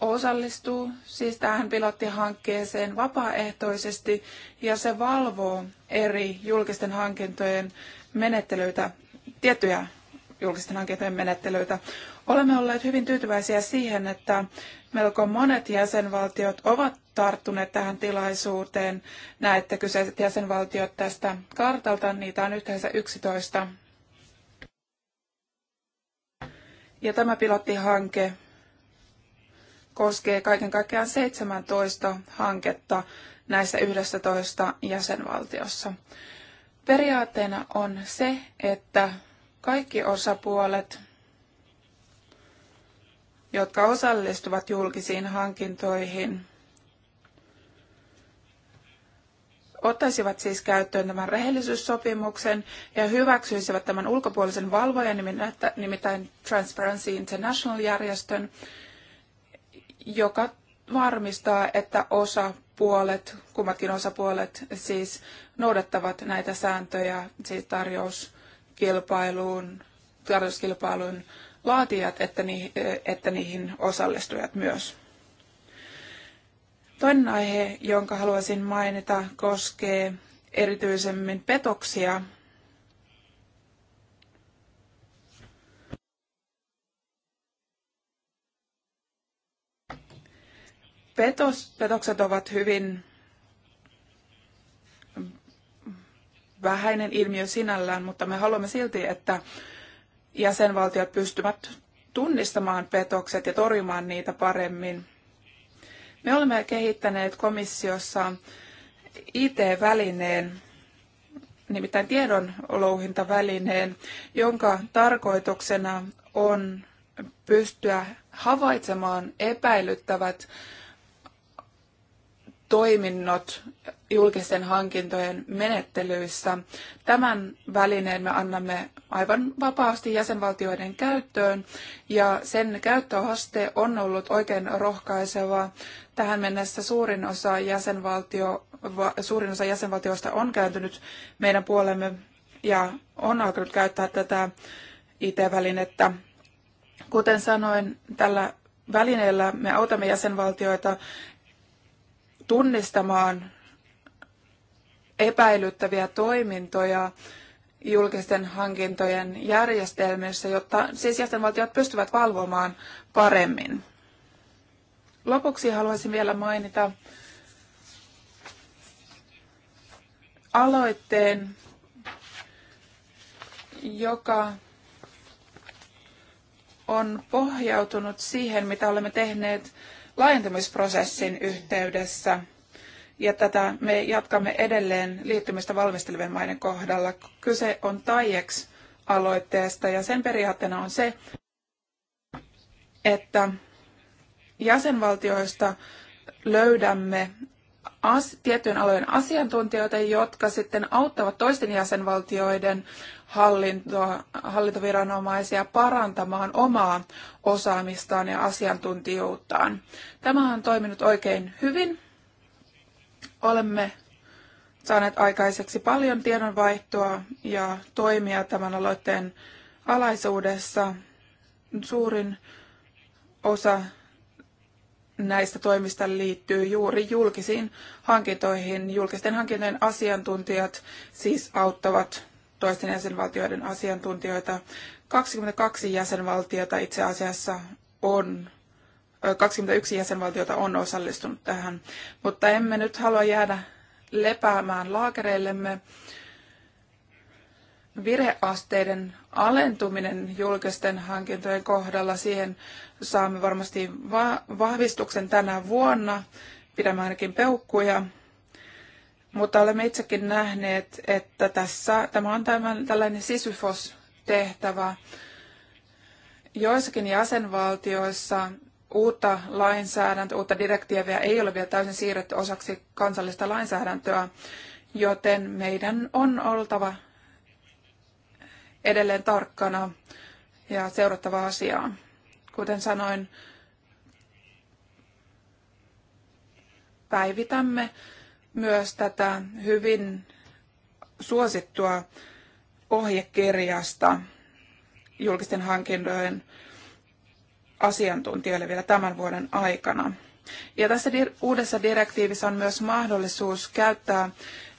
osallistuu siis tähän pilottihankkeeseen vapaaehtoisesti ja se valvoo eri julkisten hankintojen menettelyitä, tiettyjä julkisten hankintojen menettelyitä. Olemme olleet hyvin tyytyväisiä siihen, että melko monet jäsenvaltiot ovat tarttuneet tähän tilaisuuteen. Näette kyseiset jäsenvaltiot tästä kartalta, niitä on yhteensä 11. Ja tämä pilottihanke koskee kaiken kaikkiaan 17 hanketta näissä 11 jäsenvaltiossa. Periaatteena on se, että kaikki osapuolet, jotka osallistuvat julkisiin hankintoihin, ottaisivat siis käyttöön tämän rehellisyyssopimuksen ja hyväksyisivät tämän ulkopuolisen valvojan, nimittäin Transparency International-järjestön, joka varmistaa, että osapuolet, kummatkin osapuolet siis noudattavat näitä sääntöjä, siis tarjouskilpailuun, tarjouskilpailun laatijat, että, ni, että niihin osallistujat myös. Toinen aihe, jonka haluaisin mainita, koskee erityisemmin petoksia Petos, petokset ovat hyvin vähäinen ilmiö sinällään, mutta me haluamme silti, että jäsenvaltiot pystyvät tunnistamaan petokset ja torjumaan niitä paremmin. Me olemme kehittäneet komissiossa IT-välineen, nimittäin tiedon louhintavälineen, jonka tarkoituksena on pystyä havaitsemaan epäilyttävät toiminnot julkisten hankintojen menettelyissä. Tämän välineen me annamme aivan vapaasti jäsenvaltioiden käyttöön ja sen käyttöaste on ollut oikein rohkaiseva. Tähän mennessä suurin osa, jäsenvaltio, suurin osa jäsenvaltioista on kääntynyt meidän puolemme ja on alkanut käyttää tätä IT-välinettä. Kuten sanoin, tällä välineellä me autamme jäsenvaltioita tunnistamaan epäilyttäviä toimintoja julkisten hankintojen järjestelmissä, jotta siis jäsenvaltiot pystyvät valvomaan paremmin. Lopuksi haluaisin vielä mainita aloitteen, joka on pohjautunut siihen, mitä olemme tehneet laajentumisprosessin yhteydessä. Ja tätä me jatkamme edelleen liittymistä valmistelevien maiden kohdalla. Kyse on TAIEX-aloitteesta ja sen periaatteena on se, että jäsenvaltioista löydämme as, tiettyjen alojen asiantuntijoita, jotka sitten auttavat toisten jäsenvaltioiden hallintoa, hallintoviranomaisia parantamaan omaa osaamistaan ja asiantuntijuuttaan. Tämä on toiminut oikein hyvin. Olemme saaneet aikaiseksi paljon tiedonvaihtoa ja toimia tämän aloitteen alaisuudessa. Suurin osa näistä toimista liittyy juuri julkisiin hankintoihin. Julkisten hankintojen asiantuntijat siis auttavat toisten jäsenvaltioiden asiantuntijoita. 22 jäsenvaltiota itse asiassa on 21 jäsenvaltiota on osallistunut tähän, mutta emme nyt halua jäädä lepäämään laakereillemme virheasteiden alentuminen julkisten hankintojen kohdalla, siihen saamme varmasti vahvistuksen tänä vuonna, pidämme ainakin peukkuja. Mutta olemme itsekin nähneet, että tässä, tämä on tämän, tällainen sisyfos-tehtävä. Joissakin jäsenvaltioissa uutta lainsäädäntöä, uutta direktiiviä ei ole vielä täysin siirretty osaksi kansallista lainsäädäntöä, joten meidän on oltava edelleen tarkkana ja seurattava asiaa. Kuten sanoin, päivitämme myös tätä hyvin suosittua ohjekirjasta julkisten hankintojen asiantuntijoille vielä tämän vuoden aikana. Ja tässä uudessa direktiivissä on myös mahdollisuus käyttää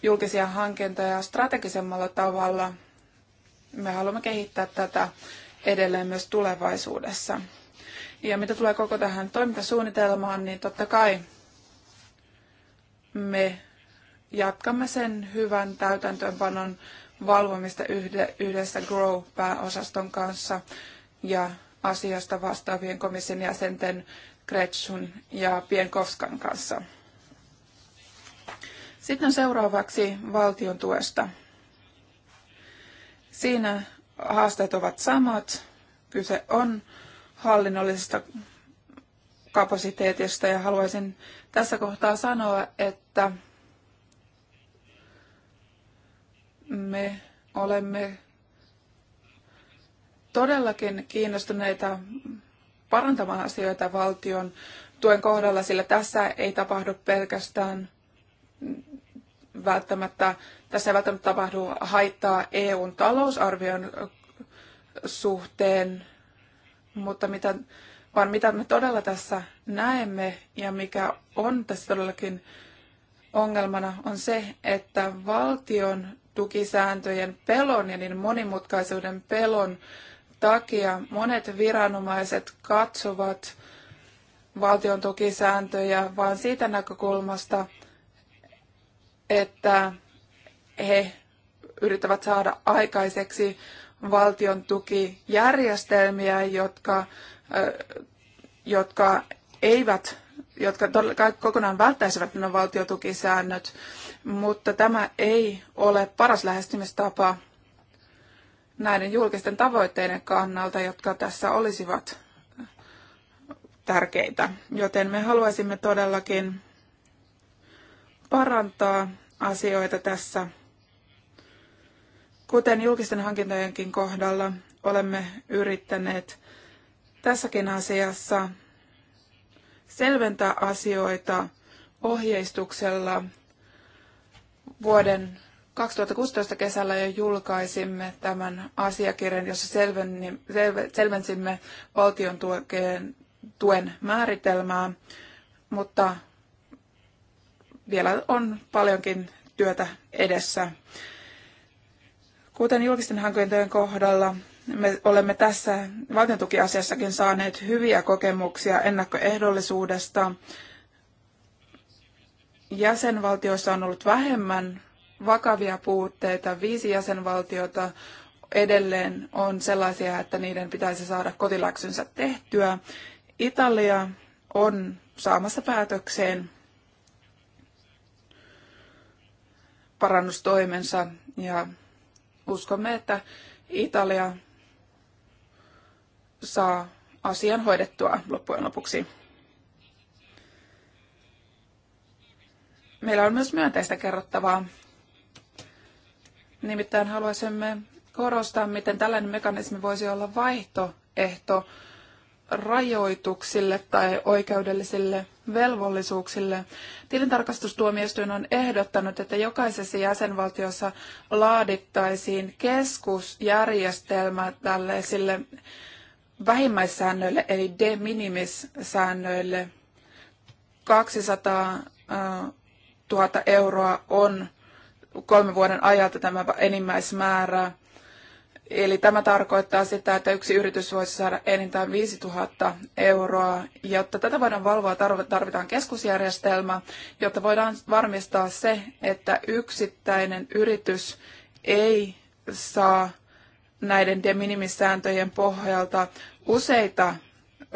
julkisia hankintoja strategisemmalla tavalla – me haluamme kehittää tätä edelleen myös tulevaisuudessa. Ja mitä tulee koko tähän toimintasuunnitelmaan, niin totta kai me jatkamme sen hyvän täytäntöönpanon valvomista yhdessä Grow-pääosaston kanssa ja asiasta vastaavien komission jäsenten Gretschun ja Pienkovskan kanssa. Sitten seuraavaksi valtion tuesta. Siinä haasteet ovat samat. Kyse on hallinnollisesta kapasiteetista ja haluaisin tässä kohtaa sanoa, että me olemme todellakin kiinnostuneita parantamaan asioita valtion tuen kohdalla, sillä tässä ei tapahdu pelkästään välttämättä, tässä ei välttämättä tapahdu haittaa EUn talousarvion suhteen, mutta mitä, vaan mitä me todella tässä näemme ja mikä on tässä todellakin ongelmana on se, että valtion tukisääntöjen pelon ja niiden monimutkaisuuden pelon takia monet viranomaiset katsovat valtion tukisääntöjä vaan siitä näkökulmasta, että he yrittävät saada aikaiseksi valtion tukijärjestelmiä, jotka, jotka eivät jotka kokonaan välttäisivät nämä valtiotukisäännöt, mutta tämä ei ole paras lähestymistapa näiden julkisten tavoitteiden kannalta, jotka tässä olisivat tärkeitä. Joten me haluaisimme todellakin parantaa asioita tässä. Kuten julkisten hankintojenkin kohdalla olemme yrittäneet tässäkin asiassa selventää asioita ohjeistuksella vuoden 2016 kesällä jo julkaisimme tämän asiakirjan, jossa selvensimme valtion tuen määritelmää, mutta vielä on paljonkin työtä edessä. Kuten julkisten hankintojen kohdalla, me olemme tässä valtiontukiasiassakin saaneet hyviä kokemuksia ennakkoehdollisuudesta. Jäsenvaltioissa on ollut vähemmän vakavia puutteita. Viisi jäsenvaltiota edelleen on sellaisia, että niiden pitäisi saada kotiläksynsä tehtyä. Italia on saamassa päätökseen parannustoimensa ja uskomme, että Italia saa asian hoidettua loppujen lopuksi. Meillä on myös myönteistä kerrottavaa. Nimittäin haluaisimme korostaa, miten tällainen mekanismi voisi olla vaihtoehto rajoituksille tai oikeudellisille velvollisuuksille. Tilintarkastustuomioistuin on ehdottanut, että jokaisessa jäsenvaltiossa laadittaisiin keskusjärjestelmä tällaisille vähimmäissäännöille, eli de minimis-säännöille. 200 000 äh, euroa on kolmen vuoden ajalta tämä enimmäismäärä. Eli tämä tarkoittaa sitä, että yksi yritys voisi saada enintään 5000 euroa. Jotta tätä voidaan valvoa, tarvitaan keskusjärjestelmä, jotta voidaan varmistaa se, että yksittäinen yritys ei saa näiden de minimis-sääntöjen pohjalta useita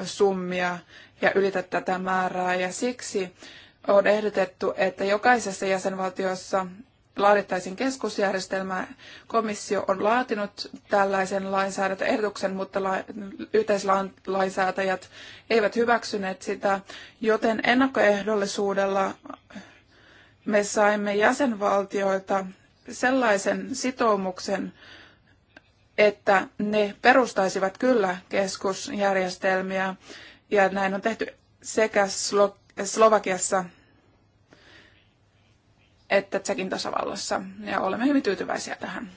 summia ja ylitä tätä määrää. Ja siksi on ehdotettu, että jokaisessa jäsenvaltiossa laadittaisiin keskusjärjestelmä. Komissio on laatinut tällaisen lainsäädäntöehdotuksen, mutta la, yhteislainsäätäjät eivät hyväksyneet sitä, joten ennakkoehdollisuudella me saimme jäsenvaltioilta sellaisen sitoumuksen, että ne perustaisivat kyllä keskusjärjestelmiä, ja näin on tehty sekä Slovakiassa että Tsekin tasavallassa. Ja olemme hyvin tyytyväisiä tähän.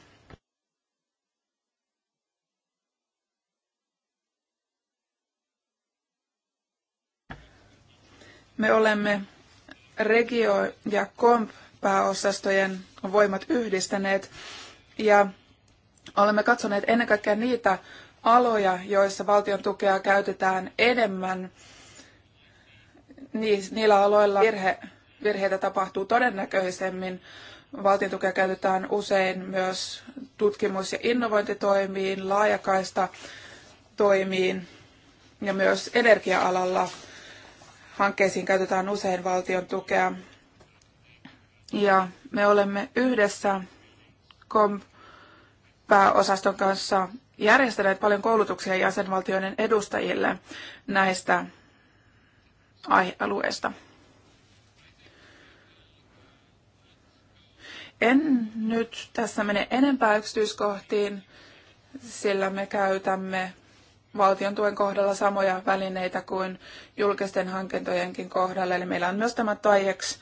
Me olemme regio- ja komp-pääosastojen voimat yhdistäneet ja olemme katsoneet ennen kaikkea niitä aloja, joissa valtion tukea käytetään enemmän niillä aloilla virhe virheitä tapahtuu todennäköisemmin. Valtiontukea käytetään usein myös tutkimus- ja innovointitoimiin, laajakaista toimiin ja myös energia-alalla hankkeisiin käytetään usein valtion tukea. Ja me olemme yhdessä KOM-pääosaston kanssa järjestäneet paljon koulutuksia jäsenvaltioiden edustajille näistä aihealueista. En nyt tässä mene enempää yksityiskohtiin, sillä me käytämme valtion tuen kohdalla samoja välineitä kuin julkisten hankintojenkin kohdalla. Eli meillä on myös tämä TAIEX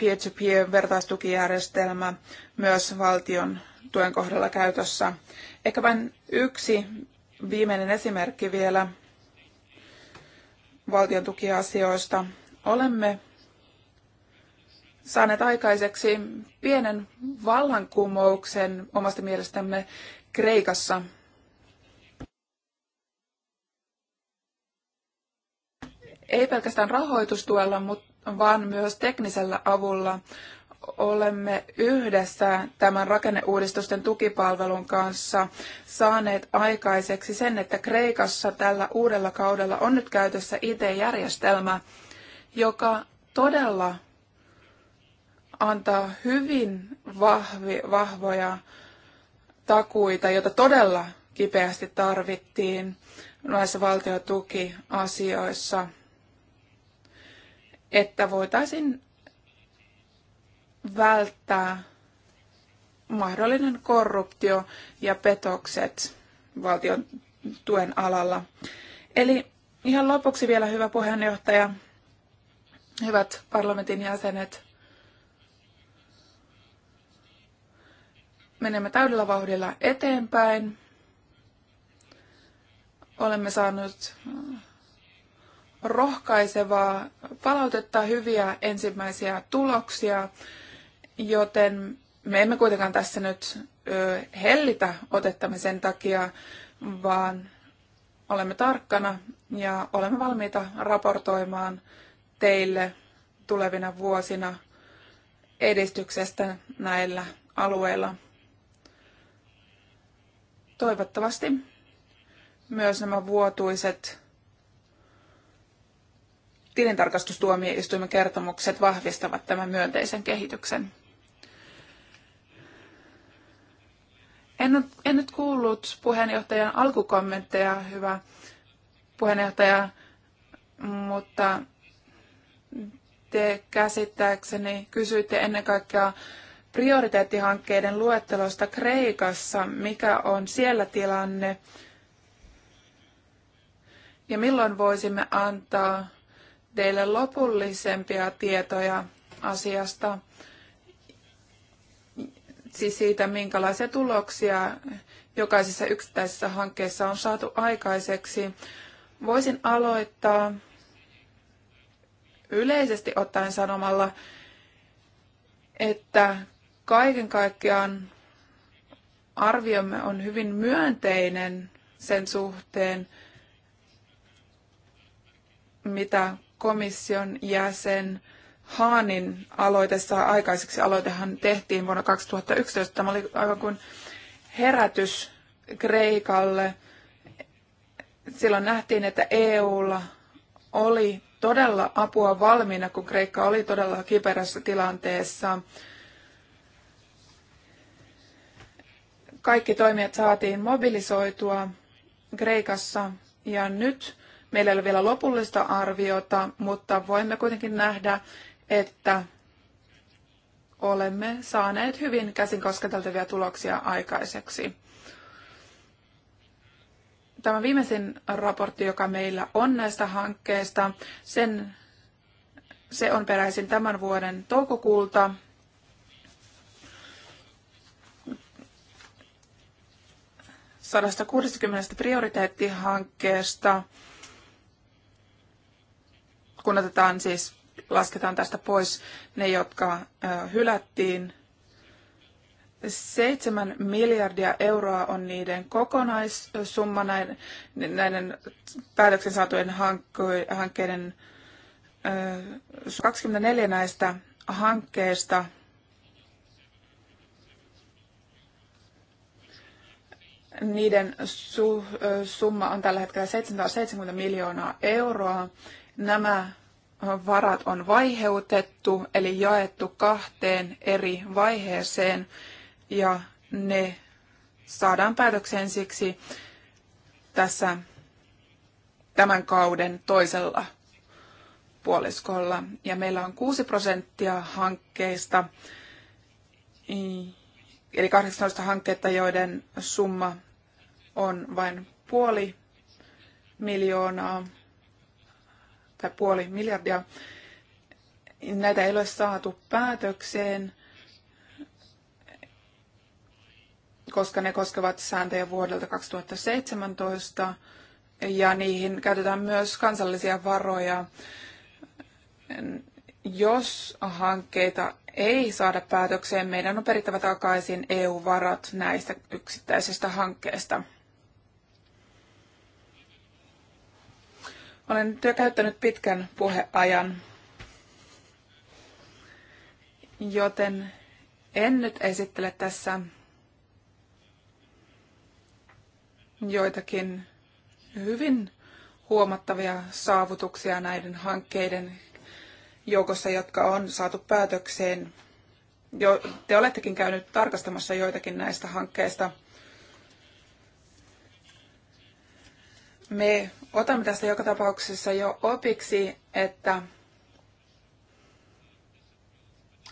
peer-to-peer vertaistukijärjestelmä myös valtion tuen kohdalla käytössä. Ehkä vain yksi viimeinen esimerkki vielä valtion tukiasioista. Olemme saaneet aikaiseksi pienen vallankumouksen omasta mielestämme Kreikassa. Ei pelkästään rahoitustuella, vaan myös teknisellä avulla olemme yhdessä tämän rakenneuudistusten tukipalvelun kanssa saaneet aikaiseksi sen, että Kreikassa tällä uudella kaudella on nyt käytössä IT-järjestelmä, joka todella antaa hyvin vahvi, vahvoja takuita, joita todella kipeästi tarvittiin näissä valtiotukiasioissa, että voitaisiin välttää mahdollinen korruptio ja petokset valtion tuen alalla. Eli ihan lopuksi vielä hyvä puheenjohtaja, hyvät parlamentin jäsenet, menemme täydellä vauhdilla eteenpäin. Olemme saaneet äh, rohkaisevaa palautetta, hyviä ensimmäisiä tuloksia, joten me emme kuitenkaan tässä nyt hellitä otettamme sen takia, vaan olemme tarkkana ja olemme valmiita raportoimaan teille tulevina vuosina edistyksestä näillä alueilla. Toivottavasti myös nämä vuotuiset tilintarkastustuomioistuimen kertomukset vahvistavat tämän myönteisen kehityksen. En, en nyt kuullut puheenjohtajan alkukommentteja, hyvä puheenjohtaja, mutta te käsittääkseni kysyitte ennen kaikkea prioriteettihankkeiden luettelosta Kreikassa, mikä on siellä tilanne ja milloin voisimme antaa teille lopullisempia tietoja asiasta, siis siitä, minkälaisia tuloksia jokaisessa yksittäisessä hankkeessa on saatu aikaiseksi. Voisin aloittaa yleisesti ottaen sanomalla, että Kaiken kaikkiaan arviomme on hyvin myönteinen sen suhteen, mitä komission jäsen Haanin aloite saa aikaiseksi. Aloitehan tehtiin vuonna 2011. Tämä oli aivan kuin herätys Kreikalle. Silloin nähtiin, että EUlla oli todella apua valmiina, kun Kreikka oli todella kiperässä tilanteessa. kaikki toimijat saatiin mobilisoitua Kreikassa ja nyt meillä ei ole vielä lopullista arviota, mutta voimme kuitenkin nähdä, että olemme saaneet hyvin käsin kosketeltavia tuloksia aikaiseksi. Tämä viimeisin raportti, joka meillä on näistä hankkeista, sen, se on peräisin tämän vuoden toukokuulta 160 prioriteettihankkeesta, kun otetaan siis, lasketaan tästä pois ne, jotka hylättiin, 7 miljardia euroa on niiden kokonaissumma näiden, näiden päätöksen saatujen hankkeiden. 24 näistä hankkeista Niiden su, summa on tällä hetkellä 770 miljoonaa euroa. Nämä varat on vaiheutettu, eli jaettu kahteen eri vaiheeseen, ja ne saadaan päätökseen siksi tässä tämän kauden toisella puoliskolla. Ja meillä on 6 prosenttia hankkeista, eli 18 hanketta, joiden summa on vain puoli miljoonaa tai puoli miljardia. Näitä ei ole saatu päätökseen, koska ne koskevat sääntöjä vuodelta 2017 ja niihin käytetään myös kansallisia varoja. Jos hankkeita ei saada päätökseen, meidän on perittävä takaisin EU-varat näistä yksittäisistä hankkeista. Olen nyt jo käyttänyt pitkän puheajan, joten en nyt esittele tässä joitakin hyvin huomattavia saavutuksia näiden hankkeiden joukossa, jotka on saatu päätökseen. Jo, te olettekin käynyt tarkastamassa joitakin näistä hankkeista. Me otamme tästä joka tapauksessa jo opiksi, että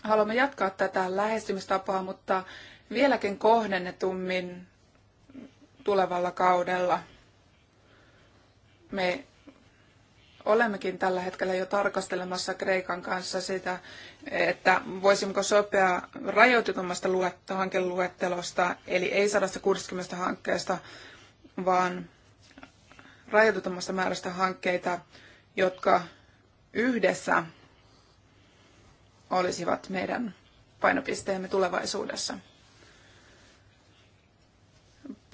haluamme jatkaa tätä lähestymistapaa, mutta vieläkin kohdennetummin tulevalla kaudella. Me Olemmekin tällä hetkellä jo tarkastelemassa Kreikan kanssa sitä, että voisimmeko sopia rajoitetummasta hankeluettelosta, eli ei 160 hankkeesta, vaan rajoitetummasta määrästä hankkeita, jotka yhdessä olisivat meidän painopisteemme tulevaisuudessa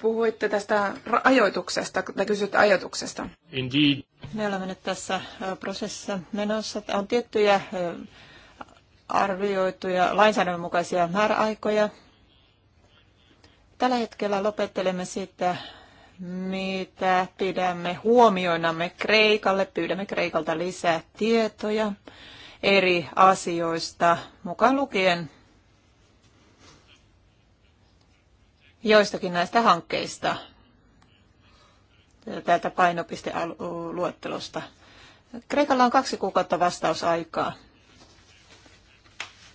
puhuitte tästä ajoituksesta, tai kysytte ajoituksesta. Indeed. Me olemme nyt tässä prosessissa menossa. On tiettyjä arvioituja lainsäädännön mukaisia määräaikoja. Tällä hetkellä lopettelemme sitä, mitä pidämme huomioinamme Kreikalle. Pyydämme Kreikalta lisää tietoja eri asioista, mukaan lukien joistakin näistä hankkeista täältä painopisteluettelosta. Kreikalla on kaksi kuukautta vastausaikaa.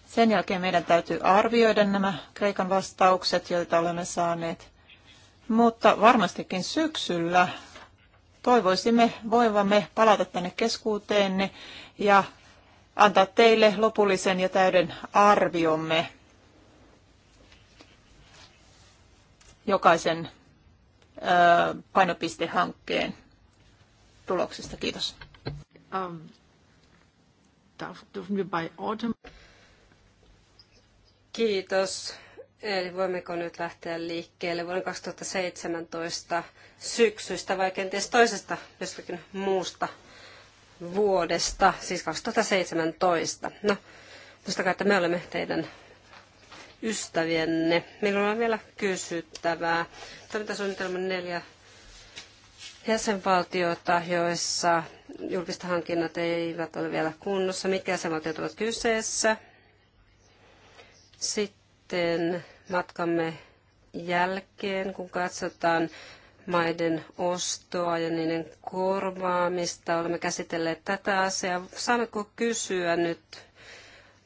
Sen jälkeen meidän täytyy arvioida nämä Kreikan vastaukset, joita olemme saaneet. Mutta varmastikin syksyllä toivoisimme voivamme palata tänne keskuuteenne ja antaa teille lopullisen ja täyden arviomme jokaisen painopistehankkeen tuloksista. Kiitos. Um, dürfen wir bei Autumn... Kiitos. Eli voimmeko nyt lähteä liikkeelle vuoden 2017 syksystä vai kenties toisesta jostakin muusta vuodesta, siis 2017. No, muistakaa, että me olemme teidän ystävienne. Minulla on vielä kysyttävää. Toimintasuunnitelman neljä jäsenvaltiota, joissa julkista hankinnat eivät ole vielä kunnossa. Mitkä jäsenvaltiot ovat kyseessä? Sitten matkamme jälkeen, kun katsotaan maiden ostoa ja niiden korvaamista. Olemme käsitelleet tätä asiaa. Saanko kysyä nyt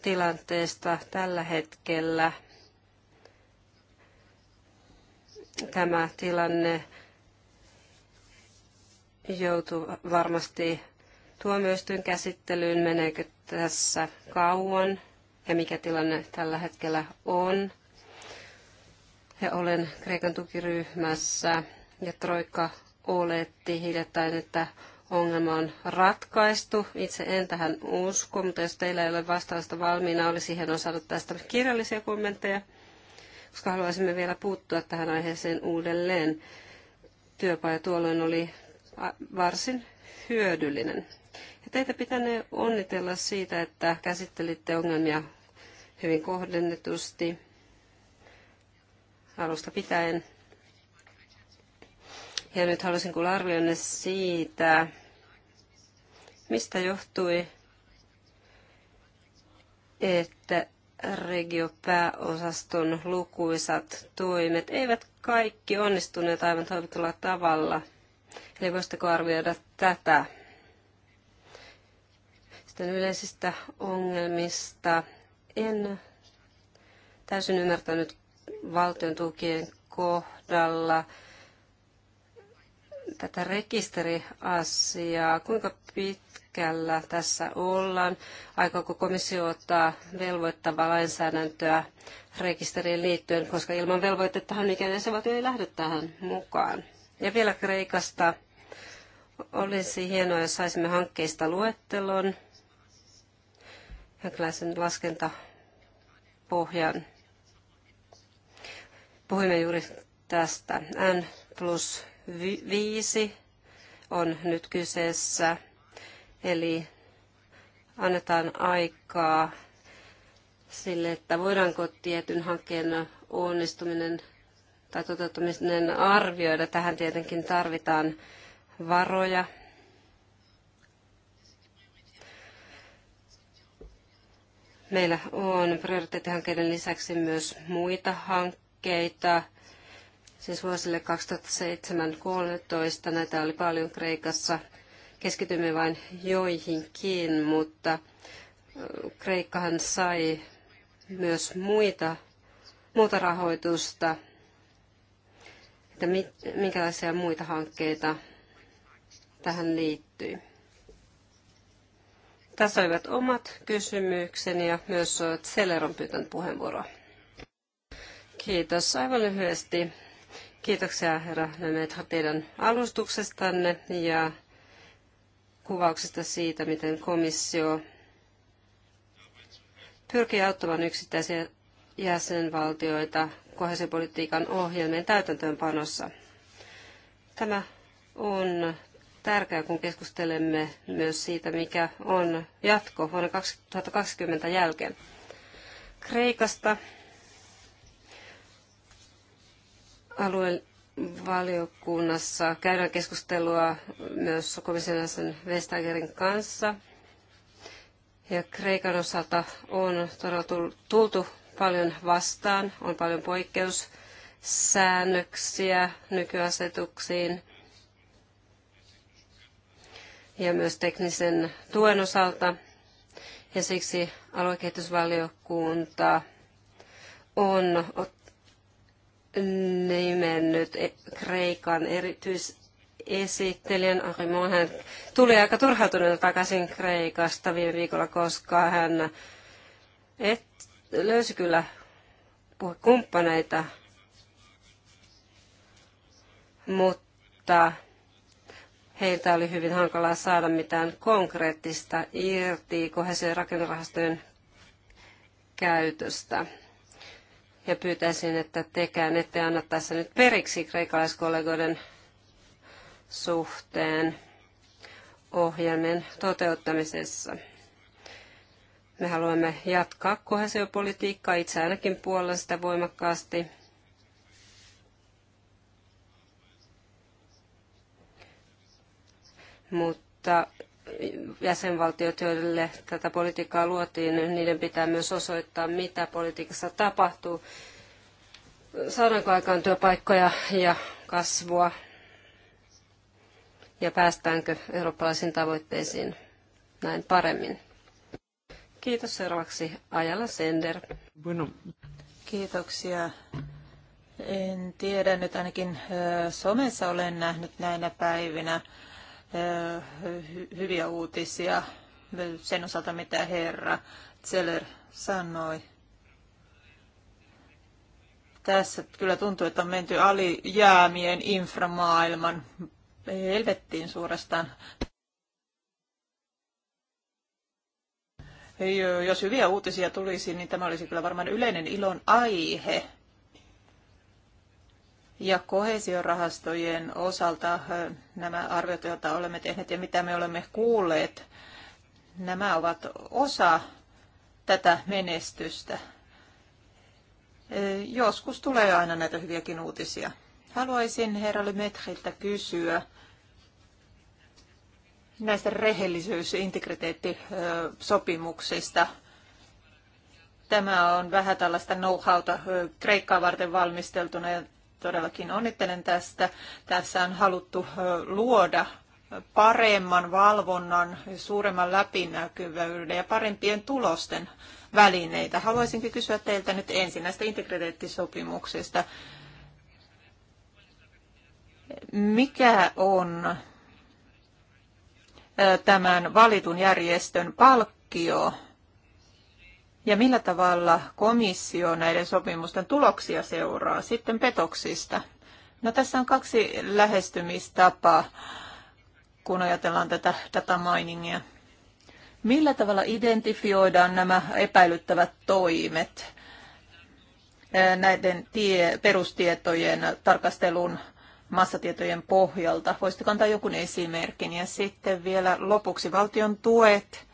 tilanteesta tällä hetkellä? tämä tilanne joutuu varmasti tuomioistuin käsittelyyn, meneekö tässä kauan ja mikä tilanne tällä hetkellä on. Ja olen Kreikan tukiryhmässä ja Troika oletti hiljattain, että ongelma on ratkaistu. Itse en tähän usko, mutta jos teillä ei ole vastausta valmiina, olisi siihen osannut tästä kirjallisia kommentteja koska haluaisimme vielä puuttua tähän aiheeseen uudelleen. Työpaja tuolloin oli varsin hyödyllinen. Ja teitä pitäne onnitella siitä, että käsittelitte ongelmia hyvin kohdennetusti alusta pitäen. Ja nyt haluaisin kuulla arvioinne siitä, mistä johtui, että regiopääosaston lukuisat toimet eivät kaikki onnistuneet aivan toivotulla tavalla. Eli voisitteko arvioida tätä? Sitten yleisistä ongelmista. En täysin ymmärtänyt valtion tukien kohdalla tätä rekisteriasiaa. Kuinka pitkällä tässä ollaan? Aikooko komissio ottaa velvoittavaa lainsäädäntöä rekisteriin liittyen, koska ilman velvoitettahan mikään jäsenvaltio ei lähde tähän mukaan. Ja vielä Kreikasta. Olisi hienoa, jos saisimme hankkeista luettelon, jonkinlaisen laskentapohjan. Puhuimme juuri tästä N plus viisi on nyt kyseessä, eli annetaan aikaa sille, että voidaanko tietyn hankkeen onnistuminen tai toteuttaminen arvioida. Tähän tietenkin tarvitaan varoja. Meillä on prioriteettihankkeiden lisäksi myös muita hankkeita, siis vuosille 2007-2013. Näitä oli paljon Kreikassa. Keskitymme vain joihinkin, mutta Kreikkahan sai myös muita, muuta rahoitusta, että mit, minkälaisia muita hankkeita tähän liittyy. Tässä olivat omat kysymykseni ja myös Celeron pyytän puheenvuoroa. Kiitos. Aivan lyhyesti Kiitoksia herra Lemetra teidän alustuksestanne ja kuvauksesta siitä, miten komissio pyrkii auttamaan yksittäisiä jäsenvaltioita kohesiopolitiikan ohjelmien täytäntöönpanossa. Tämä on tärkeää, kun keskustelemme myös siitä, mikä on jatko vuonna 2020 jälkeen. Kreikasta aluevaliokunnassa käydään keskustelua myös komission sen Vestagerin kanssa. Ja Kreikan osalta on todella tultu paljon vastaan, on paljon poikkeussäännöksiä nykyasetuksiin. Ja myös teknisen tuen osalta. Ja siksi aluekehitysvaliokunta on ottanut nimennyt Kreikan erityisesittelijän Arimon. Hän tuli aika turhautuneena takaisin Kreikasta viime viikolla, koska hän et, löysi kyllä kumppaneita, mutta heiltä oli hyvin hankalaa saada mitään konkreettista irti kohesien rakennerahastojen käytöstä ja pyytäisin, että tekään ette anna tässä nyt periksi kreikalaiskollegoiden suhteen ohjelmien toteuttamisessa. Me haluamme jatkaa kohesiopolitiikkaa, itse ainakin puolella sitä voimakkaasti. Mutta jäsenvaltiot, joille tätä politiikkaa luotiin, niiden pitää myös osoittaa, mitä politiikassa tapahtuu. Saadaanko aikaan työpaikkoja ja kasvua ja päästäänkö eurooppalaisiin tavoitteisiin näin paremmin. Kiitos seuraavaksi Ajala Sender. Bueno. Kiitoksia. En tiedä, nyt ainakin somessa olen nähnyt näinä päivinä hyviä uutisia sen osalta, mitä herra Zeller sanoi. Tässä kyllä tuntuu, että on menty alijäämien inframaailman helvettiin suorastaan. Jos hyviä uutisia tulisi, niin tämä olisi kyllä varmaan yleinen ilon aihe ja kohesiorahastojen osalta nämä arviot, joita olemme tehneet ja mitä me olemme kuulleet, nämä ovat osa tätä menestystä. Joskus tulee aina näitä hyviäkin uutisia. Haluaisin herra Lemetriltä kysyä näistä rehellisyys- ja integriteettisopimuksista. Tämä on vähän tällaista know-howta Kreikkaa varten valmisteltuna ja todellakin onnittelen tästä. Tässä on haluttu luoda paremman valvonnan, suuremman läpinäkyvyyden ja parempien tulosten välineitä. Haluaisinkin kysyä teiltä nyt ensin näistä integriteettisopimuksista. Mikä on tämän valitun järjestön palkkio ja millä tavalla komissio näiden sopimusten tuloksia seuraa sitten petoksista? No tässä on kaksi lähestymistapaa, kun ajatellaan tätä data miningia. Millä tavalla identifioidaan nämä epäilyttävät toimet näiden tie, perustietojen tarkastelun massatietojen pohjalta? Voisitko antaa jokun esimerkin? Ja sitten vielä lopuksi valtion tuet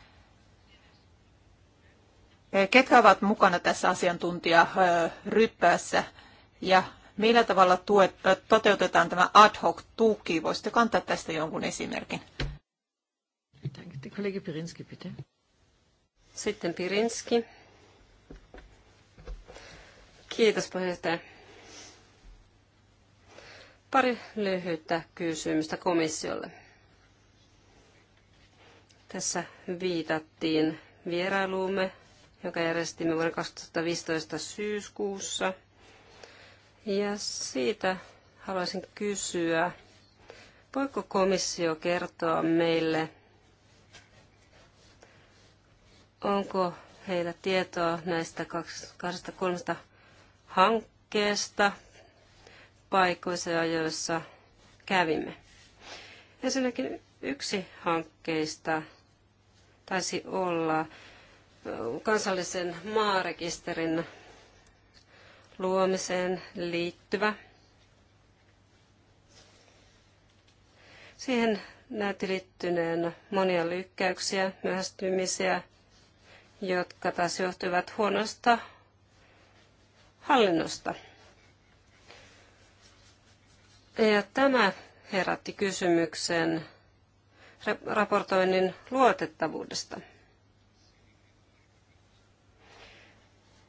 Ketkä ovat mukana tässä asiantuntijaryppäässä ja millä tavalla tuet, toteutetaan tämä ad hoc tuki? Voisitte kantaa tästä jonkun esimerkin? Pirinski, bitte. Sitten Pirinski. Kiitos puheenjohtaja. Pari lyhyttä kysymystä komissiolle. Tässä viitattiin vierailuumme joka järjestimme vuoden 2015 syyskuussa. Ja siitä haluaisin kysyä, voiko komissio kertoa meille, onko heillä tietoa näistä 23 hankkeesta paikoissa, joissa kävimme. Ensinnäkin yksi hankkeista taisi olla kansallisen maarekisterin luomiseen liittyvä. Siihen näytti liittyneen monia lykkäyksiä, myöhästymisiä, jotka taas johtuivat huonosta hallinnosta. Ja tämä herätti kysymyksen raportoinnin luotettavuudesta.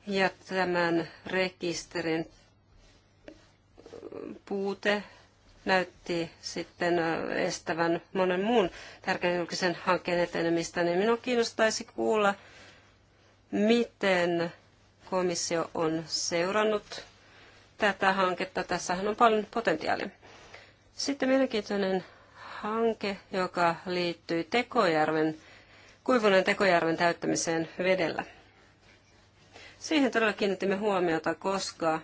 Ja tämän rekisterin puute näytti sitten estävän monen muun tärkeän julkisen hankkeen etenemistä, niin minua kiinnostaisi kuulla, miten komissio on seurannut tätä hanketta. Tässähän on paljon potentiaalia. Sitten mielenkiintoinen hanke, joka liittyy Tekojärven, Kuivunen Tekojärven täyttämiseen vedellä. Siihen todella kiinnitimme huomiota, koska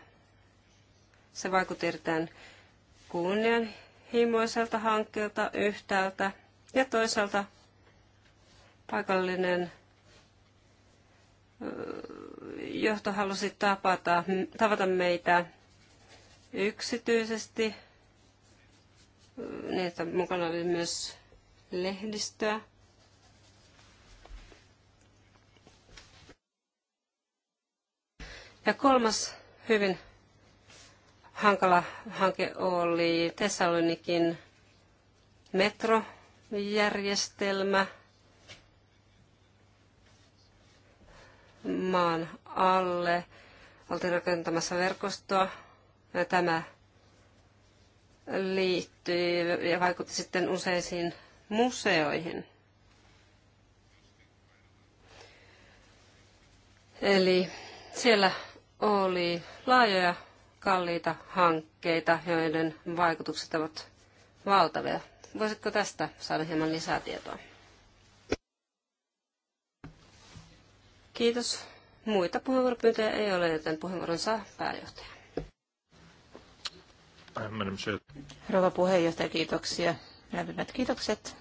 se vaikutti erittäin kunnianhimoiselta hankkeelta yhtäältä ja toisaalta paikallinen johto halusi tapata, tavata meitä yksityisesti, niin että mukana oli myös lehdistöä. Ja kolmas hyvin hankala hanke oli Tessalonikin metrojärjestelmä maan alle. Oltiin rakentamassa verkostoa ja tämä liittyi ja vaikutti sitten useisiin museoihin. Eli siellä oli laajoja, kalliita hankkeita, joiden vaikutukset ovat valtavia. Voisitko tästä saada hieman lisää tietoa? Kiitos. Muita puheenvuoropyyntöjä ei ole, joten puheenvuoron saa pääjohtaja. Rouva puheenjohtaja, kiitoksia. Lämpimät kiitokset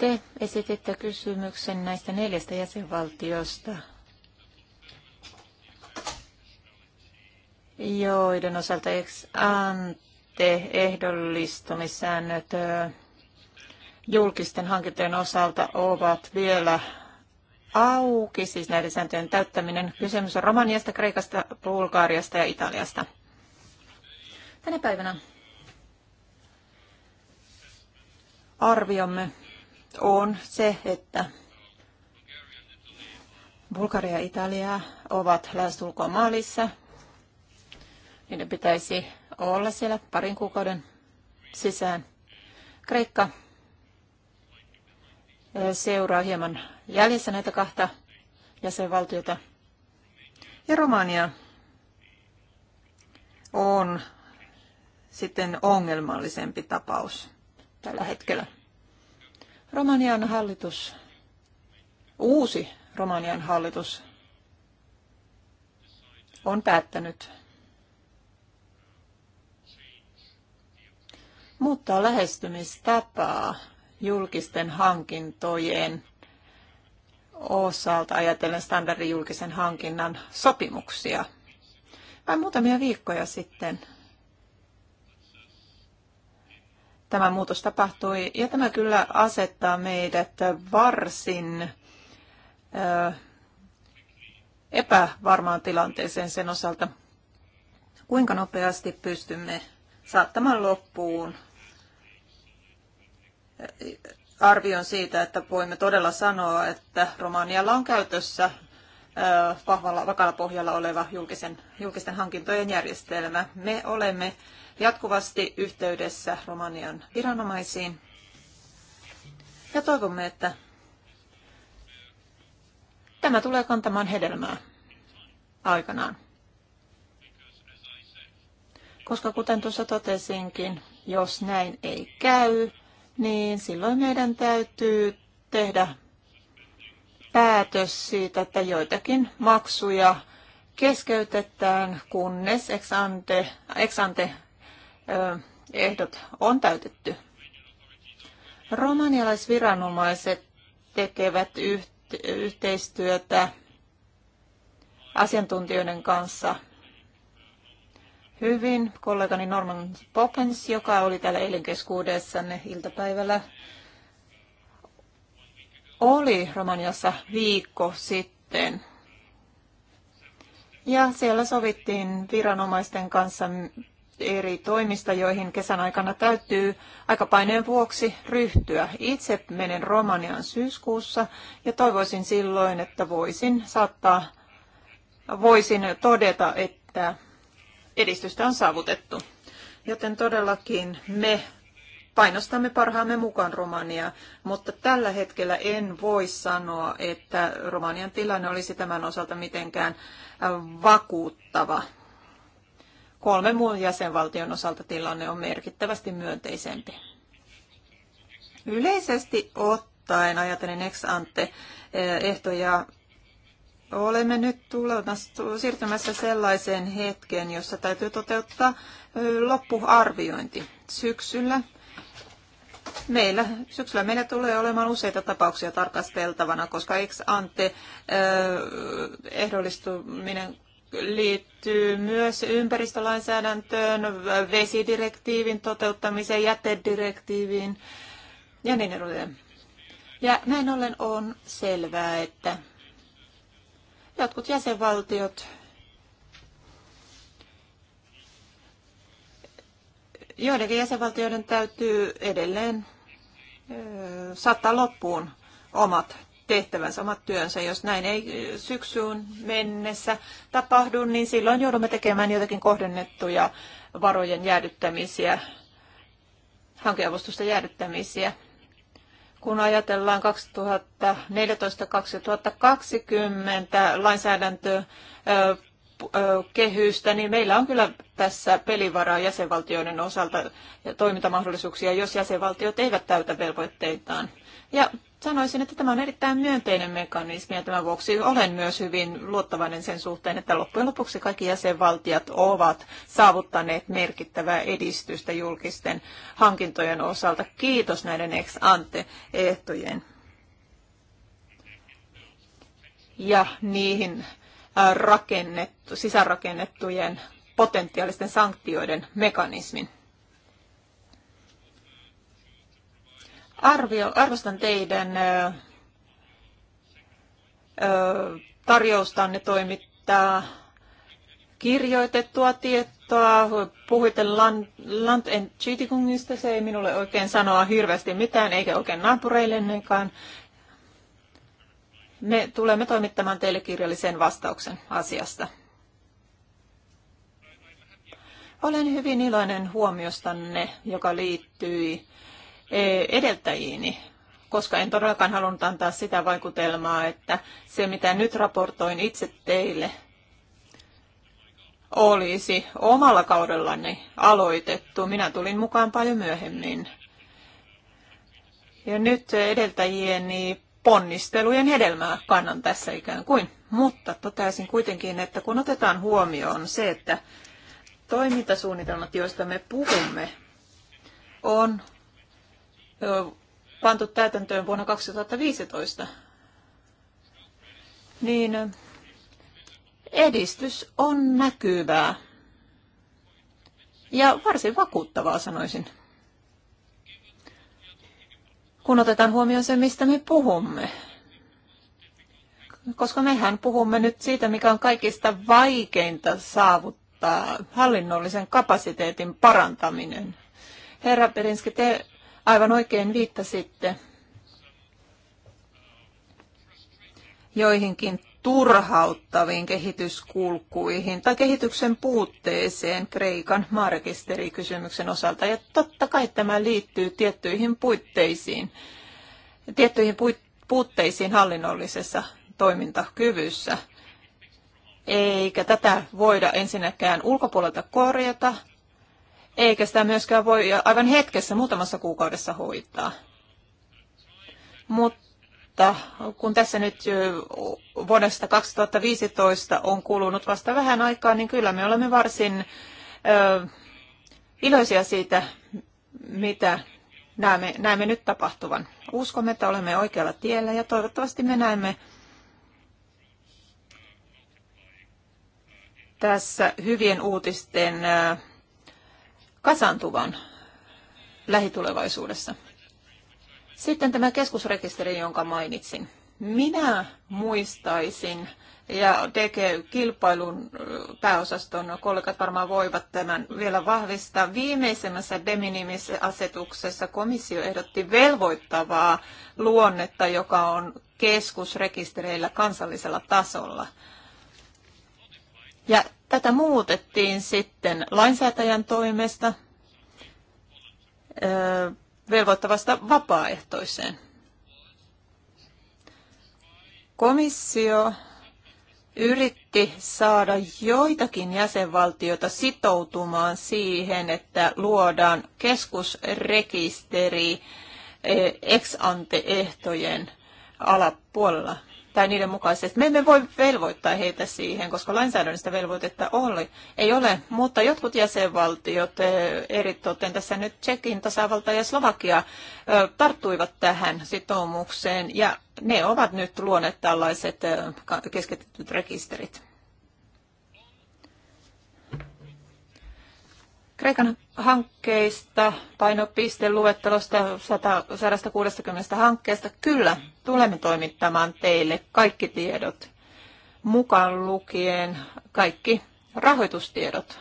Te esititte kysymyksen näistä neljästä jäsenvaltiosta, joiden osalta ex ante ehdollistumissäännöt julkisten hankintojen osalta ovat vielä auki, siis näiden sääntöjen täyttäminen. Kysymys on Romaniasta, Kreikasta, Bulgaariasta ja Italiasta. Tänä päivänä arviomme on se, että Bulgaria ja Italia ovat lähestulkoon maalissa. Niiden pitäisi olla siellä parin kuukauden sisään. Kreikka seuraa hieman jäljessä näitä kahta jäsenvaltiota. Ja Romania on sitten ongelmallisempi tapaus tällä hetkellä. Romanian hallitus, uusi Romanian hallitus, on päättänyt muuttaa lähestymistapaa julkisten hankintojen osalta ajatellen standardijulkisen hankinnan sopimuksia. Vain muutamia viikkoja sitten tämä muutos tapahtui. Ja tämä kyllä asettaa meidät varsin ö, epävarmaan tilanteeseen sen osalta, kuinka nopeasti pystymme saattamaan loppuun arvion siitä, että voimme todella sanoa, että Romanialla on käytössä vahvalla, vakalla pohjalla oleva julkisen, julkisten hankintojen järjestelmä. Me olemme jatkuvasti yhteydessä Romanian viranomaisiin. Ja toivomme, että tämä tulee kantamaan hedelmää aikanaan. Koska kuten tuossa totesinkin, jos näin ei käy, niin silloin meidän täytyy tehdä päätös siitä, että joitakin maksuja keskeytetään, kunnes ex ante, ex ante ehdot on täytetty. Romanialaisviranomaiset tekevät yhteistyötä asiantuntijoiden kanssa hyvin. Kollegani Norman Poppens, joka oli täällä eilen keskuudessanne iltapäivällä, oli Romaniassa viikko sitten. Ja siellä sovittiin viranomaisten kanssa eri toimista, joihin kesän aikana täytyy aikapaineen vuoksi ryhtyä. Itse menen Romaniaan syyskuussa ja toivoisin silloin, että voisin saattaa, voisin todeta, että edistystä on saavutettu. Joten todellakin me painostamme parhaamme mukaan Romaniaa, mutta tällä hetkellä en voi sanoa, että Romanian tilanne olisi tämän osalta mitenkään vakuuttava kolmen muun jäsenvaltion osalta tilanne on merkittävästi myönteisempi. Yleisesti ottaen ajatellen ex ante eh, ehtoja olemme nyt siirtymässä sellaiseen hetkeen, jossa täytyy toteuttaa eh, loppuarviointi syksyllä. Meillä, syksyllä meillä tulee olemaan useita tapauksia tarkasteltavana, koska ex ante eh, ehdollistuminen liittyy myös ympäristölainsäädäntöön, vesidirektiivin toteuttamiseen, jätedirektiiviin ja niin edelleen. Ja näin ollen on selvää, että jotkut jäsenvaltiot joidenkin jäsenvaltioiden täytyy edelleen saattaa loppuun omat tehtävänsä, omat työnsä. Jos näin ei syksyyn mennessä tapahdu, niin silloin joudumme tekemään jotakin kohdennettuja varojen jäädyttämisiä, hankeavustusta jäädyttämisiä. Kun ajatellaan 2014-2020 lainsäädäntö kehystä, niin meillä on kyllä tässä pelivaraa jäsenvaltioiden osalta ja toimintamahdollisuuksia, jos jäsenvaltiot eivät täytä velvoitteitaan. Ja sanoisin, että tämä on erittäin myönteinen mekanismi ja tämän vuoksi olen myös hyvin luottavainen sen suhteen, että loppujen lopuksi kaikki jäsenvaltiot ovat saavuttaneet merkittävää edistystä julkisten hankintojen osalta. Kiitos näiden ex ante ehtojen. Ja niihin äh, rakennettu, sisäänrakennettujen potentiaalisten sanktioiden mekanismin. Arvio, arvostan teidän ö, tarjoustanne toimittaa kirjoitettua tietoa. Puhuitte Land, Land and Chitikungista, se ei minulle oikein sanoa hirveästi mitään, eikä oikein naapureillennekaan. Me tulemme toimittamaan teille kirjallisen vastauksen asiasta. Olen hyvin iloinen huomiostanne, joka liittyi Eh, edeltäjiini, koska en todellakaan halunnut antaa sitä vaikutelmaa, että se mitä nyt raportoin itse teille olisi omalla kaudellani aloitettu. Minä tulin mukaan paljon myöhemmin. Ja nyt edeltäjieni ponnistelujen hedelmää kannan tässä ikään kuin. Mutta totesin kuitenkin, että kun otetaan huomioon se, että toimintasuunnitelmat, joista me puhumme, on pantu täytäntöön vuonna 2015, niin edistys on näkyvää ja varsin vakuuttavaa sanoisin. Kun otetaan huomioon se, mistä me puhumme, koska mehän puhumme nyt siitä, mikä on kaikista vaikeinta saavuttaa hallinnollisen kapasiteetin parantaminen. Herra Perinski, te aivan oikein viittasitte joihinkin turhauttaviin kehityskulkuihin tai kehityksen puutteeseen Kreikan maarekisterikysymyksen osalta. Ja totta kai tämä liittyy tiettyihin puitteisiin, tiettyihin puutteisiin hallinnollisessa toimintakyvyssä. Eikä tätä voida ensinnäkään ulkopuolelta korjata, eikä sitä myöskään voi aivan hetkessä, muutamassa kuukaudessa hoitaa. Mutta kun tässä nyt vuodesta 2015 on kulunut vasta vähän aikaa, niin kyllä me olemme varsin ö, iloisia siitä, mitä näemme, näemme nyt tapahtuvan. Uskomme, että olemme oikealla tiellä ja toivottavasti me näemme tässä hyvien uutisten kasantuvan lähitulevaisuudessa. Sitten tämä keskusrekisteri, jonka mainitsin. Minä muistaisin, ja tekee kilpailun pääosaston kollegat varmaan voivat tämän vielä vahvistaa. Viimeisemmässä de asetuksessa komissio ehdotti velvoittavaa luonnetta, joka on keskusrekistereillä kansallisella tasolla. Ja tätä muutettiin sitten lainsäätäjän toimesta velvoittavasta vapaaehtoiseen. Komissio yritti saada joitakin jäsenvaltioita sitoutumaan siihen, että luodaan keskusrekisteri ex ante ehtojen alapuolella tai niiden mukaisesti. Me emme voi velvoittaa heitä siihen, koska lainsäädännöstä velvoitetta oli. ei ole, mutta jotkut jäsenvaltiot, eh, toten tässä nyt Tsekin tasavalta ja Slovakia, eh, tarttuivat tähän sitoumukseen ja ne ovat nyt luoneet tällaiset eh, keskitetyt rekisterit. Kreikan hankkeista, painopisteluettelosta 160 hankkeesta. Kyllä, tulemme toimittamaan teille kaikki tiedot, mukaan lukien kaikki rahoitustiedot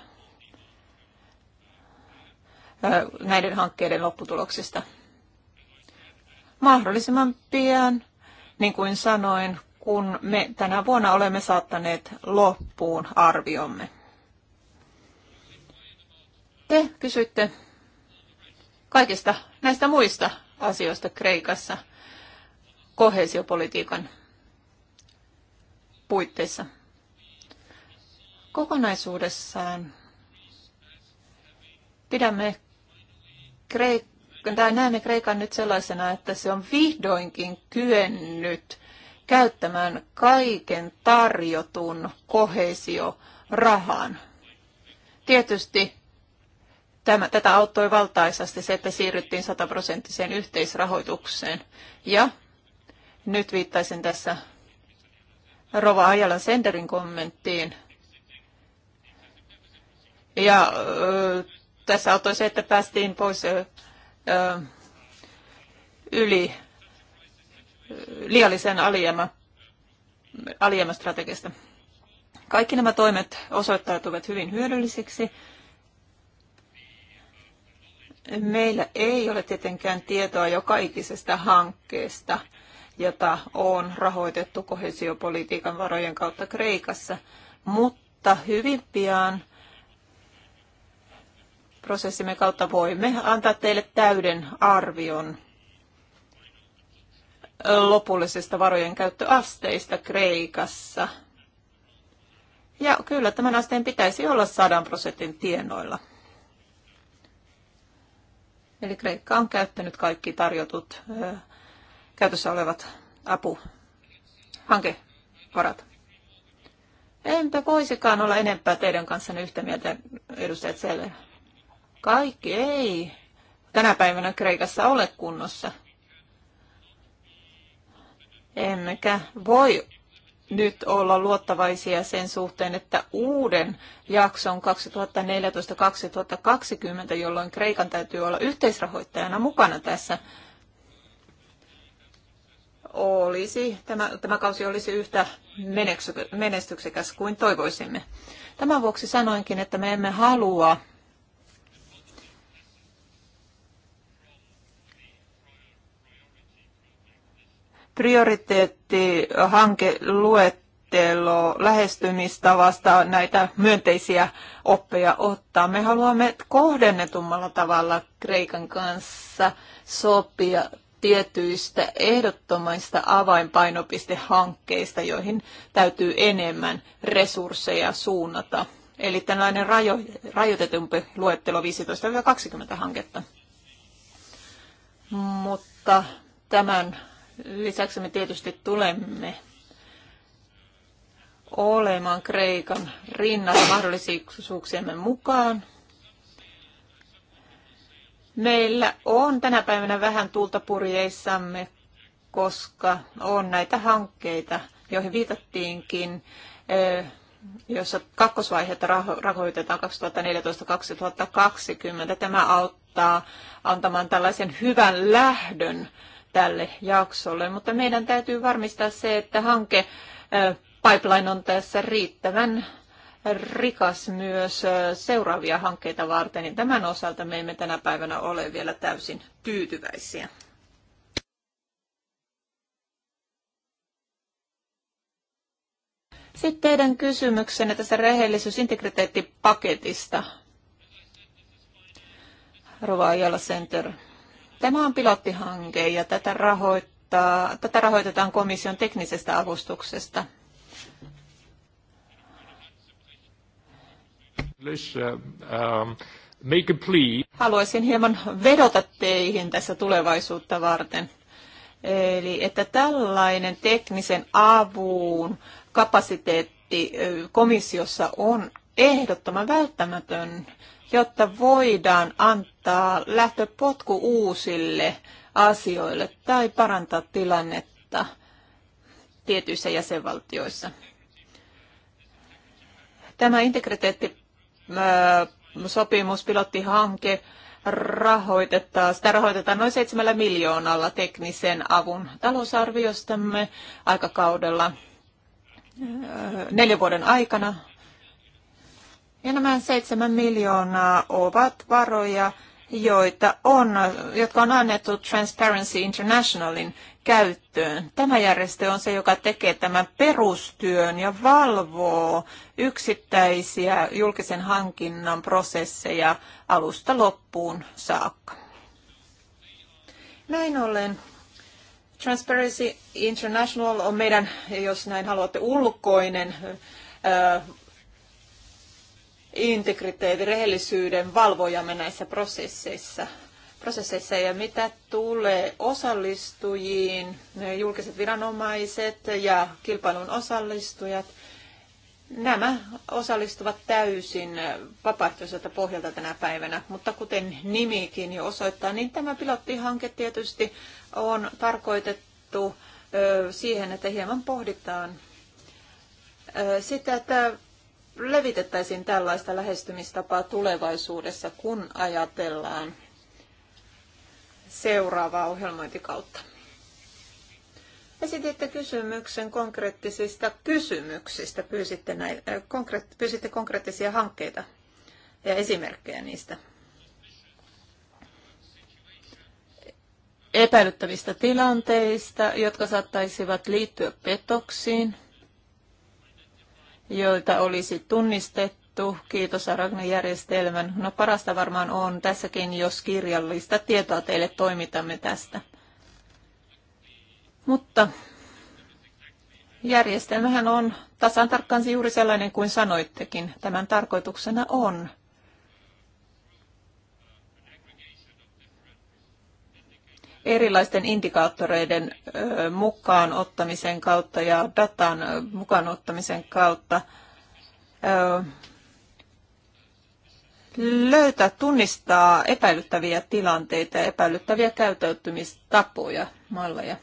näiden hankkeiden lopputuloksista. Mahdollisimman pian, niin kuin sanoin, kun me tänä vuonna olemme saattaneet loppuun arviomme. Te kysyitte kaikista näistä muista asioista Kreikassa kohesiopolitiikan puitteissa. Kokonaisuudessaan pidämme Kreik- tai näemme Kreikan nyt sellaisena, että se on vihdoinkin kyennyt käyttämään kaiken tarjotun kohesiorahan. Tietysti Tämä, tätä auttoi valtaisasti se, että siirryttiin sataprosenttiseen yhteisrahoitukseen. Ja nyt viittaisin tässä Rova Ajalan Senderin kommenttiin. Ja ö, tässä auttoi se, että päästiin pois ö, ö, yli liiallisen alijäämä, alijäämästrategiasta. Kaikki nämä toimet osoittautuvat hyvin hyödyllisiksi Meillä ei ole tietenkään tietoa joka ikisestä hankkeesta, jota on rahoitettu kohesiopolitiikan varojen kautta Kreikassa, mutta hyvin pian prosessimme kautta voimme antaa teille täyden arvion lopullisesta varojen käyttöasteista Kreikassa. Ja kyllä tämän asteen pitäisi olla sadan prosentin tienoilla. Eli Kreikka on käyttänyt kaikki tarjotut käytössä olevat apuhankevarat. Enpä voisikaan olla enempää teidän kanssanne yhtä mieltä, edustajat Seller. Kaikki ei tänä päivänä Kreikassa ole kunnossa. Emmekä voi nyt olla luottavaisia sen suhteen, että uuden jakson 2014-2020, jolloin Kreikan täytyy olla yhteisrahoittajana mukana tässä, olisi, tämä, tämä kausi olisi yhtä menestyksekäs kuin toivoisimme. Tämän vuoksi sanoinkin, että me emme halua prioriteettihankeluettelo lähestymistavasta näitä myönteisiä oppeja ottaa. Me haluamme kohdennetummalla tavalla Kreikan kanssa sopia tietyistä ehdottomaista avainpainopistehankkeista, joihin täytyy enemmän resursseja suunnata. Eli tällainen rajo, rajoitetumpi luettelo 15-20 hanketta. Mutta tämän Lisäksi me tietysti tulemme olemaan Kreikan rinnalla mahdollisuuksiemme mukaan. Meillä on tänä päivänä vähän tulta purjeissamme, koska on näitä hankkeita, joihin viitattiinkin, eh, jossa kakkosvaihetta rahoitetaan 2014-2020. Tämä auttaa antamaan tällaisen hyvän lähdön tälle jaksolle, mutta meidän täytyy varmistaa se, että hanke pipeline on tässä riittävän rikas myös seuraavia hankkeita varten, niin tämän osalta me emme tänä päivänä ole vielä täysin tyytyväisiä. Sitten teidän kysymyksenne tästä rehellisyysintegriteettipaketista. Rova Ajala Center. Tämä on pilottihanke ja tätä, rahoittaa, tätä rahoitetaan komission teknisestä avustuksesta. Um, Haluaisin hieman vedota teihin tässä tulevaisuutta varten. Eli että tällainen teknisen avun kapasiteetti komissiossa on ehdottoman välttämätön jotta voidaan antaa lähtöpotku uusille asioille tai parantaa tilannetta tietyissä jäsenvaltioissa. Tämä integriteettisopimus, pilottihanke, rahoitetaan, sitä rahoitetaan noin 7 miljoonalla teknisen avun talousarviostamme aikakaudella neljän vuoden aikana ja nämä seitsemän miljoonaa ovat varoja, joita on, jotka on annettu Transparency Internationalin käyttöön. Tämä järjestö on se, joka tekee tämän perustyön ja valvoo yksittäisiä julkisen hankinnan prosesseja alusta loppuun saakka. Näin ollen Transparency International on meidän, jos näin haluatte, ulkoinen integriteetin, rehellisyyden valvojamme näissä prosesseissa. prosesseissa. Ja mitä tulee osallistujiin, julkiset viranomaiset ja kilpailun osallistujat, Nämä osallistuvat täysin vapaaehtoiselta pohjalta tänä päivänä, mutta kuten nimikin jo osoittaa, niin tämä pilottihanke tietysti on tarkoitettu siihen, että hieman pohditaan sitä, että levitettäisiin tällaista lähestymistapaa tulevaisuudessa, kun ajatellaan seuraavaa ohjelmointikautta? Esititte kysymyksen konkreettisista kysymyksistä, pyysitte, näin, äh, konkreet, pyysitte konkreettisia hankkeita ja esimerkkejä niistä. Epäilyttävistä tilanteista, jotka saattaisivat liittyä petoksiin – joita olisi tunnistettu, kiitos Aragne-järjestelmän. No parasta varmaan on tässäkin, jos kirjallista tietoa teille toimitamme tästä. Mutta järjestelmähän on tasan tarkkaan juuri sellainen kuin sanoittekin. Tämän tarkoituksena on erilaisten indikaattoreiden mukaan ottamisen kautta ja datan mukaan ottamisen kautta löytää, tunnistaa epäilyttäviä tilanteita ja epäilyttäviä käyttäytymistapoja, malleja.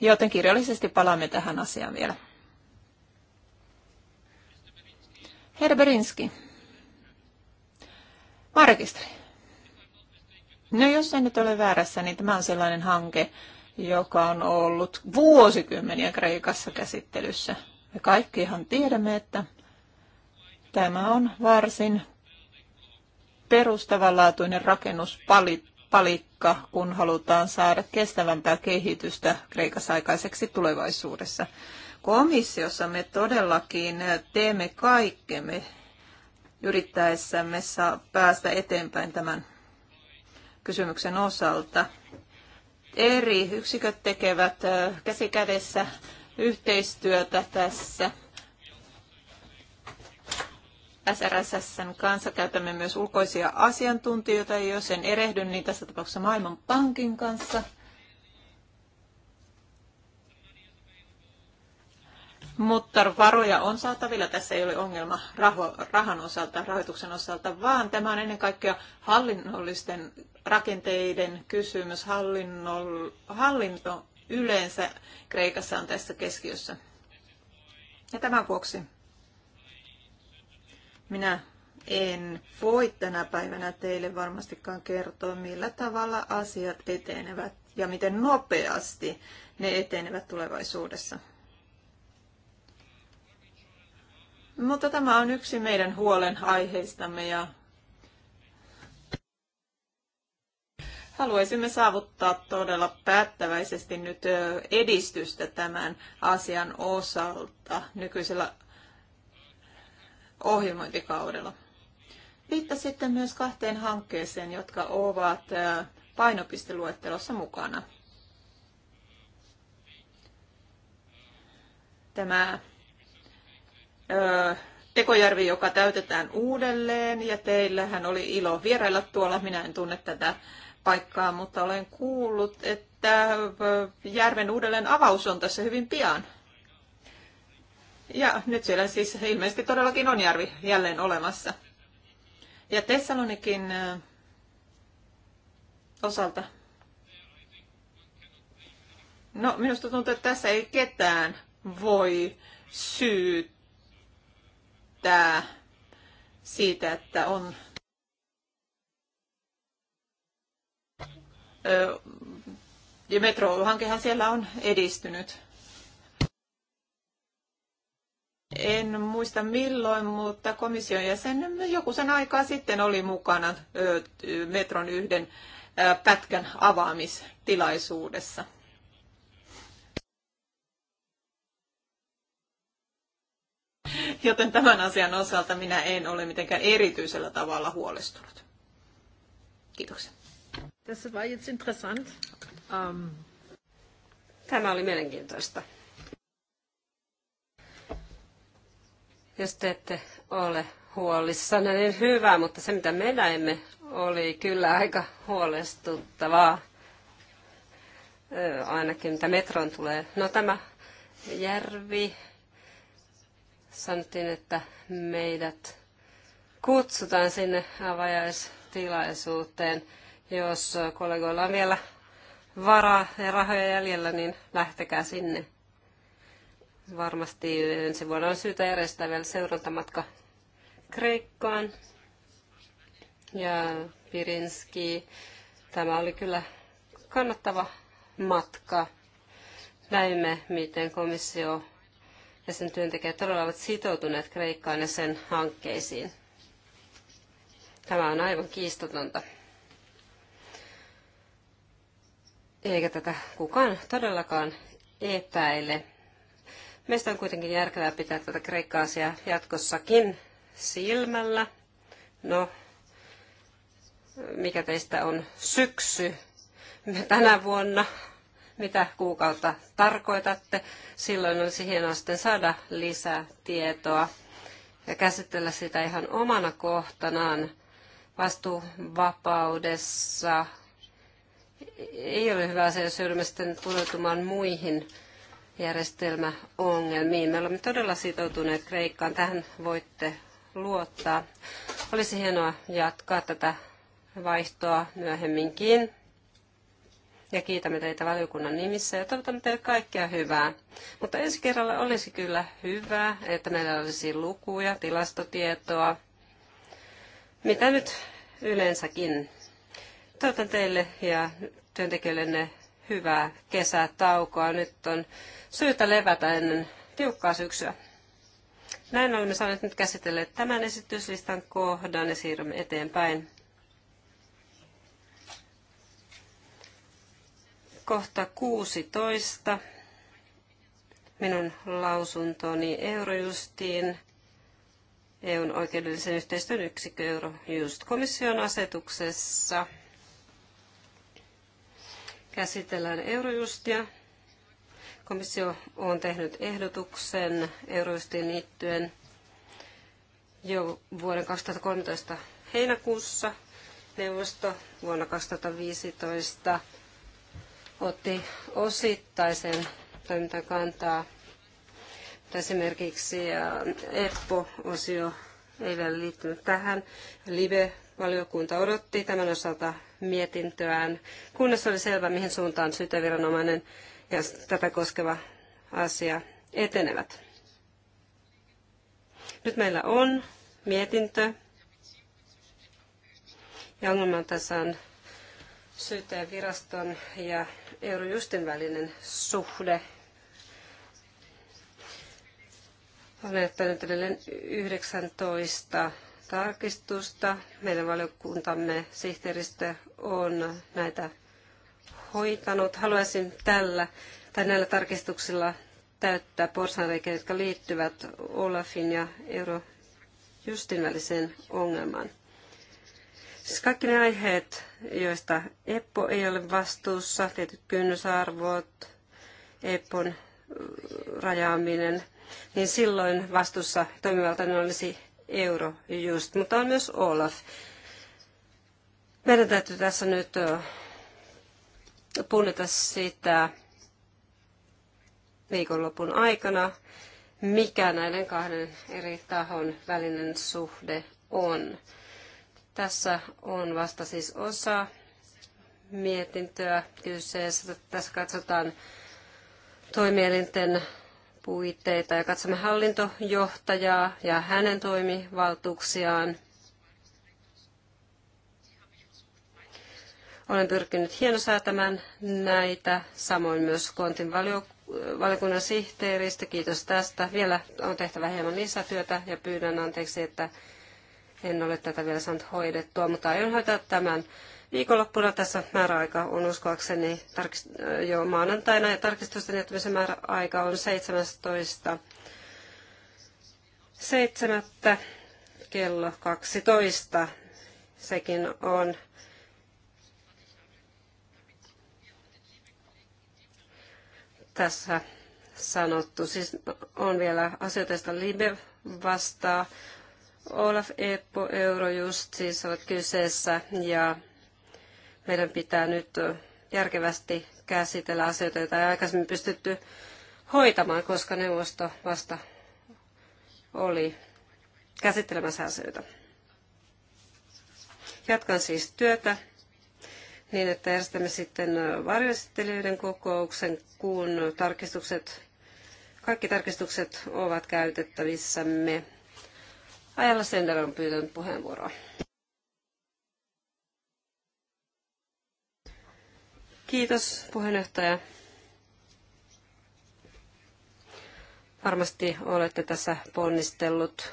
Joten kirjallisesti palaamme tähän asiaan vielä. Herberinski. Maarekisteri. No jos en nyt ole väärässä, niin tämä on sellainen hanke, joka on ollut vuosikymmeniä Kreikassa käsittelyssä. Me kaikkihan tiedämme, että tämä on varsin perustavanlaatuinen rakennuspalikka, kun halutaan saada kestävämpää kehitystä Kreikassa aikaiseksi tulevaisuudessa. Komissiossa me todellakin teemme kaikkemme yrittäessämme päästä eteenpäin tämän kysymyksen osalta. Eri yksiköt tekevät käsi yhteistyötä tässä. SRSSn kanssa käytämme myös ulkoisia asiantuntijoita, jos en erehdy, niin tässä tapauksessa Maailmanpankin kanssa – Mutta varoja on saatavilla, tässä ei ole ongelma raho, rahan osalta, rahoituksen osalta, vaan tämä on ennen kaikkea hallinnollisten rakenteiden kysymys. Hallinno, hallinto yleensä Kreikassa on tässä keskiössä. Ja tämän vuoksi minä en voi tänä päivänä teille varmastikaan kertoa, millä tavalla asiat etenevät ja miten nopeasti ne etenevät tulevaisuudessa. Mutta tämä on yksi meidän huolen aiheistamme ja haluaisimme saavuttaa todella päättäväisesti nyt edistystä tämän asian osalta nykyisellä ohjelmointikaudella. Viittasitte myös kahteen hankkeeseen, jotka ovat painopisteluettelossa mukana. Tämä Tekojärvi, joka täytetään uudelleen, ja teillähän oli ilo vierailla tuolla. Minä en tunne tätä paikkaa, mutta olen kuullut, että järven uudelleen avaus on tässä hyvin pian. Ja nyt siellä siis ilmeisesti todellakin on järvi jälleen olemassa. Ja Tessalonikin osalta. No, minusta tuntuu, että tässä ei ketään voi syyttää kiittää siitä, että on ja metrohankehan siellä on edistynyt. En muista milloin, mutta komission jäsen joku sen aikaa sitten oli mukana metron yhden pätkän avaamistilaisuudessa. joten tämän asian osalta minä en ole mitenkään erityisellä tavalla huolestunut. Kiitoksia. Tässä war jetzt interessant. Um... Tämä oli mielenkiintoista. Jos te ette ole huolissanne, niin hyvä, mutta se mitä me näimme oli kyllä aika huolestuttavaa. Ainakin mitä metron tulee. No tämä järvi sanottiin, että meidät kutsutaan sinne avajaistilaisuuteen. Jos kollegoilla on vielä varaa ja rahoja jäljellä, niin lähtekää sinne. Varmasti ensi vuonna on syytä järjestää vielä seurantamatka Kreikkaan. Ja Pirinski, tämä oli kyllä kannattava matka. Näimme, miten komissio ja sen työntekijät todella ovat sitoutuneet Kreikkaan ja sen hankkeisiin. Tämä on aivan kiistatonta. Eikä tätä kukaan todellakaan epäile. Meistä on kuitenkin järkevää pitää tätä kreikka-asiaa jatkossakin silmällä. No, mikä teistä on syksy tänä vuonna mitä kuukautta tarkoitatte. Silloin olisi hienoa sitten saada lisää tietoa ja käsitellä sitä ihan omana kohtanaan vastuuvapaudessa. Ei ole hyvä asia, jos joudumme sitten pureutumaan muihin järjestelmäongelmiin. Me olemme todella sitoutuneet Kreikkaan. Tähän voitte luottaa. Olisi hienoa jatkaa tätä vaihtoa myöhemminkin ja kiitämme teitä valiokunnan nimissä ja toivotamme teille kaikkea hyvää. Mutta ensi kerralla olisi kyllä hyvä, että meillä olisi lukuja, tilastotietoa, mitä nyt yleensäkin. Toivotan teille ja työntekijöillenne hyvää kesätaukoa. Nyt on syytä levätä ennen tiukkaa syksyä. Näin olemme saaneet nyt käsitellä tämän esityslistan kohdan ja siirrymme eteenpäin. kohta 16 minun lausuntoni Eurojustiin, EUn oikeudellisen yhteistyön yksikkö Eurojust-komission asetuksessa. Käsitellään Eurojustia. Komissio on tehnyt ehdotuksen Eurojustiin liittyen jo vuoden 2013 heinäkuussa, neuvosto vuonna 2015 otti osittaisen toimintakantaa. Esimerkiksi äh, EPPO-osio ei vielä liittynyt tähän. Live-valiokunta odotti tämän osalta mietintöään, kunnes oli selvä, mihin suuntaan syteviranomainen ja tätä koskeva asia etenevät. Nyt meillä on mietintö. Ja ongelma tässä on syyttäjän viraston ja Eurojustin välinen suhde on menettänyt edelleen 19 tarkistusta. Meidän valiokuntamme sihteeristö on näitä hoitanut. Haluaisin tällä tai näillä tarkistuksilla täyttää porsanreikiä, jotka liittyvät Olafin ja Eurojustin väliseen ongelmaan. Siis kaikki ne aiheet, joista EPPO ei ole vastuussa, tietyt kynnysarvot, EPPOn äh, rajaaminen, niin silloin vastuussa toimivaltainen olisi Eurojust, mutta on myös Olaf. Meidän täytyy tässä nyt äh, punnita sitä viikonlopun aikana, mikä näiden kahden eri tahon välinen suhde on. Tässä on vasta siis osa mietintöä kyseessä. Tässä katsotaan toimielinten puitteita ja katsomme hallintojohtajaa ja hänen toimivaltuuksiaan. Olen pyrkinyt hienosäätämään näitä, samoin myös Kontin valiokunnan sihteeristä. Kiitos tästä. Vielä on tehtävä hieman lisätyötä ja pyydän anteeksi, että en ole tätä vielä saanut hoidettua, mutta aion hoitaa tämän viikonloppuna. Tässä määräaika on uskoakseni jo maanantaina ja tarkistusten jättämisen määräaika on 17. 7. kello 12. Sekin on tässä sanottu. Siis on vielä asioita, joista Libe vastaa. Olaf, Eppo, Eurojust siis ovat kyseessä ja meidän pitää nyt järkevästi käsitellä asioita, joita ei aikaisemmin pystytty hoitamaan, koska neuvosto vasta oli käsittelemässä asioita. Jatkan siis työtä niin, että järjestämme sitten varjoesittelijöiden kokouksen, kun tarkistukset, kaikki tarkistukset ovat käytettävissämme. Ajalla Sender on pyytänyt puheenvuoroa. Kiitos puheenjohtaja. Varmasti olette tässä ponnistellut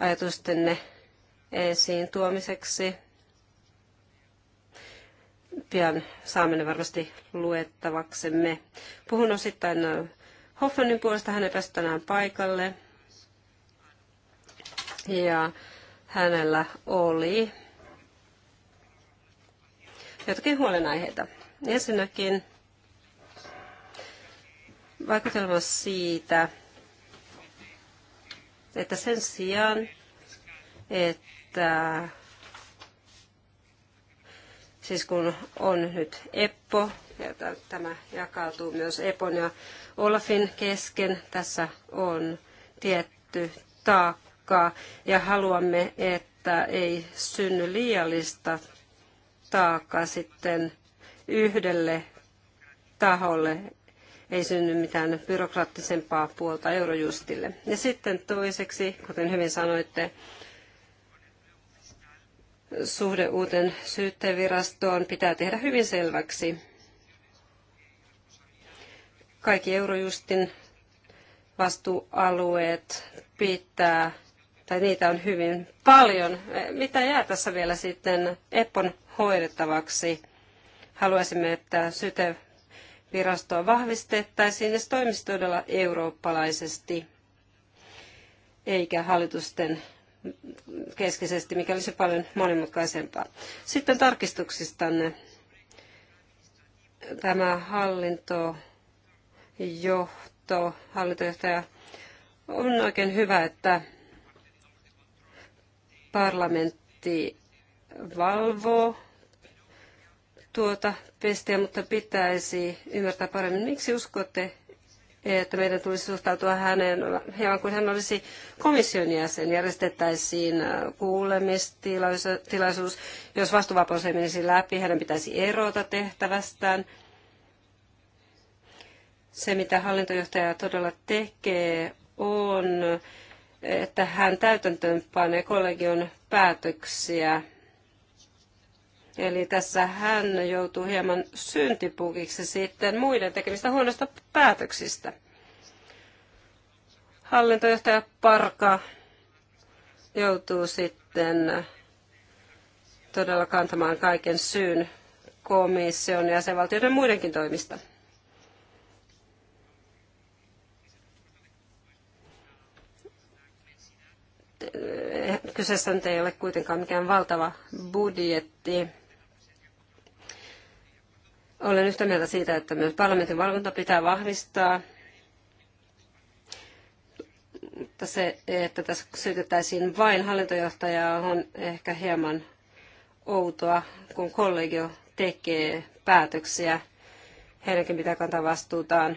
ajatustenne esiin tuomiseksi. Pian saamme ne varmasti luettavaksemme. Puhun osittain Hoffmanin puolesta, hän ei päässyt tänään paikalle. Ja hänellä oli jotakin huolenaiheita. Ensinnäkin vaikutelma siitä, että sen sijaan, että siis kun on nyt EPPO, ja tämä jakautuu myös EPON ja Olafin kesken, tässä on tietty taakka taakkaa ja haluamme, että ei synny liiallista taakkaa sitten yhdelle taholle, ei synny mitään byrokraattisempaa puolta eurojustille. Ja sitten toiseksi, kuten hyvin sanoitte, suhde uuteen syyttevirastoon pitää tehdä hyvin selväksi. Kaikki Eurojustin vastuualueet pitää tai niitä on hyvin paljon. Eh, mitä jää tässä vielä sitten EPPON hoidettavaksi? Haluaisimme, että sytevirastoa vahvistettaisiin ja se toimisi todella eurooppalaisesti, eikä hallitusten keskisesti, mikä olisi paljon monimutkaisempaa. Sitten tarkistuksistanne. Tämä hallintojohto, hallintojohtaja on oikein hyvä, että Parlamentti valvoo tuota pestiä, mutta pitäisi ymmärtää paremmin, miksi uskotte, että meidän tulisi suhtautua häneen hieman kuin hän olisi komission jäsen. Järjestettäisiin kuulemistilaisuus. Jos vastuvapaus ei menisi läpi, hänen pitäisi erota tehtävästään. Se, mitä hallintojohtaja todella tekee, on että hän täytäntöön panee kollegion päätöksiä. Eli tässä hän joutuu hieman syntipukiksi sitten muiden tekemistä huonoista päätöksistä. Hallintojohtaja Parka joutuu sitten todella kantamaan kaiken syyn komission ja valtioiden muidenkin toimista. kyseessä nyt ei ole kuitenkaan mikään valtava budjetti. Olen yhtä mieltä siitä, että myös parlamentin valvonta pitää vahvistaa. Mutta se, että tässä syytettäisiin vain hallintojohtajaa, on ehkä hieman outoa, kun kollegio tekee päätöksiä. Heidänkin pitää kantaa vastuutaan.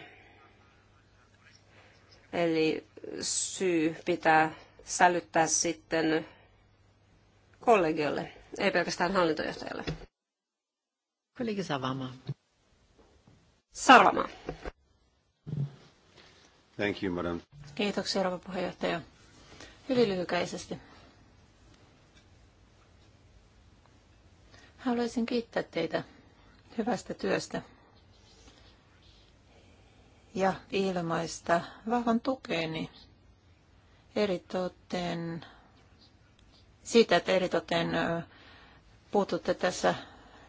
Eli syy pitää sälyttää sitten kollegiolle, ei pelkästään hallintojohtajalle. Kollegi Savama. Sarvama. Thank you, madam. Kiitoksia, rouva puheenjohtaja. Hyvin lyhykäisesti. Haluaisin kiittää teitä hyvästä työstä ja ilmaista vahvan tukeni eritoten siitä, että eritoten puututte tässä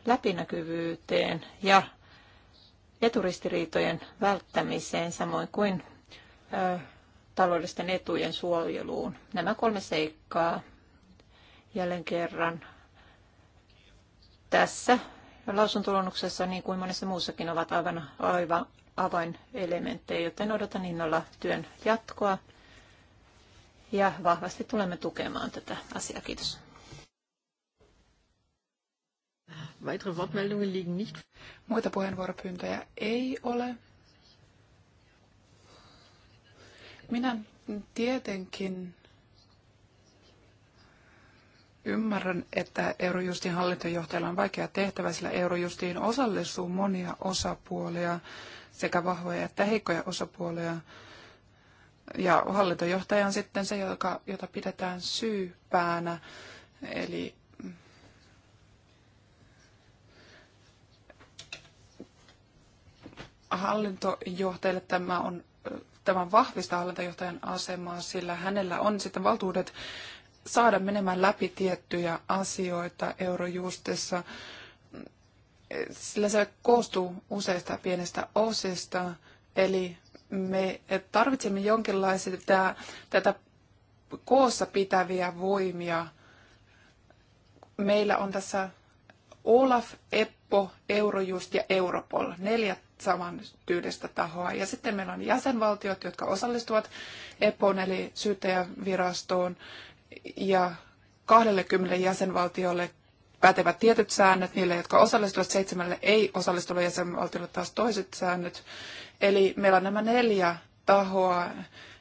läpinäkyvyyteen ja eturistiriitojen välttämiseen, samoin kuin ö, taloudellisten etujen suojeluun. Nämä kolme seikkaa jälleen kerran tässä lausuntulonnuksessa, niin kuin monessa muussakin, ovat aivan, aivan avainelementtejä, joten odotan innolla työn jatkoa ja vahvasti tulemme tukemaan tätä asiaa. Kiitos. Weitere Wortmeldungen liegen nicht. Muita puheenvuoropyyntöjä ei ole. Minä tietenkin ymmärrän, että Eurojustin hallintojohtajalla on vaikea tehtävä, sillä Eurojustiin osallistuu monia osapuolia, sekä vahvoja että heikkoja osapuolia ja hallintojohtaja on sitten se, joka, jota pidetään syypäänä. Eli mm, hallintojohtajalle tämä on tämän vahvistaa hallintojohtajan asemaa, sillä hänellä on sitten valtuudet saada menemään läpi tiettyjä asioita Eurojustissa, sillä se koostuu useista pienistä osista, eli me tarvitsemme jonkinlaisia tätä, tätä koossa pitäviä voimia. Meillä on tässä Olaf, Eppo, Eurojust ja Europol, neljä saman tyydestä tahoa. Ja sitten meillä on jäsenvaltiot, jotka osallistuvat EPOon eli syyttäjävirastoon ja 20 jäsenvaltiolle pätevät tietyt säännöt, niille, jotka osallistuvat seitsemälle ei osallistuvalle jäsenvaltiolle taas toiset säännöt. Eli meillä on nämä neljä tahoa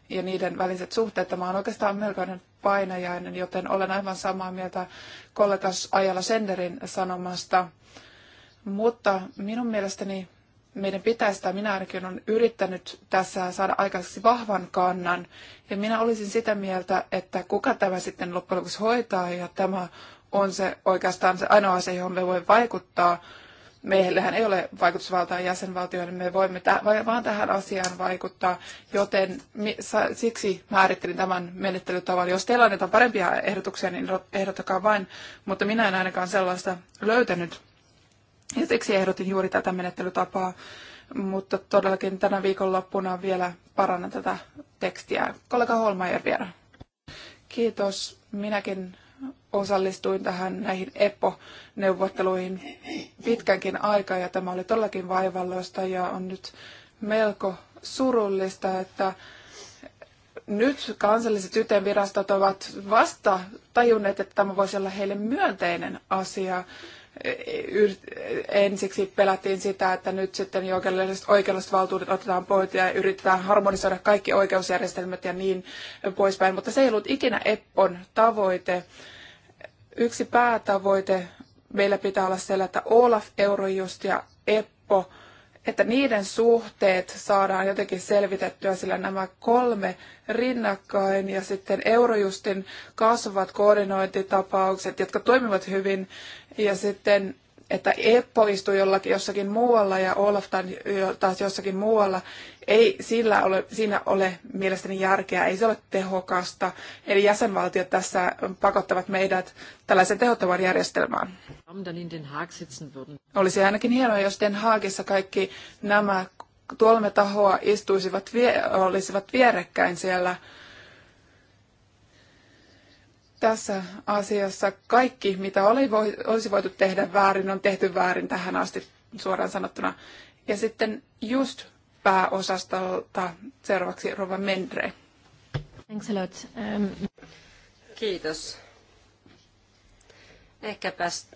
ja niiden väliset suhteet. Tämä on oikeastaan melkoinen painajainen, joten olen aivan samaa mieltä kollegas Ajala Senderin sanomasta. Mutta minun mielestäni meidän pitäisi, tai minä ainakin olen yrittänyt tässä saada aikaiseksi vahvan kannan. Ja minä olisin sitä mieltä, että kuka tämä sitten loppujen lopuksi hoitaa, ja tämä on se oikeastaan se ainoa asia, johon me voi vaikuttaa. Meillähän ei ole vaikutusvaltaa jäsenvaltioihin, me voimme täh- vaan tähän asiaan vaikuttaa, joten siksi määrittelin tämän menettelytavan. Jos teillä on jotain parempia ehdotuksia, niin ehdottakaa vain, mutta minä en ainakaan sellaista löytänyt. Ja siksi ehdotin juuri tätä menettelytapaa, mutta todellakin tänä viikonloppuna vielä parannan tätä tekstiä. Kollega Holmaier vielä. Kiitos. Minäkin osallistuin tähän näihin EPO-neuvotteluihin pitkänkin aikaa ja tämä oli todellakin vaivalloista ja on nyt melko surullista, että nyt kansalliset yhteenvirastot ovat vasta tajunneet, että tämä voisi olla heille myönteinen asia. Ensiksi pelättiin sitä, että nyt sitten oikeudelliset oikeudelliset otetaan pois ja yritetään harmonisoida kaikki oikeusjärjestelmät ja niin poispäin, mutta se ei ollut ikinä Eppon tavoite yksi päätavoite meillä pitää olla siellä, että Olaf, Eurojust ja Eppo, että niiden suhteet saadaan jotenkin selvitettyä, sillä nämä kolme rinnakkain ja sitten Eurojustin kasvavat koordinointitapaukset, jotka toimivat hyvin, ja sitten että Eppo istui jollakin jossakin muualla ja Olaf taas jossakin muualla, ei sillä ole, siinä ole mielestäni järkeä, ei se ole tehokasta. Eli jäsenvaltiot tässä pakottavat meidät tällaisen tehottavan järjestelmään. Olisi ainakin hienoa, jos Den Haagissa kaikki nämä kolme tahoa istuisivat, olisivat vierekkäin siellä – tässä asiassa kaikki, mitä oli, voi, olisi voitu tehdä väärin, on tehty väärin tähän asti suoraan sanottuna. Ja sitten just pääosastolta seuraavaksi Rova Mendre. Thanks a lot. Um... Kiitos. Ehkäpäs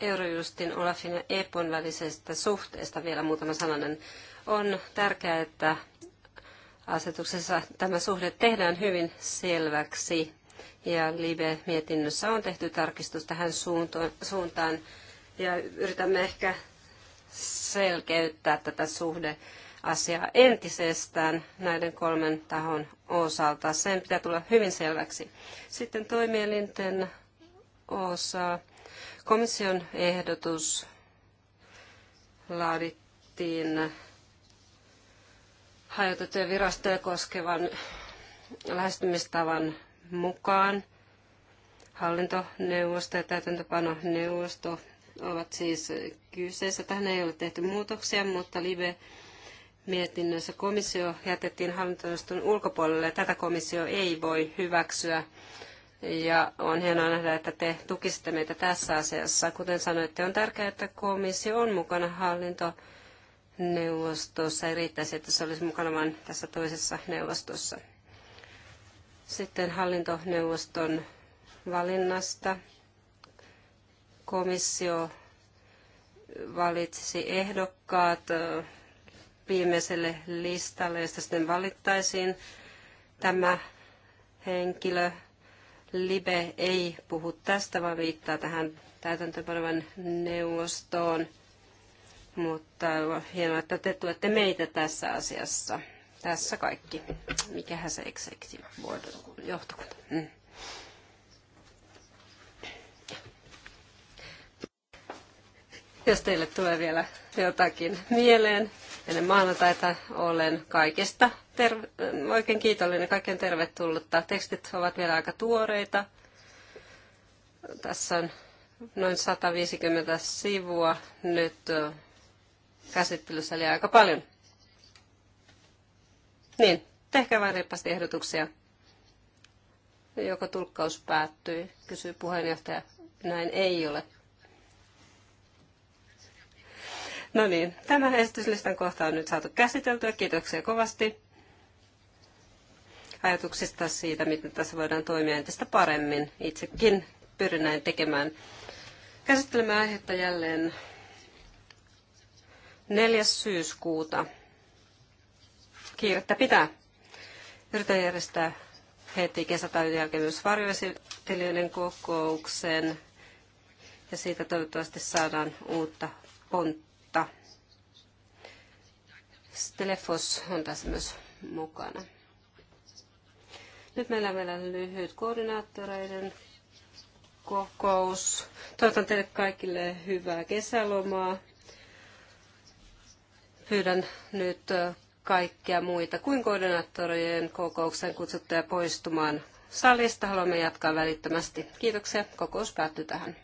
Eurojustin, Olafin ja Epon välisestä suhteesta vielä muutama sananen. On tärkeää, että asetuksessa tämä suhde tehdään hyvin selväksi ja Live-mietinnössä on tehty tarkistus tähän suuntaan ja yritämme ehkä selkeyttää tätä suhdeasiaa entisestään näiden kolmen tahon osalta. Sen pitää tulla hyvin selväksi. Sitten toimielinten osa. Komission ehdotus laadittiin hajotettuja virastoja koskevan lähestymistavan mukaan. Hallintoneuvosto ja täytäntöpanoneuvosto ovat siis kyseessä. Tähän ei ole tehty muutoksia, mutta live mietinnössä komissio jätettiin hallintoneuvoston ulkopuolelle. Tätä komissio ei voi hyväksyä. Ja on hienoa nähdä, että te tukisitte meitä tässä asiassa. Kuten sanoitte, on tärkeää, että komissio on mukana hallintoneuvostossa. Ei riittäisi, että se olisi mukana vain tässä toisessa neuvostossa. Sitten hallintoneuvoston valinnasta. Komissio valitsisi ehdokkaat viimeiselle listalle, josta sitten valittaisiin tämä henkilö. Libe ei puhu tästä, vaan viittaa tähän täytäntöpanovan neuvostoon. Mutta hienoa, että te tuette meitä tässä asiassa. Tässä kaikki. Mikähän se executive board johtokunta. Mm. Jos teille tulee vielä jotakin mieleen, ennen maanantaita olen kaikesta terve, oikein kiitollinen, kaiken tervetullutta. Tekstit ovat vielä aika tuoreita. Tässä on noin 150 sivua nyt käsittelyssä, eli aika paljon niin, tehkää vain reippaasti ehdotuksia. Joko tulkkaus päättyi, kysyy puheenjohtaja. Näin ei ole. No niin, tämä esityslistan kohta on nyt saatu käsiteltyä. Kiitoksia kovasti ajatuksista siitä, miten tässä voidaan toimia entistä paremmin. Itsekin pyrin näin tekemään. Käsittelemme aihetta jälleen 4. syyskuuta kiirettä pitää. Yritän järjestää heti kesätaudin jälkeen myös varjoesittelijöiden kokouksen ja siitä toivottavasti saadaan uutta pontta. Telefos on tässä myös mukana. Nyt meillä on vielä lyhyt koordinaattoreiden kokous. Toivotan teille kaikille hyvää kesälomaa. Pyydän nyt kaikkia muita kuin koordinaattorien kokoukseen kutsuttuja poistumaan salista. Haluamme jatkaa välittömästi. Kiitoksia. Kokous päättyy tähän.